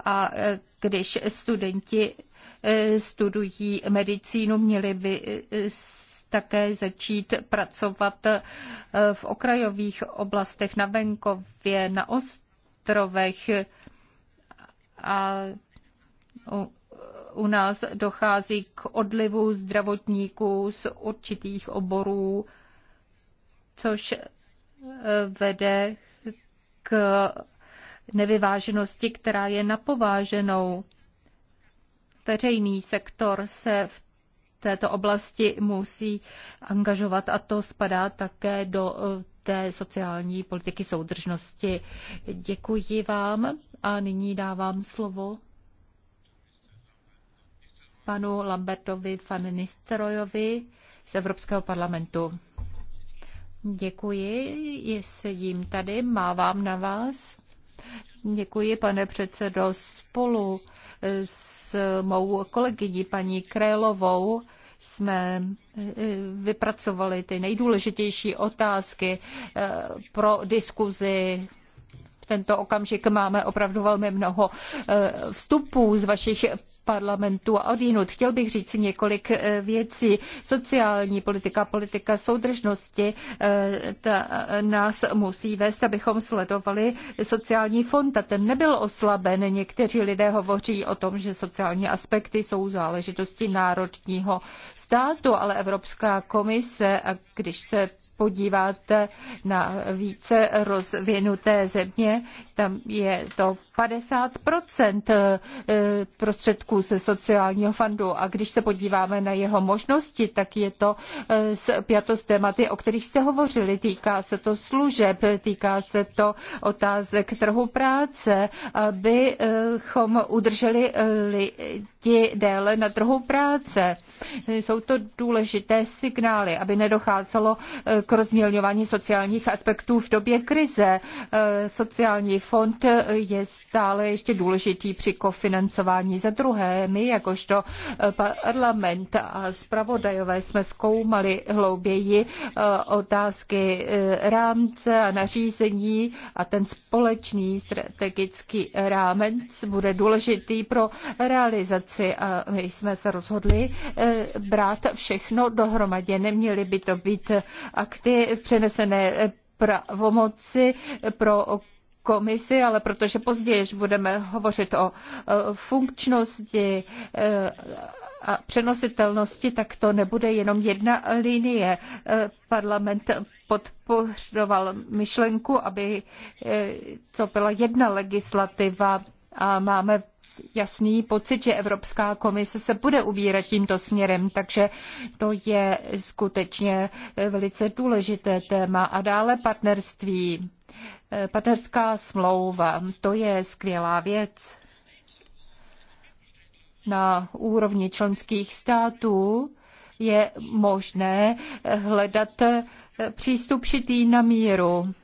a když studenti Eh, studují medicínu, měli by eh, také začít pracovat eh, v okrajových oblastech, na venkově, na ostrovech. A u nás dochází k odlivu zdravotníků z určitých oborů, což vede k nevyváženosti, která je napováženou veřejný sektor se v této oblasti musí angažovat a to spadá také do eh, té sociální politiky soudržnosti. Děkuji vám a nyní dávám slovo panu Lambertovi van Nistrojovi z Evropského parlamentu. Děkuji, sedím tady, mávám na vás. Děkuji, pane předsedo. Spolu s mou kolegyní paní Krélovou jsme eh, vypracovali ty nejdůležitější otázky eh, pro diskuzi tento okamžik máme opravdu velmi mnoho eh, vstupů z vašich parlamentu a odjinut. Chtěl bych říct několik eh, věcí. Sociální politika, politika soudržnosti eh, ta nás musí vést, abychom sledovali sociální fond a ten nebyl oslaben. Někteří lidé hovoří o tom, že sociální aspekty jsou záležitosti národního státu, ale Evropská komise, a když se podíváte na více rozvinuté země, tam je to 50 eh, prostředků ze sociálního fondu. A když se podíváme na jeho možnosti, tak je to eh, spjato s tématy, o kterých jste hovořili. Týká se to služeb, týká se to otázek trhu práce, abychom udrželi lidi zůstávati déle na trhu práce. Jsou to důležité signály, aby nedocházelo eh, k rozmělňování sociálních aspektů v době krize. Eh, sociální fond eh, je stále ještě důležitý při kofinancování. Za druhé, my jakožto parlament a zpravodajové jsme zkoumali hlouběji otázky rámce a nařízení a ten společný strategický rámec bude důležitý pro realizaci věci a my jsme se rozhodli eh, brát všechno dohromadě. Neměly by to být akty přenesené eh, pravomoci eh, pro komisi, ale protože později budeme hovořit o funkčnosti a přenositelnosti, tak to nebude jenom jedna linie. Parlament podporoval myšlenku, aby to byla jedna legislativa a máme jasný pocit, že Evropská komise se bude ubírat tímto směrem, takže to je skutečně eh, velice důležité téma. A dále partnerství. Eh, partnerská smlouva, to je skvělá věc. Na úrovni členských států je možné hledat eh, přístup šitý na míru.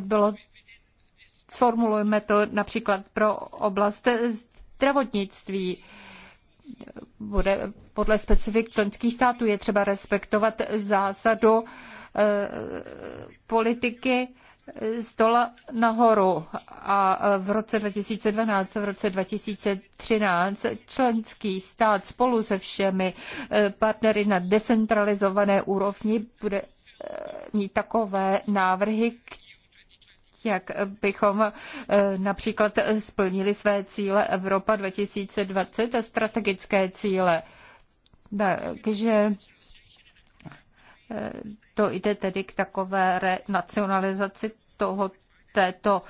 Bylo Sformulujeme to například pro oblast zdravotnictví bude podle specifik členských států. Je třeba respektovat zásadu eh, politiky z dola nahoru a eh, v roce 2012, v roce 2013 členský stát spolu se všemi eh, partnery na decentralizované úrovni bude mít takové návrhy, jak bychom eh, například splnili své cíle Evropa 2020 a strategické cíle. Takže dojde eh, tedy k takové renacionalizaci toho, této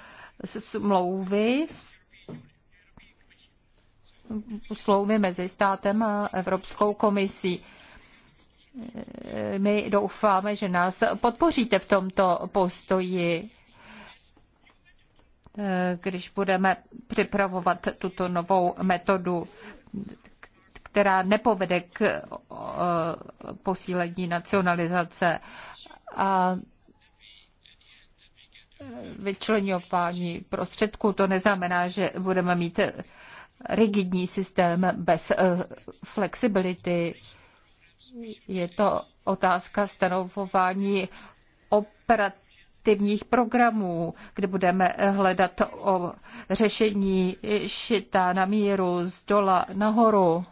smlouvy, smlouvy mezi státem a Evropskou komisí. Eh, my doufáme, že nás podpoříte v tomto postoji. Eh, když budeme připravovat tuto novou metodu, která nepovede k eh, posílení nacionalizace a vyčlenování prostředků. To neznamená, že budeme mít rigidní systém bez eh, flexibility. Je to otázka stanovování operativní aktivních programů, kde budeme hledat o řešení šita na míru z dola nahoru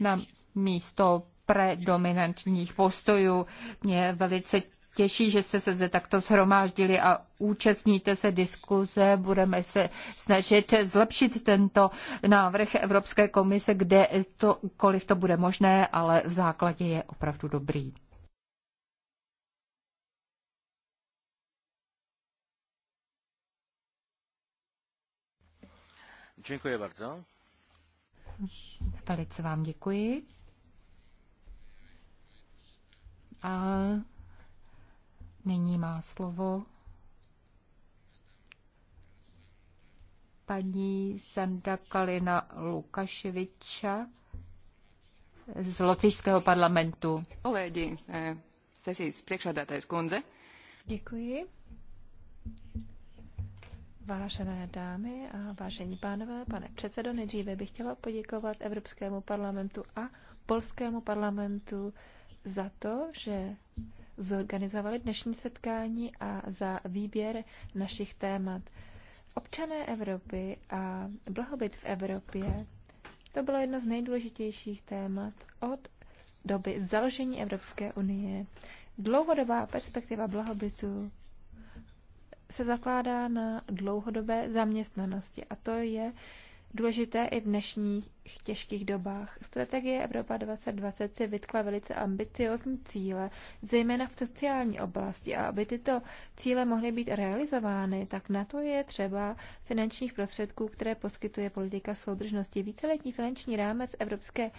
na místo predominantních postojů. Mě velice těší, že jste se zde takto shromáždili a účastníte se diskuze. Budeme se snažit zlepšit tento návrh Evropské komise, kde to, koliv to bude možné, ale v základě je opravdu dobrý. Děkuji bardzo. Velice vám děkuji. A nyní má slovo paní Sandra Kalina Lukaševiča z Lotyšského parlamentu. Eh, děkuji. Vážené dámy a vážení pánové, pane předsedo, nejdříve bych chtěla poděkovat Evropskému parlamentu a Polskému parlamentu za to, že zorganizovali dnešní setkání a za výběr našich témat. Občané Evropy a blahobyt v Evropě, to bylo jedno z nejdůležitějších témat od doby založení Evropské unie. Dlouhodobá perspektiva blahobytu se zakládá na dlouhodobé zaměstnanosti a to je důležité i v dnešních těžkých dobách. Strategie Evropa 2020 si vytkla velice ambiciozní cíle, zejména v sociální oblasti a aby tyto cíle mohly být realizovány, tak na to je třeba finančních prostředků, které poskytuje politika soudržnosti. Víceletní finanční rámec Evropské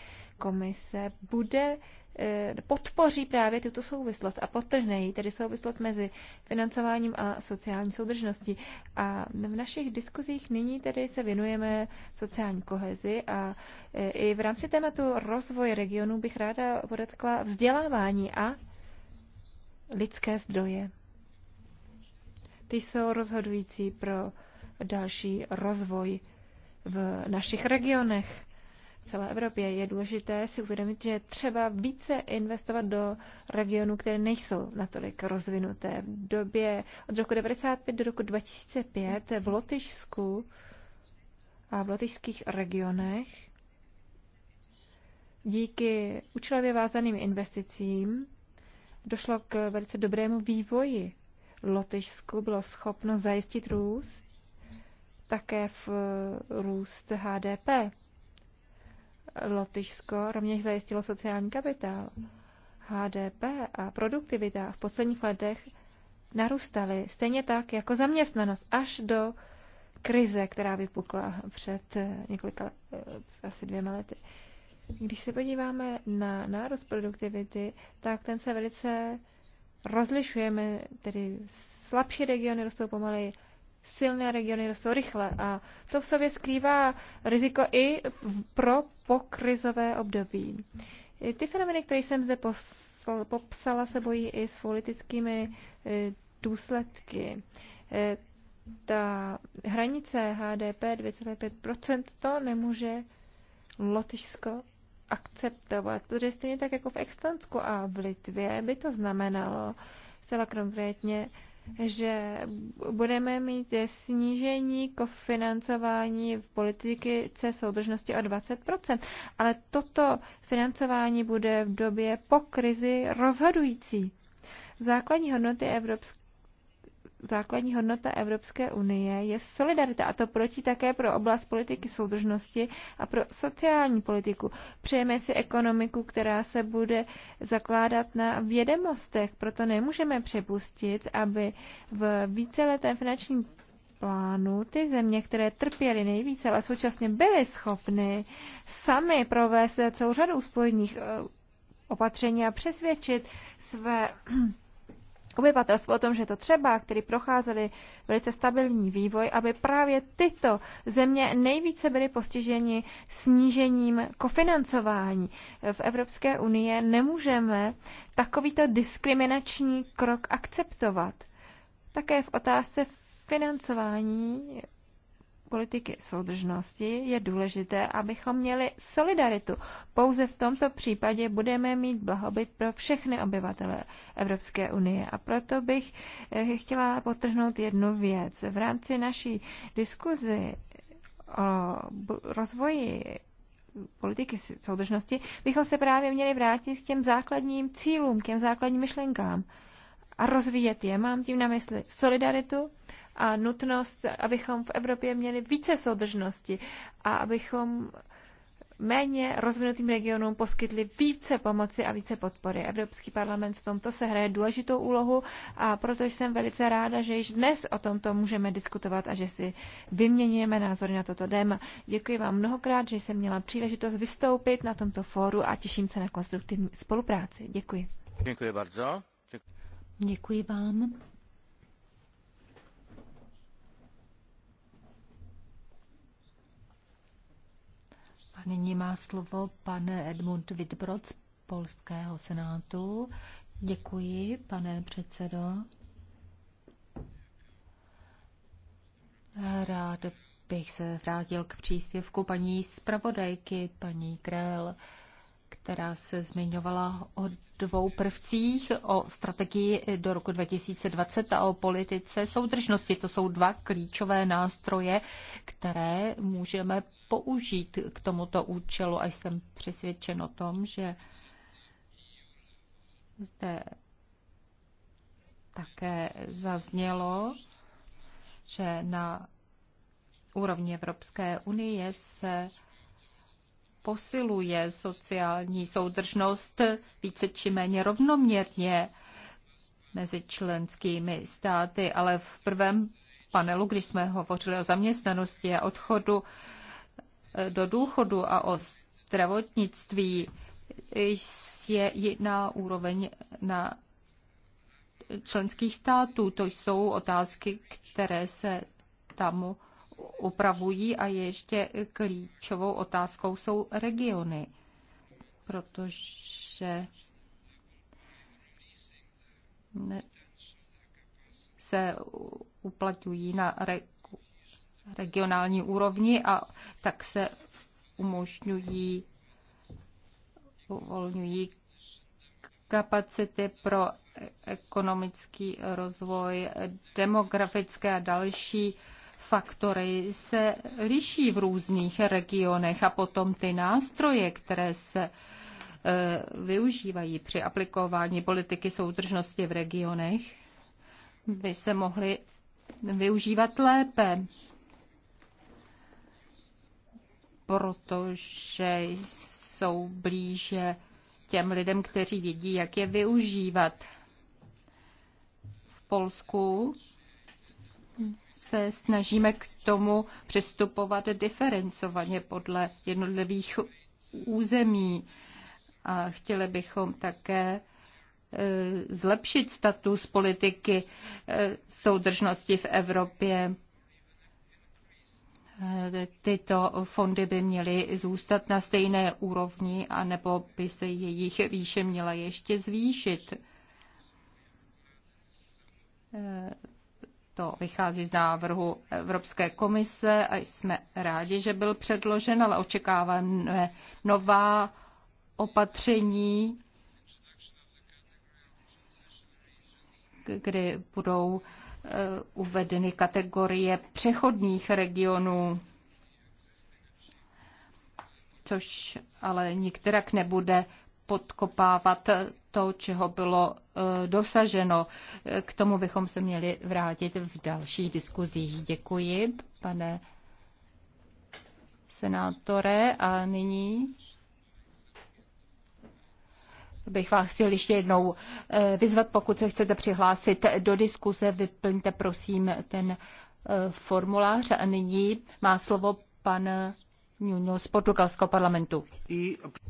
komise bude eh, podpoří právě tuto souvislost a potrhne ji, tedy souvislost mezi financováním a sociální soudržností. A v našich diskuzích nyní tedy se věnujeme sociální kohezi a eh, i v rámci tématu rozvoj regionů bych ráda podatkla vzdělávání a lidské zdroje. Ty jsou rozhodující pro další rozvoj v našich regionech v celé Evropě. Je důležité si uvědomit, že třeba více investovat do regionů, které nejsou natolik rozvinuté. V době od roku 1995 do roku 2005 v Lotyšsku a v lotyšských regionech díky účelově vázaným investicím došlo k velice dobrému vývoji. Lotyšsku bylo schopno zajistit růst, také v růst HDP. Lotyšsko rovněž zajistilo sociální kapitál. HDP a produktivita v posledních letech narůstaly, stejně tak jako zaměstnanost, až do krize, která vypukla před eh, několika, eh, asi dvěma lety. Když se podíváme na nárůst produktivity, tak ten se velice rozlišujeme, tedy slabší regiony rostou pomaleji, silné regiony rostou rychle a to v sobě skrývá riziko i pro pokrizové období. Ty fenomeny, které jsem zde posl- popsala, se bojí i s politickými e, důsledky. E, ta hranice HDP 2,5% to nemůže Lotyšsko akceptovat, protože stejně tak jako v Estonsku a v Litvě by to znamenalo zcela konkrétně že budeme mít snížení kofinancování v politice soudržnosti o 20%, ale toto financování bude v době po krizi rozhodující. Základní hodnoty Evropské základní hodnota Evropské unie je solidarita a to proti také pro oblast politiky soudržnosti a pro sociální politiku. Přejeme si ekonomiku, která se bude zakládat na vědomostech, proto nemůžeme přepustit, aby v víceletém finančním plánu ty země, které trpěly nejvíce, ale současně byly schopny sami provést celou řadu úsporných eh, opatření a přesvědčit své obyvatelstvo o tom, že to třeba, který procházeli velice stabilní vývoj, aby právě tyto země nejvíce byly postiženi snížením kofinancování. V Evropské unii nemůžeme takovýto diskriminační krok akceptovat. Také v otázce financování politiky soudržnosti je důležité, abychom měli solidaritu. Pouze v tomto případě budeme mít blahobyt pro všechny obyvatele Evropské unie. A proto bych eh, chtěla potrhnout jednu věc. V rámci naší diskuzi o rozvoji politiky soudržnosti bychom se právě měli vrátit k těm základním cílům, k těm základním myšlenkám a rozvíjet je. Mám tím na mysli solidaritu, a nutnost, abychom v Evropě měli více soudržnosti a abychom méně rozvinutým regionům poskytli více pomoci a více podpory. Evropský parlament v tomto se hraje důležitou úlohu a proto jsem velice ráda, že již dnes o tomto můžeme diskutovat a že si vyměňujeme názory na toto téma. Děkuji vám mnohokrát, že jsem měla příležitost vystoupit na tomto fóru a těším se na konstruktivní spolupráci. Děkuji. Děkuji bardzo. Děkuji vám. nyní má slovo pan Edmund Wittbrod z Polského senátu. Děkuji, pane předsedo. Rád bych se vrátil k příspěvku paní zpravodajky, paní Krell která se zmiňovala o dvou prvcích, o strategii do roku 2020 a o politice soudržnosti. To jsou dva klíčové nástroje, které můžeme použít k tomuto účelu a jsem přesvědčen o tom, že zde také zaznělo, že na úrovni Evropské unie se posiluje sociální soudržnost více či méně rovnoměrně mezi členskými státy, ale v prvém panelu, když jsme hovořili o zaměstnanosti a odchodu eh, do důchodu a o zdravotnictví, je jiná úroveň na členských států. To jsou otázky, které se tam upravují a ještě klíčovou otázkou jsou regiony, protože se uplatňují na re, regionální úrovni a tak se umožňují, uvolňují kapacity pro ekonomický rozvoj, demografické a další faktory se liší v různých regionech a potom ty nástroje, které se e, využívají při aplikování politiky soudržnosti v regionech, by se mohly využívat lépe, protože jsou blíže těm lidem, kteří vidí, jak je využívat. V Polsku se snažíme k tomu přistupovat diferencovaně podle jednotlivých území. A chtěli bychom také e, zlepšit status politiky e, soudržnosti v Evropě. E, tyto fondy by měly zůstat na stejné úrovni, anebo by se jejich výše měla ještě zvýšit to vychází z návrhu Evropské komise a jsme rádi, že byl předložen, ale očekáváme nová opatření, kdy budou eh, uvedeny kategorie přechodných regionů, což ale nikterak nebude podkopávat to, čeho bylo eh, dosaženo. K tomu bychom se měli vrátit v dalších diskuzích. Děkuji, pane senátore. A nyní bych vás chtěl ještě jednou eh, vyzvat, pokud se chcete přihlásit do diskuze, vyplňte prosím ten eh, formulář. A nyní má slovo pan Nuno z portugalského parlamentu.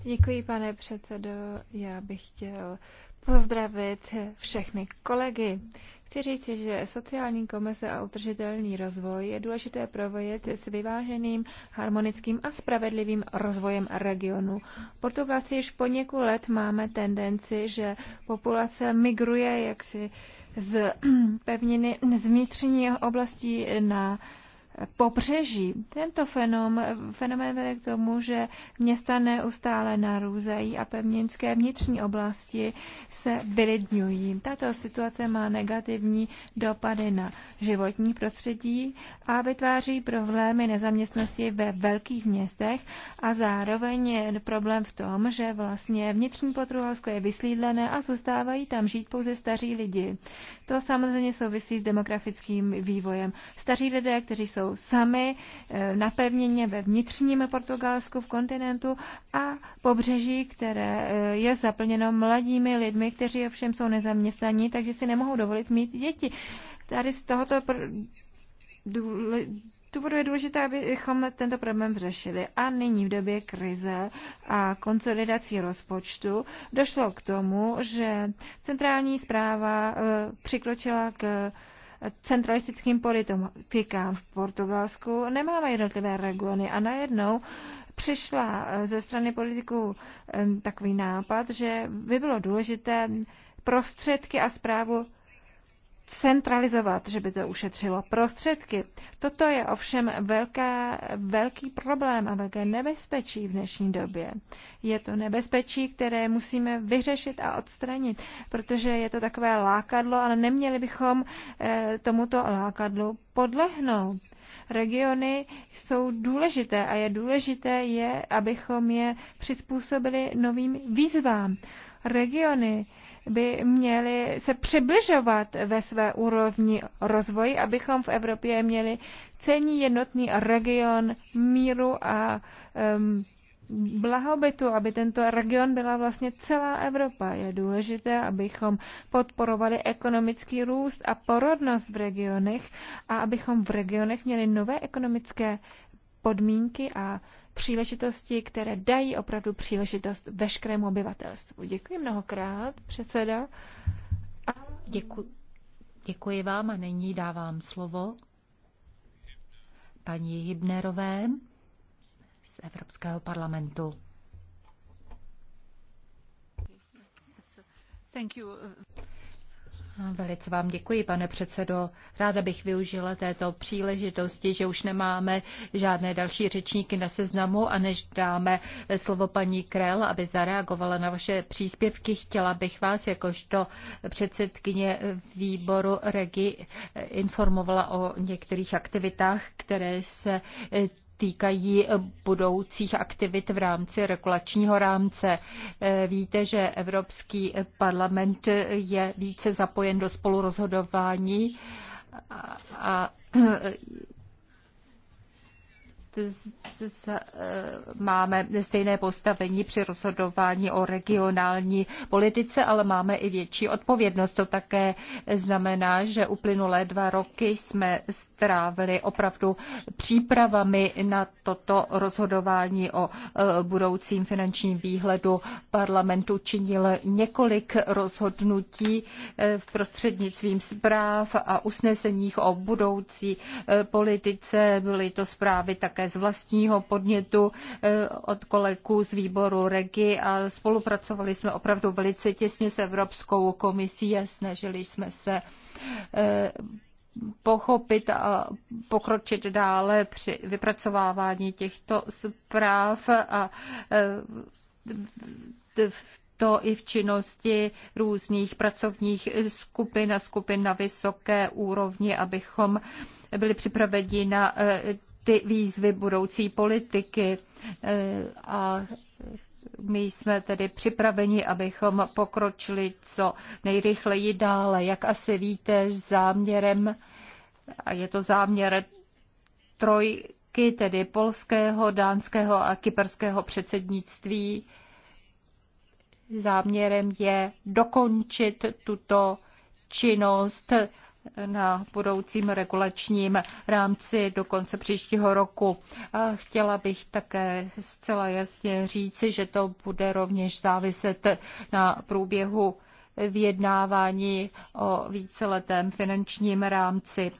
Děkuji, pane předsedo. Já bych chtěl pozdravit všechny kolegy. Chci říct, že sociální komise a udržitelný rozvoj je důležité provojet s vyváženým, harmonickým a spravedlivým rozvojem regionu. V Portugalci již po několik let máme tendenci, že populace migruje jaksi z pevniny, z vnitřní oblasti na pobřeží. Tento fenom, fenomén vede k tomu, že města neustále narůzají a pevninské vnitřní oblasti se vylidňují. Tato situace má negativní dopady na životní prostředí a vytváří problémy nezaměstnosti ve velkých městech a zároveň je problém v tom, že vlastně vnitřní Portugalsko je vyslídlené a zůstávají tam žít pouze staří lidi. To samozřejmě souvisí s demografickým vývojem. Staří lidé, kteří jsou sami eh, napevněně ve vnitřním Portugalsku v kontinentu a pobřeží, které eh, je zaplněno mladými lidmi, kteří ovšem jsou nezaměstnaní, takže si nemohou dovolit mít děti. Tady z tohoto důvodu je důležité, abychom tento problém řešili. A nyní v době krize a konsolidací rozpočtu došlo k tomu, že centrální zpráva e, přikročila k centralistickým politikám v Portugalsku. Nemáme jednotlivé regiony a najednou přišla e, ze strany politiků e, takový nápad, že by bylo důležité prostředky a zprávu centralizovat, že by to ušetřilo prostředky. Toto je ovšem velká, velký problém a velké nebezpečí v dnešní době. Je to nebezpečí, které musíme vyřešit a odstranit, protože je to takové lákadlo, ale neměli bychom eh, tomuto lákadlu podlehnout. Regiony jsou důležité a je důležité je, abychom je přizpůsobili novým výzvám. Regiony eh, by měli se přibližovat ve své úrovni rozvoji, abychom v Evropě měli cení jednotný region míru a um, blahobytu, aby tento region byla vlastně celá Evropa. Je důležité, abychom podporovali ekonomický růst a porodnost v regionech a abychom v regionech měli nové ekonomické podmínky a příležitosti, které dají opravdu příležitost veškerému obyvatelstvu. Děkuji mnohokrát, předseda. A... Děkuji. Děkuji vám a nyní dávám slovo paní Hybnerové z Evropského parlamentu. Thank you. Velice vám děkuji, pane předsedo. Ráda bych využila této příležitosti, že už nemáme žádné další řečníky na seznamu a než dáme slovo paní Krell, aby zareagovala na vaše příspěvky, chtěla bych vás jakožto předsedkyně výboru Regi informovala o některých aktivitách, které se týkají eh, budoucích aktivit v rámci regulačního rámce. Eh, víte, že Evropský eh, parlament je více zapojen do spolurozhodování a Eh, máme stejné postavení při rozhodování o regionální politice, ale máme i větší odpovědnost. To také znamená, že uplynulé dva roky jsme strávili opravdu přípravami na toto rozhodování o eh, budoucím finančním výhledu. Parlament učinil několik rozhodnutí eh, v prostřednictvím zpráv a usneseních o budoucí politice. Byly to zprávy také také z vlastního podnětu eh, od kolegů z výboru REGI a spolupracovali jsme opravdu velice těsně s Evropskou komisí a snažili jsme se eh, pochopit a pokročit dále při vypracovávání těchto zpráv a eh, to i v činnosti různých pracovních skupin a skupin na vysoké úrovni, abychom byli připraveni na ty výzvy budoucí politiky a my jsme tedy připraveni, abychom pokročili co nejrychleji dále. Jak asi víte, záměrem, a je to záměr trojky, tedy polského, dánského a kyperského předsednictví, záměrem je dokončit tuto činnost na budoucím regulačním rámci do konce příštího roku. A chtěla bych také zcela jasně říci, že to bude rovněž záviset na průběhu vyjednávání o víceletém finančním rámci.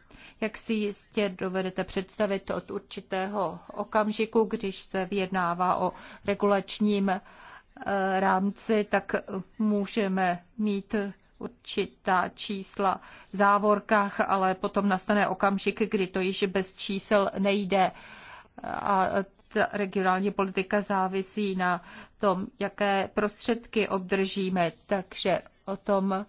Jak si jistě dovedete představit od určitého okamžiku, když se vyjednává o regulačním eh, rámci, tak můžeme mít určitá čísla v závorkách, ale potom nastane okamžik, kdy to již bez čísel nejde. A ta regionální politika závisí na tom, jaké prostředky obdržíme, takže o tom eh,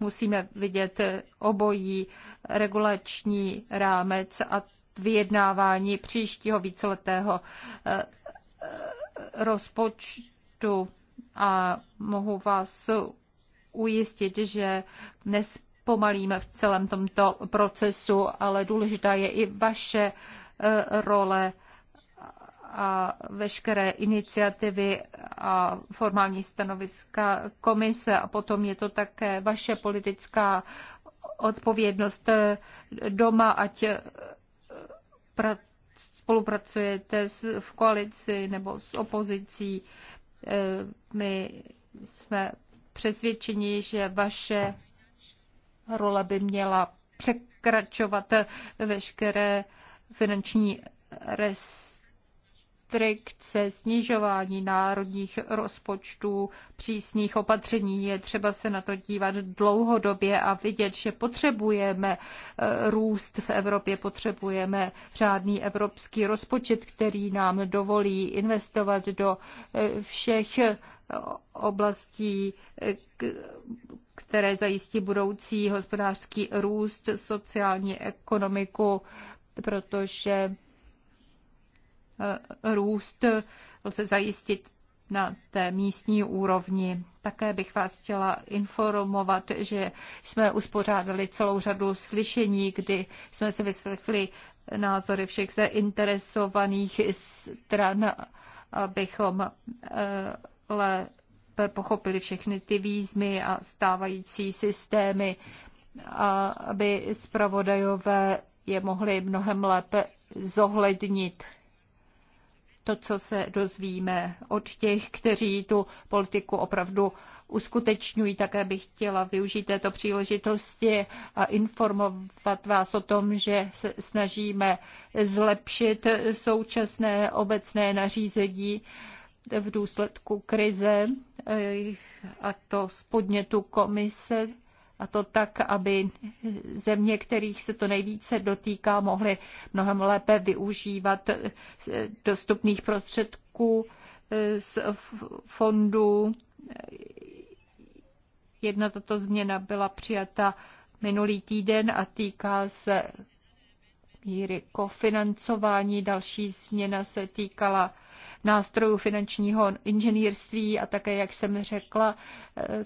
musíme vidět obojí regulační rámec a vyjednávání příštího víceletého eh, eh, rozpočtu. A mohu vás ujistit, že nespomalíme v celém tomto procesu, ale důležitá je i vaše e, role a veškeré iniciativy a formální stanoviska komise a potom je to také vaše politická odpovědnost e, doma, ať e, spolupracujete v koalici nebo s opozicí. My jsme přesvědčení, že vaše role by měla překračovat veškeré finanční res restrikce, snižování národních rozpočtů, přísných opatření. Je třeba se na to dívat dlouhodobě a vidět, že potřebujeme eh, růst v Evropě, potřebujeme řádný evropský rozpočet, který nám dovolí investovat do eh, všech eh, oblastí, které zajistí budoucí hospodářský růst, sociální ekonomiku, protože Eh, růst lze zajistit na té místní úrovni. Také bych vás chtěla informovat, že jsme uspořádali celou řadu slyšení, kdy jsme si vyslechli názory všech zainteresovaných stran, abychom eh, lépe pochopili všechny ty výzmy a stávající systémy, aby zpravodajové je mohli mnohem lépe zohlednit to, co se dozvíme od těch, kteří tu politiku opravdu uskutečňují. Také bych chtěla využít této příležitosti a informovat vás o tom, že se snažíme zlepšit současné obecné nařízení v důsledku krize, a to z podnětu komise a to tak, aby země, kterých se to nejvíce dotýká, mohly mnohem lépe využívat eh, dostupných prostředků eh, z fondů. Eh, jedna tato změna byla přijata minulý týden a týká se míry kofinancování. Další změna se týkala nástrojů finančního inženýrství a také, jak jsem řekla,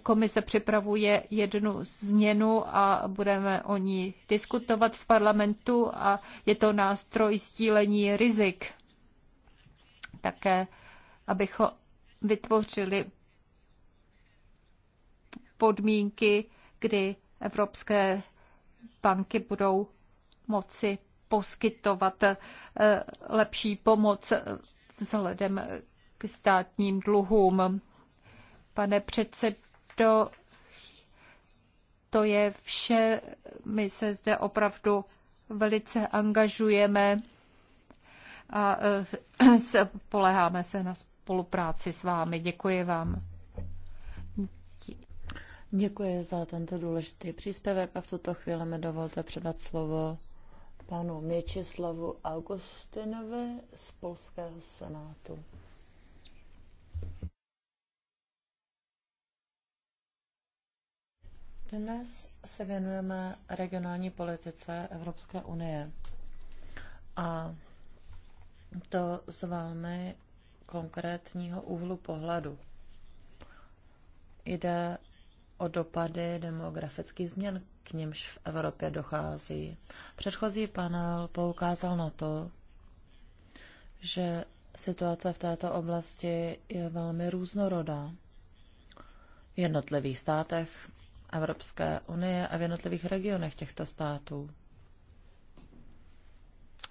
komise připravuje jednu změnu a budeme o ní diskutovat v parlamentu a je to nástroj sdílení rizik. Také, abychom vytvořili podmínky, kdy evropské banky budou moci poskytovat eh, lepší pomoc vzhledem k státním dluhům. Pane předsedo, to je vše. My se zde opravdu velice angažujeme a eh, poleháme se na spolupráci s vámi. Děkuji vám. Děkuji za tento důležitý příspěvek a v tuto chvíli mi dovolte předat slovo panu Měčislavu Augustinovi z Polského senátu. Dnes se věnujeme regionální politice Evropské unie. A to z velmi konkrétního úhlu pohledu. Jde o dopady demografických změn, k němž v Evropě dochází. Předchozí panel poukázal na to, že situace v této oblasti je velmi různorodá. V jednotlivých státech Evropské unie a v jednotlivých regionech těchto států.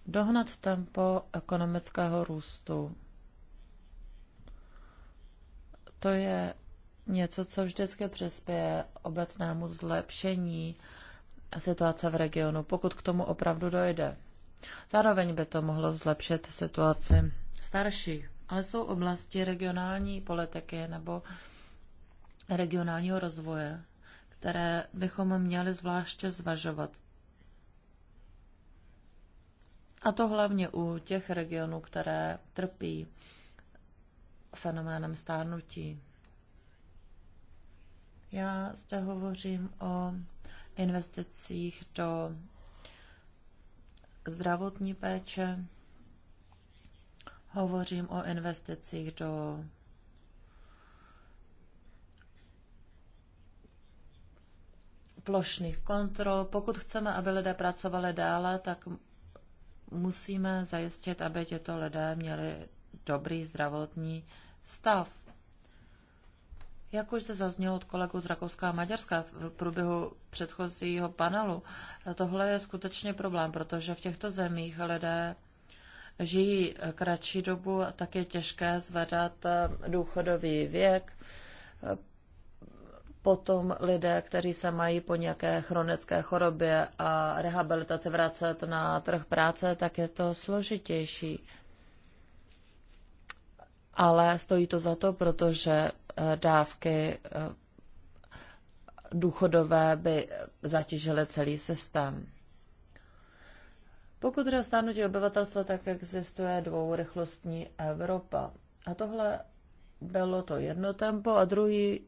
Dohnat tempo ekonomického růstu. To je něco, co vždycky přispěje obecnému zlepšení situace v regionu, pokud k tomu opravdu dojde. Zároveň by to mohlo zlepšit situaci starších, ale jsou oblasti regionální politiky nebo regionálního rozvoje, které bychom měli zvláště zvažovat. A to hlavně u těch regionů, které trpí fenoménem stárnutí. Já zde hovořím o investicích do zdravotní péče, hovořím o investicích do plošných kontrol. Pokud chceme, aby lidé pracovali dále, tak musíme zajistit, aby těto lidé měli dobrý zdravotní stav. Jak už zde zaznělo od kolegů z Rakouska a Maďarska v průběhu předchozího panelu, tohle je skutečně problém, protože v těchto zemích lidé žijí kratší dobu a tak je těžké zvedat eh, důchodový věk. Potom lidé, kteří se mají po nějaké chronické chorobě a rehabilitaci vracet na trh práce, tak je to složitější ale stojí to za to, protože eh, dávky eh, důchodové by zatížily celý systém. Pokud jde o stárnutí obyvatelstva, tak existuje dvourychlostní Evropa. A tohle bylo to jedno tempo a druhý,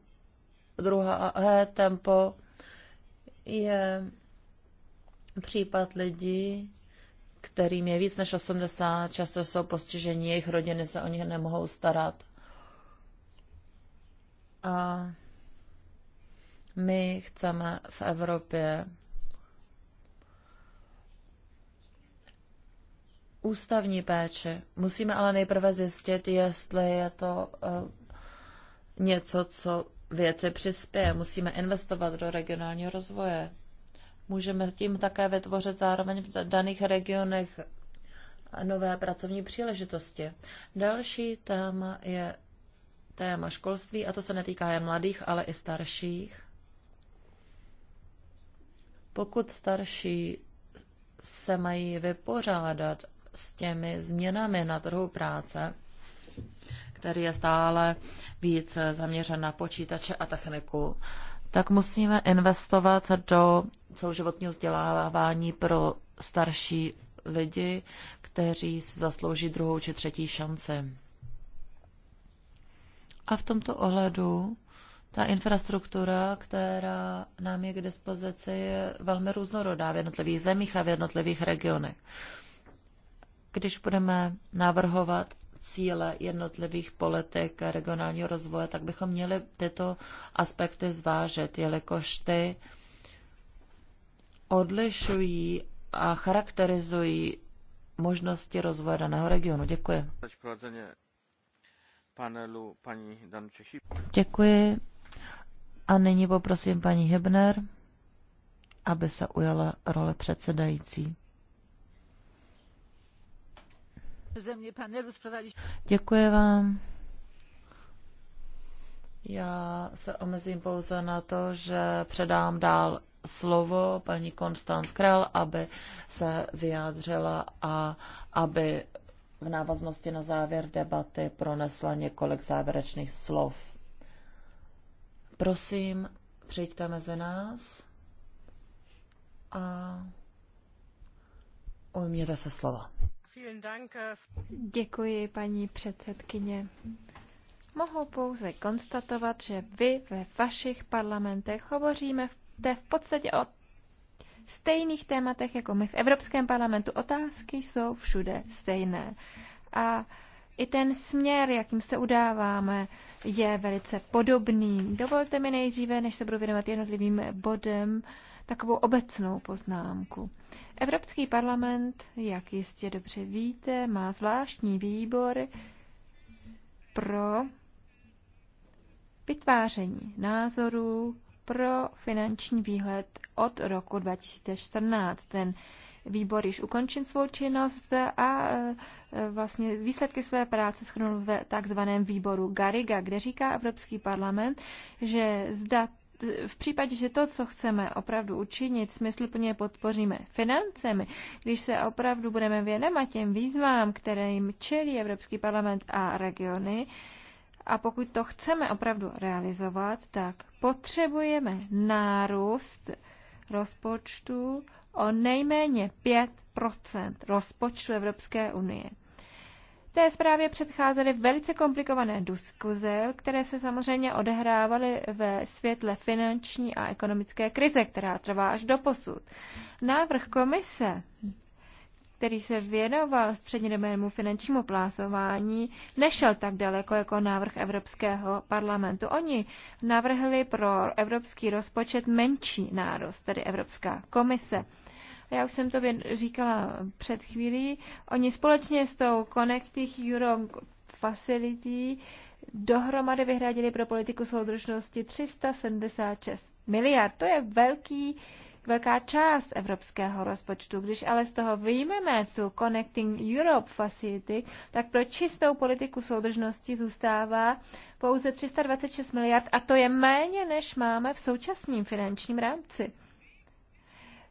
druhé eh, tempo je případ lidí, kterým je víc než 80, často jsou postižení, jejich rodiny se o nich nemohou starat. A my chceme v Evropě ústavní péči. Musíme ale nejprve zjistit, jestli je to eh, něco, co věci přispěje. Musíme investovat do regionálního rozvoje. Můžeme tím také vytvořit zároveň v daných regionech nové pracovní příležitosti. Další téma je téma školství, a to se netýká jen mladých, ale i starších. Pokud starší se mají vypořádat s těmi změnami na trhu práce, který je stále více zaměřen na počítače a techniku, tak musíme investovat do celoživotního vzdělávání pro starší lidi, kteří si zaslouží druhou či třetí šanci. A v tomto ohledu ta infrastruktura, která nám je k dispozici, je velmi různorodá v jednotlivých zemích a v jednotlivých regionech. Když budeme navrhovat cíle jednotlivých politik regionálního rozvoje, tak bychom měli tyto aspekty zvážit, jelikož ty odlišují a charakterizují možnosti rozvoje daného regionu. Děkuji. Panelu paní Děkuji. A nyní poprosím paní Hebner, aby se ujala role předsedající. země panelu Děkuji vám. Já se omezím pouze na to, že předám dál slovo paní Konstanz Král, aby se vyjádřila a aby v návaznosti na závěr debaty pronesla několik závěrečných slov. Prosím, přijďte mezi nás a ujměte se slova. Äh, Děkuji, paní předsedkyně. Mohu pouze konstatovat, že vy ve vašich parlamentech hovoříme v podstatě o stejných tématech jako my v Evropském parlamentu. Otázky jsou všude stejné. A i ten směr, jakým se udáváme, je velice podobný. Dovolte mi nejdříve, než se budu věnovat jednotlivým bodem, uh, takovou obecnou poznámku. Evropský parlament, jak jistě dobře víte, má zvláštní výbor pro vytváření názorů pro finanční výhled od roku 2014. Ten výbor již ukončil svou činnost a e, e, vlastně výsledky své práce schrnul ve takzvaném výboru Gariga, kde říká Evropský parlament, že zda v případě, že to, co chceme opravdu učinit, smysluplně podpoříme financemi, když se opravdu budeme věnovat těm výzvám, které jim čelí Evropský parlament a regiony, a pokud to chceme opravdu realizovat, tak potřebujeme nárůst rozpočtu o nejméně 5 rozpočtu Evropské unie. Té zprávě předcházely velice komplikované diskuze, které se samozřejmě odehrávaly ve světle finanční a ekonomické krize, která trvá až do posud. Návrh komise který se věnoval střednědobému finančnímu plásování, nešel tak daleko jako návrh Evropského parlamentu. Oni navrhli pro evropský rozpočet menší nárost, tedy Evropská komise já už jsem to říkala před chvílí, oni společně s tou Connecting Europe Facility dohromady vyhradili pro politiku soudržnosti 376 miliard. To je velký velká část evropského rozpočtu. Když ale z toho vyjmeme tu Connecting Europe Facility, tak pro čistou politiku soudržnosti zůstává pouze 326 miliard a to je méně, než máme v současném finančním rámci.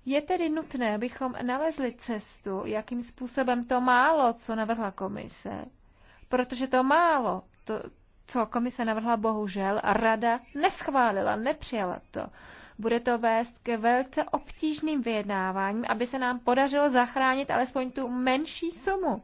Je tedy nutné, abychom nalezli cestu, jakým způsobem to málo, co navrhla komise, protože to málo, to, co komise navrhla, bohužel, a rada neschválila, nepřijala to. Bude to vést ke velice obtížným vyjednáváním, aby se nám podařilo zachránit alespoň tu menší sumu.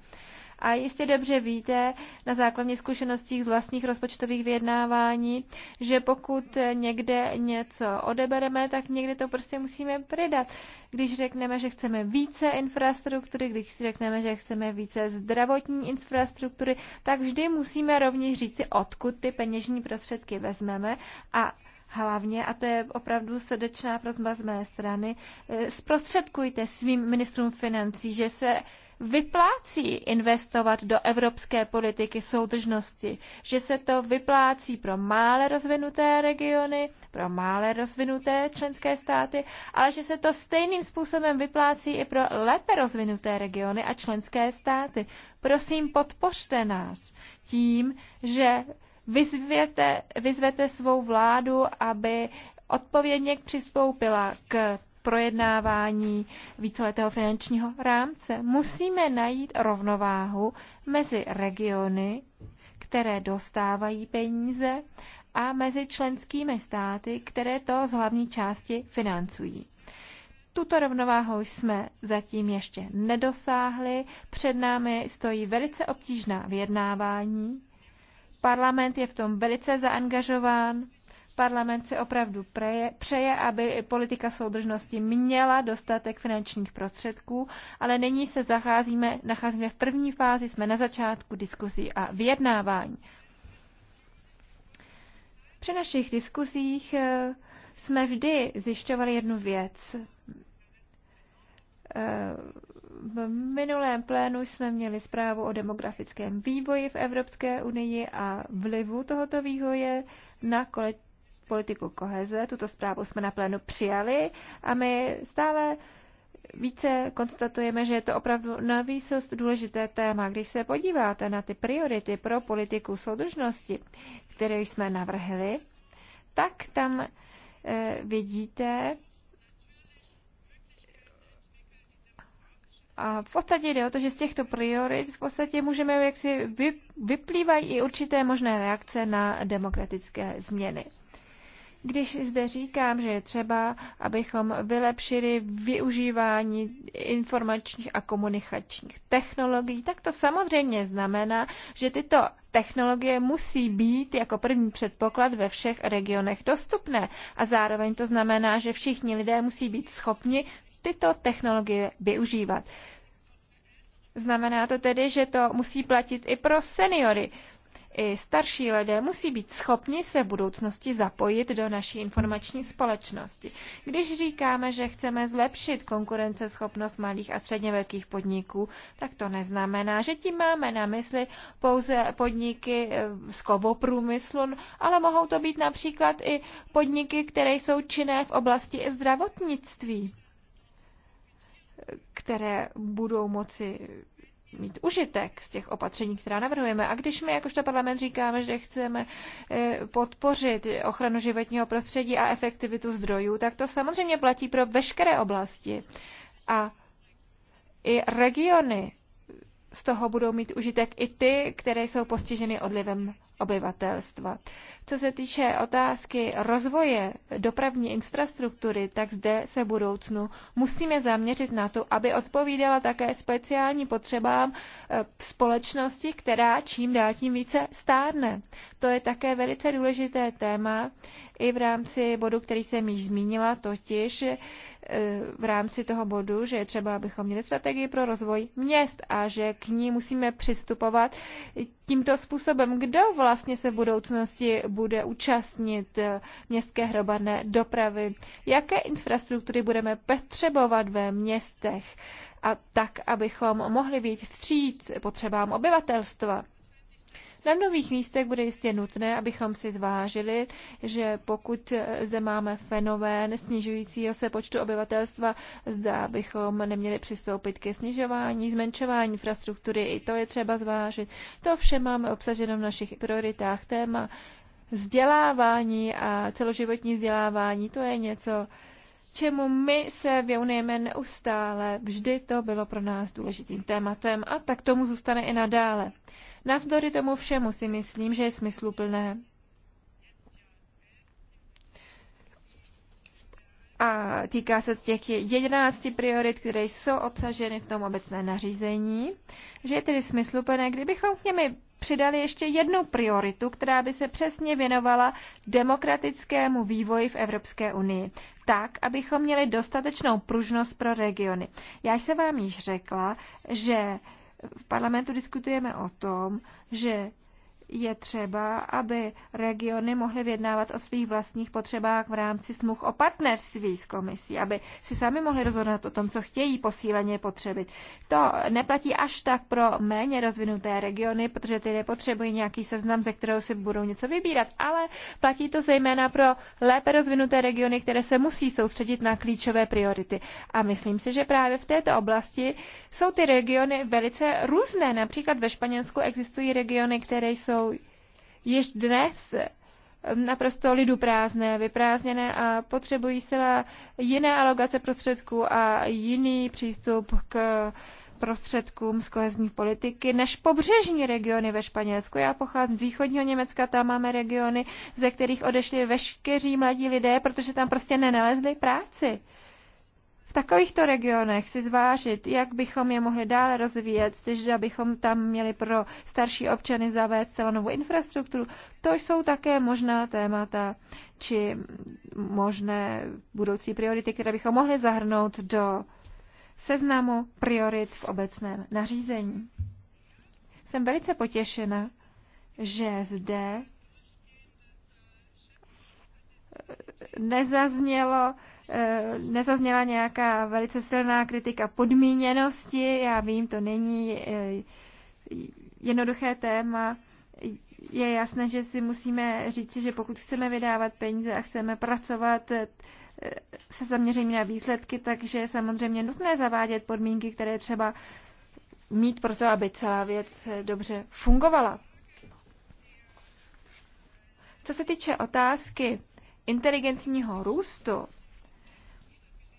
A jistě dobře víte na základě zkušeností z vlastních rozpočtových vyjednávání, že pokud někde něco odebereme, tak někde to prostě musíme přidat. Když řekneme, že chceme více infrastruktury, když řekneme, že chceme více zdravotní infrastruktury, tak vždy musíme rovněž říci, odkud ty peněžní prostředky vezmeme a hlavně, a to je opravdu srdečná prozba z mé strany, eh, zprostředkujte svým ministrům financí, že se vyplácí investovat do evropské politiky soudržnosti, že se to vyplácí pro mále rozvinuté regiony, pro mále rozvinuté členské státy, ale že se to stejným způsobem vyplácí i pro lépe rozvinuté regiony a členské státy. Prosím, podpořte nás tím, že vyzvěte, vyzvete svou vládu, aby odpovědně přistoupila k projednávání víceletého finančního rámce. Musíme najít rovnováhu mezi regiony, které dostávají peníze, a mezi členskými státy, které to z hlavní části financují. Tuto rovnováhu jsme zatím ještě nedosáhli, před námi stojí velice obtížná vyjednávání. Parlament je v tom velice zaangažován Parlament si opravdu preje, přeje, aby politika soudržnosti měla dostatek finančních prostředků, ale nyní se zacházíme, nacházíme v první fázi, jsme na začátku diskuzí a vyjednávání. Při našich diskuzích eh, jsme vždy zjišťovali jednu věc. Eh, v minulém plénu jsme měli zprávu o demografickém vývoji v Evropské unii a vlivu tohoto vývoje na politiku koheze. Tuto zprávu jsme na plénu přijali a my stále více konstatujeme, že je to opravdu na výsost důležité téma. Když se podíváte na ty priority pro politiku soudržnosti, které jsme navrhli, tak tam e, vidíte, A v podstatě jde o to, že z těchto priorit v podstatě můžeme, jak si vyplývají i určité možné reakce na demokratické změny. Když zde říkám, že je třeba, abychom vylepšili využívání informačních a komunikačních technologií, tak to samozřejmě znamená, že tyto technologie musí být jako první předpoklad ve všech regionech dostupné. A zároveň to znamená, že všichni lidé musí být schopni tyto technologie využívat. Znamená to tedy, že to musí platit i pro seniory i starší lidé musí být schopni se v budoucnosti zapojit do naší informační společnosti. Když říkáme, že chceme zlepšit konkurenceschopnost malých a středně velkých podniků, tak to neznamená, že tím máme na mysli pouze podniky z eh, kovoprůmyslu, ale mohou to být například i podniky, které jsou činné v oblasti zdravotnictví které budou moci mít užitek z těch opatření, která navrhujeme. A když my jakožto parlament říkáme, že chceme eh, podpořit ochranu životního prostředí a efektivitu zdrojů, tak to samozřejmě platí pro veškeré oblasti. A i regiony z toho budou mít užitek i ty, které jsou postiženy odlivem obyvatelstva. Co se týče otázky rozvoje dopravní infrastruktury, tak zde se budoucnu musíme zaměřit na to, aby odpovídala také speciální potřebám eh, společnosti, která čím dál tím více stárne. To je také velice důležité téma i v rámci bodu, který jsem již zmínila, totiž v rámci toho bodu, že je třeba, abychom měli strategii pro rozvoj měst a že k ní musíme přistupovat tímto způsobem. Kdo vlastně se v budoucnosti bude účastnit eh, městské hromadné dopravy? Jaké infrastruktury budeme potřebovat ve městech? A tak, abychom mohli být vstříc potřebám obyvatelstva. Na nových místech bude jistě nutné, abychom si zvážili, že pokud eh, zde máme fenomén snižujícího se počtu obyvatelstva, zda bychom neměli přistoupit ke snižování, zmenšování infrastruktury, i to je třeba zvážit. To vše máme obsaženo v našich prioritách. Téma vzdělávání a celoživotní vzdělávání, to je něco, čemu my se věnujeme neustále. Vždy to bylo pro nás důležitým tématem a tak tomu zůstane i nadále. Navzdory tomu všemu si myslím, že je smysluplné a týká se těch jedenácti priorit, které jsou obsaženy v tom obecné nařízení, že je tedy smysluplné, kdybychom k němi přidali ještě jednu prioritu, která by se přesně věnovala demokratickému vývoji v Evropské unii, tak, abychom měli dostatečnou pružnost pro regiony. Já jsem vám již řekla, že v parlamentu diskutujeme o tom, že je třeba, aby regiony mohly vyjednávat o svých vlastních potřebách v rámci smluv o partnerství s komisí, aby si sami mohli rozhodnout o tom, co chtějí posíleně potřebit. To neplatí až tak pro méně rozvinuté regiony, protože ty nepotřebují nějaký seznam, ze kterého si budou něco vybírat, ale platí to zejména pro lépe rozvinuté regiony, které se musí soustředit na klíčové priority. A myslím si, že právě v této oblasti jsou ty regiony velice různé. Například ve Španělsku existují regiony, které jsou jsou již dnes naprosto lidu prázdné, vyprázdněné a potřebují se jiné alokace prostředků a jiný přístup k prostředkům z kohezní politiky než pobřežní regiony ve Španělsku. Já pocházím z východního Německa, tam máme regiony, ze kterých odešli veškeří mladí lidé, protože tam prostě nenalezli práci v takovýchto regionech si zvážit, jak bychom je mohli dále rozvíjet, když abychom tam měli pro starší občany zavést celou novou infrastrukturu, to jsou také možná témata či možné budoucí priority, které bychom mohli zahrnout do seznamu priorit v obecném nařízení. Jsem velice potěšena, že zde nezaznělo Eh, nezazněla nějaká velice silná kritika podmíněnosti. Já vím, to není eh, jednoduché téma. Je jasné, že si musíme říci, že pokud chceme vydávat peníze a chceme pracovat eh, se zaměřením na výsledky, takže je samozřejmě nutné zavádět podmínky, které třeba mít pro to, aby celá věc dobře fungovala. Co se týče otázky inteligentního růstu,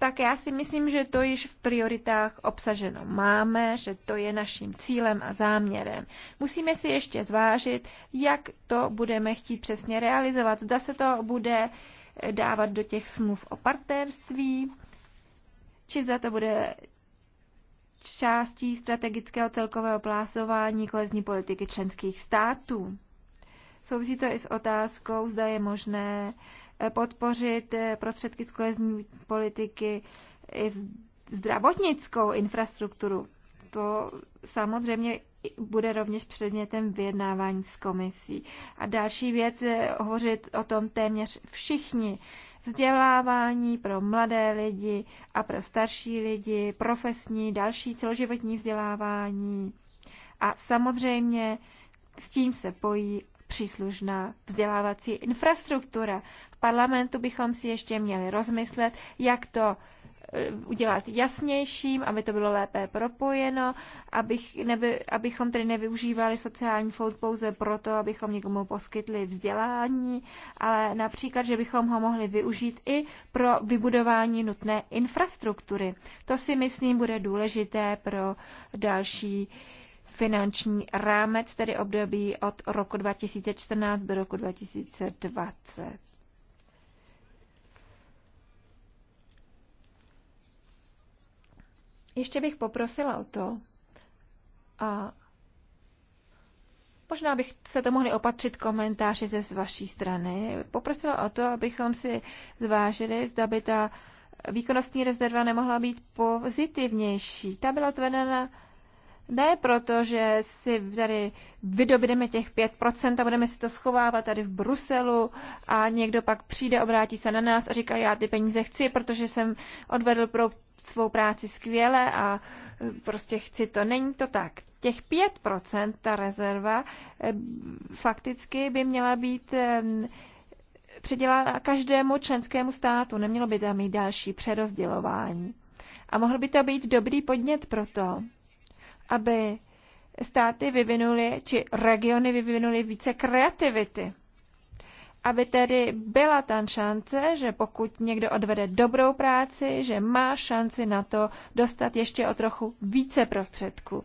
tak já si myslím, že to již v prioritách obsaženo máme, že to je naším cílem a záměrem. Musíme si ještě zvážit, jak to budeme chtít přesně realizovat. Zda se to bude dávat do těch smluv o partnerství, či zda to bude částí strategického celkového plásování kolezní politiky členských států. Souvisí to i s otázkou, zda je možné Eh, podpořit eh, prostředky z kohezní politiky i zdravotnickou infrastrukturu. To samozřejmě bude rovněž předmětem vyjednávání s komisí. A další věc je hovořit o tom téměř všichni. Vzdělávání pro mladé lidi a pro starší lidi, profesní, další celoživotní vzdělávání. A samozřejmě s tím se pojí příslušná vzdělávací infrastruktura. V parlamentu bychom si ještě měli rozmyslet, jak to e, udělat jasnějším, aby to bylo lépe propojeno, abych neby, abychom tedy nevyužívali sociální fond pouze proto, abychom někomu poskytli vzdělání, ale například, že bychom ho mohli využít i pro vybudování nutné infrastruktury. To si myslím bude důležité pro další uh, finanční rámec, tedy období od roku 2014 do roku 2020. Ještě bych poprosila o to, a možná bych se to mohli opatřit komentáři ze z vaší strany. Poprosila o to, abychom si zvážili, zda by ta výkonnostní rezerva nemohla být pozitivnější. Ta byla zvedena ne proto, že si tady vydobídeme těch 5% a budeme si to schovávat tady v Bruselu a někdo pak přijde, obrátí se na nás a říká, já ty peníze chci, protože jsem odvedl pro svou práci skvěle a e, prostě chci to. Není to tak. Těch 5%, ta rezerva, e, fakticky by měla být e, předělána každému členskému státu. Nemělo by tam mít další přerozdělování. A mohl by to být dobrý podnět pro to, aby státy vyvinuly, či regiony vyvinuly více kreativity. Aby tedy byla ta šance, že pokud někdo odvede dobrou práci, že má šanci na to dostat ještě o trochu více prostředků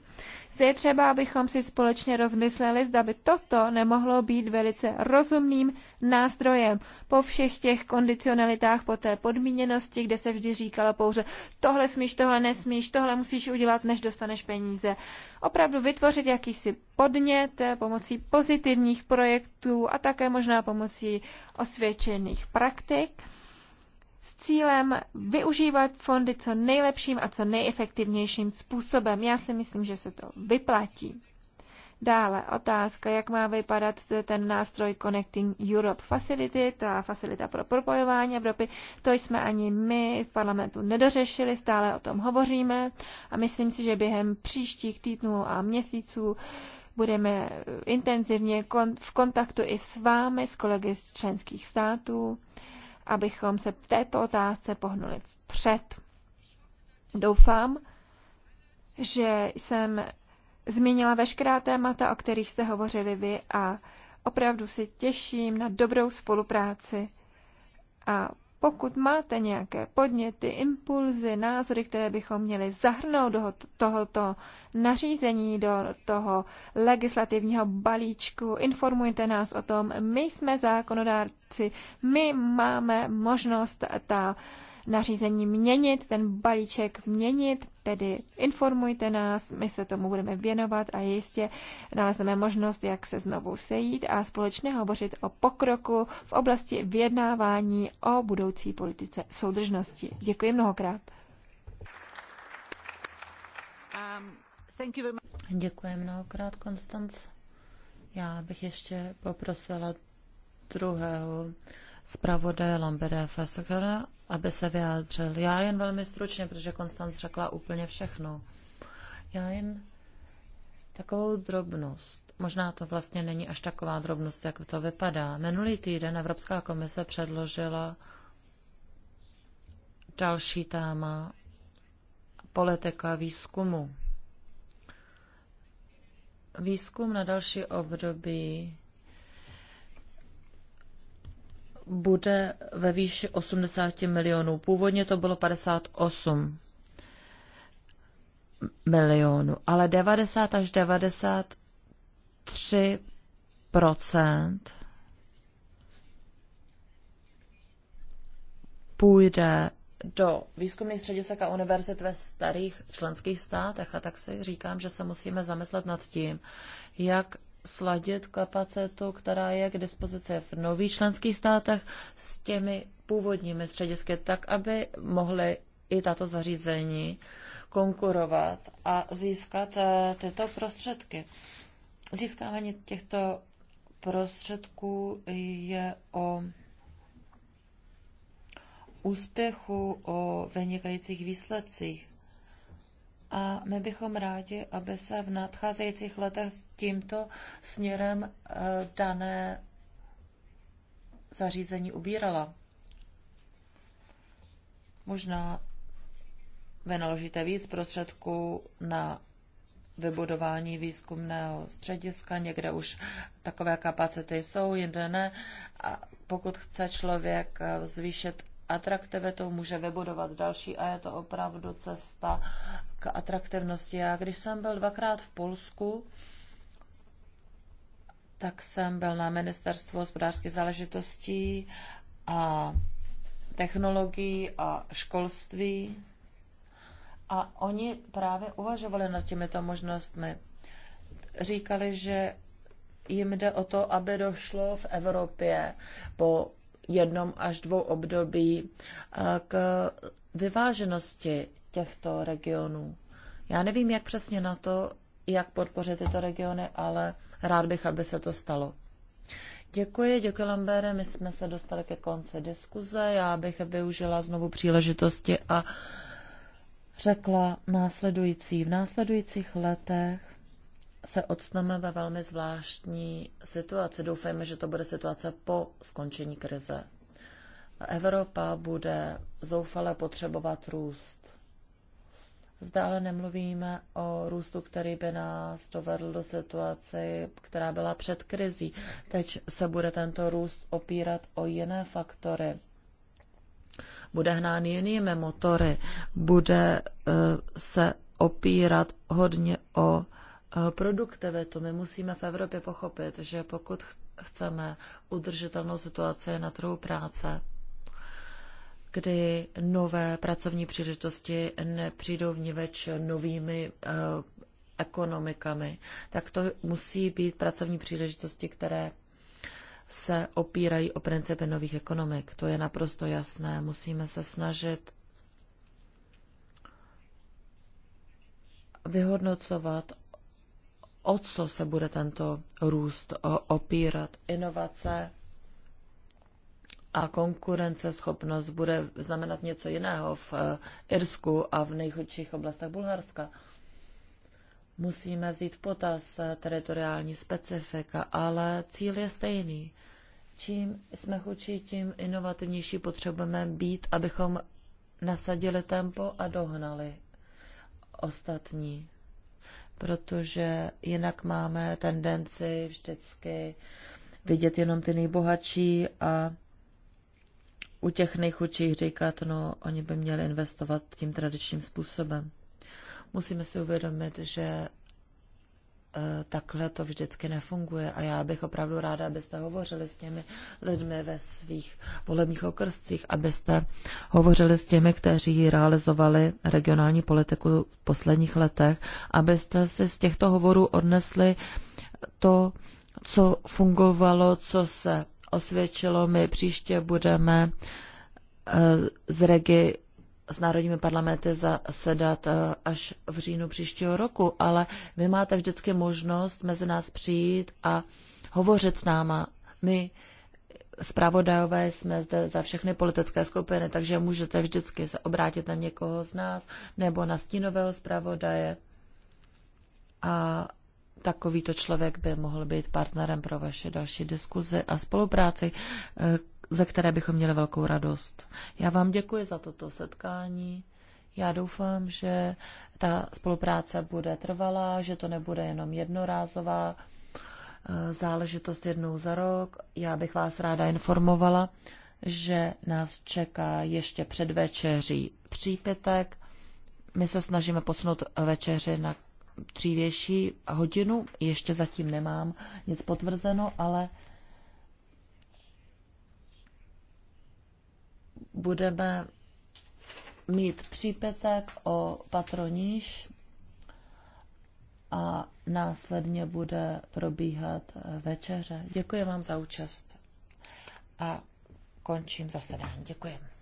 je třeba, abychom si společně rozmysleli, zda by toto nemohlo být velice rozumným nástrojem po všech těch kondicionalitách, po té podmíněnosti, kde se vždy říkalo pouze tohle smíš, tohle nesmíš, tohle musíš udělat, než dostaneš peníze. Opravdu vytvořit jakýsi podnět pomocí pozitivních projektů a také možná pomocí osvědčených praktik s cílem využívat fondy co nejlepším a co nejefektivnějším způsobem. Já si myslím, že se to vyplatí. Dále otázka, jak má vypadat ten nástroj Connecting Europe Facility, ta facilita pro propojování Evropy. To jsme ani my v parlamentu nedořešili, stále o tom hovoříme a myslím si, že během příštích týdnů a měsíců budeme intenzivně kon- v kontaktu i s vámi, s kolegy z členských států abychom se v této otázce pohnuli vpřed. Doufám, že jsem zmínila veškerá témata, o kterých jste hovořili vy a opravdu se těším na dobrou spolupráci a pokud máte nějaké podněty, impulzy, názory, které bychom měli zahrnout do tohoto nařízení, do toho legislativního balíčku, informujte nás o tom. My jsme zákonodárci, my máme možnost ta nařízení měnit, ten balíček měnit, tedy informujte nás, my se tomu budeme věnovat a jistě nalezneme možnost, jak se znovu sejít a společně hovořit o pokroku v oblasti vyjednávání o budoucí politice soudržnosti. Děkuji mnohokrát. Um, Děkuji mnohokrát, Konstanc. Já bych ještě poprosila druhého zpravodaje Lambere Fesokera, aby se vyjádřil. Já jen velmi stručně, protože Konstanc řekla úplně všechno. Já jen takovou drobnost. Možná to vlastně není až taková drobnost, jak to vypadá. Minulý týden Evropská komise předložila další téma politika výzkumu. Výzkum na další období bude ve výši 80 milionů. Původně to bylo 58 milionů, ale 90 až 93 procent půjde do výzkumných středisek a univerzit ve starých členských státech. A tak si říkám, že se musíme zamyslet nad tím, jak sladit kapacitu, která je k dispozici v nových členských státech s těmi původními středisky, tak aby mohly i tato zařízení konkurovat a získat eh, tyto prostředky. Získávání těchto prostředků je o úspěchu, o vynikajících výsledcích a my bychom rádi, aby se v nadcházejících letech s tímto směrem eh, dané zařízení ubírala. Možná vynaložíte víc prostředků na vybudování výzkumného střediska, někde už takové kapacity jsou, jinde ne. A pokud chce člověk eh, zvýšit atraktivitou, může vybudovat další a je to opravdu cesta k atraktivnosti. Já když jsem byl dvakrát v Polsku, tak jsem byl na ministerstvu hospodářských záležitostí a technologií a školství. A oni právě uvažovali nad těmito možnostmi. Říkali, že jim jde o to, aby došlo v Evropě po jednom až dvou období eh, k vyváženosti těchto regionů. Já nevím, jak přesně na to, jak podpořit tyto regiony, ale rád bych, aby se to stalo. Děkuji, děkuji Lambere, my jsme se dostali ke konci diskuze, já bych využila znovu příležitosti a řekla následující. V následujících letech se odstneme ve velmi zvláštní situaci. Doufejme, že to bude situace po skončení krize. Evropa bude zoufale potřebovat růst. Zdále nemluvíme o růstu, který by nás dovedl do situace, která byla před krizí. Teď se bude tento růst opírat o jiné faktory. Bude hnán jinými motory, bude eh, se opírat hodně o Eh, produktivitu. My musíme v Evropě pochopit, že pokud chceme udržitelnou situaci na trhu práce, kdy nové pracovní příležitosti nepřijdou vníveč novými eh, ekonomikami, tak to musí být pracovní příležitosti, které se opírají o principy nových ekonomik. To je naprosto jasné. Musíme se snažit vyhodnocovat o co se bude tento růst opírat. Inovace a konkurenceschopnost bude znamenat něco jiného v eh, Irsku a v nejchudších oblastech Bulharska. Musíme vzít v potaz eh, teritoriální specifika, ale cíl je stejný. Čím jsme chudší, tím inovativnější potřebujeme být, abychom nasadili tempo a dohnali ostatní protože jinak máme tendenci vždycky vidět jenom ty nejbohatší a u těch nejchudších říkat, no, oni by měli investovat tím tradičním způsobem. Musíme si uvědomit, že Eh, takhle to vždycky nefunguje a já bych opravdu ráda, abyste hovořili s těmi lidmi ve svých volebních okrscích, abyste hovořili s těmi, kteří realizovali regionální politiku v posledních letech, abyste si z těchto hovorů odnesli to, co fungovalo, co se osvědčilo. My příště budeme eh, z regi s národními parlamenty zasedat eh, až v říjnu příštího roku, ale vy máte vždycky možnost mezi nás přijít a hovořit s náma. My zpravodajové jsme zde za všechny politické skupiny, takže můžete vždycky se obrátit na někoho z nás nebo na stínového zpravodaje. A takovýto člověk by mohl být partnerem pro vaše další diskuzi a spolupráci. Eh, ze které bychom měli velkou radost. Já vám děkuji za toto setkání. Já doufám, že ta spolupráce bude trvalá, že to nebude jenom jednorázová eh, záležitost jednou za rok. Já bych vás ráda informovala, že nás čeká ještě před večeří přípitek. My se snažíme posunout večeři na dřívější hodinu. Ještě zatím nemám nic potvrzeno, ale budeme mít přípetek o patroníž a následně bude probíhat večeře. Děkuji vám za účast a končím zasedání. Děkuji.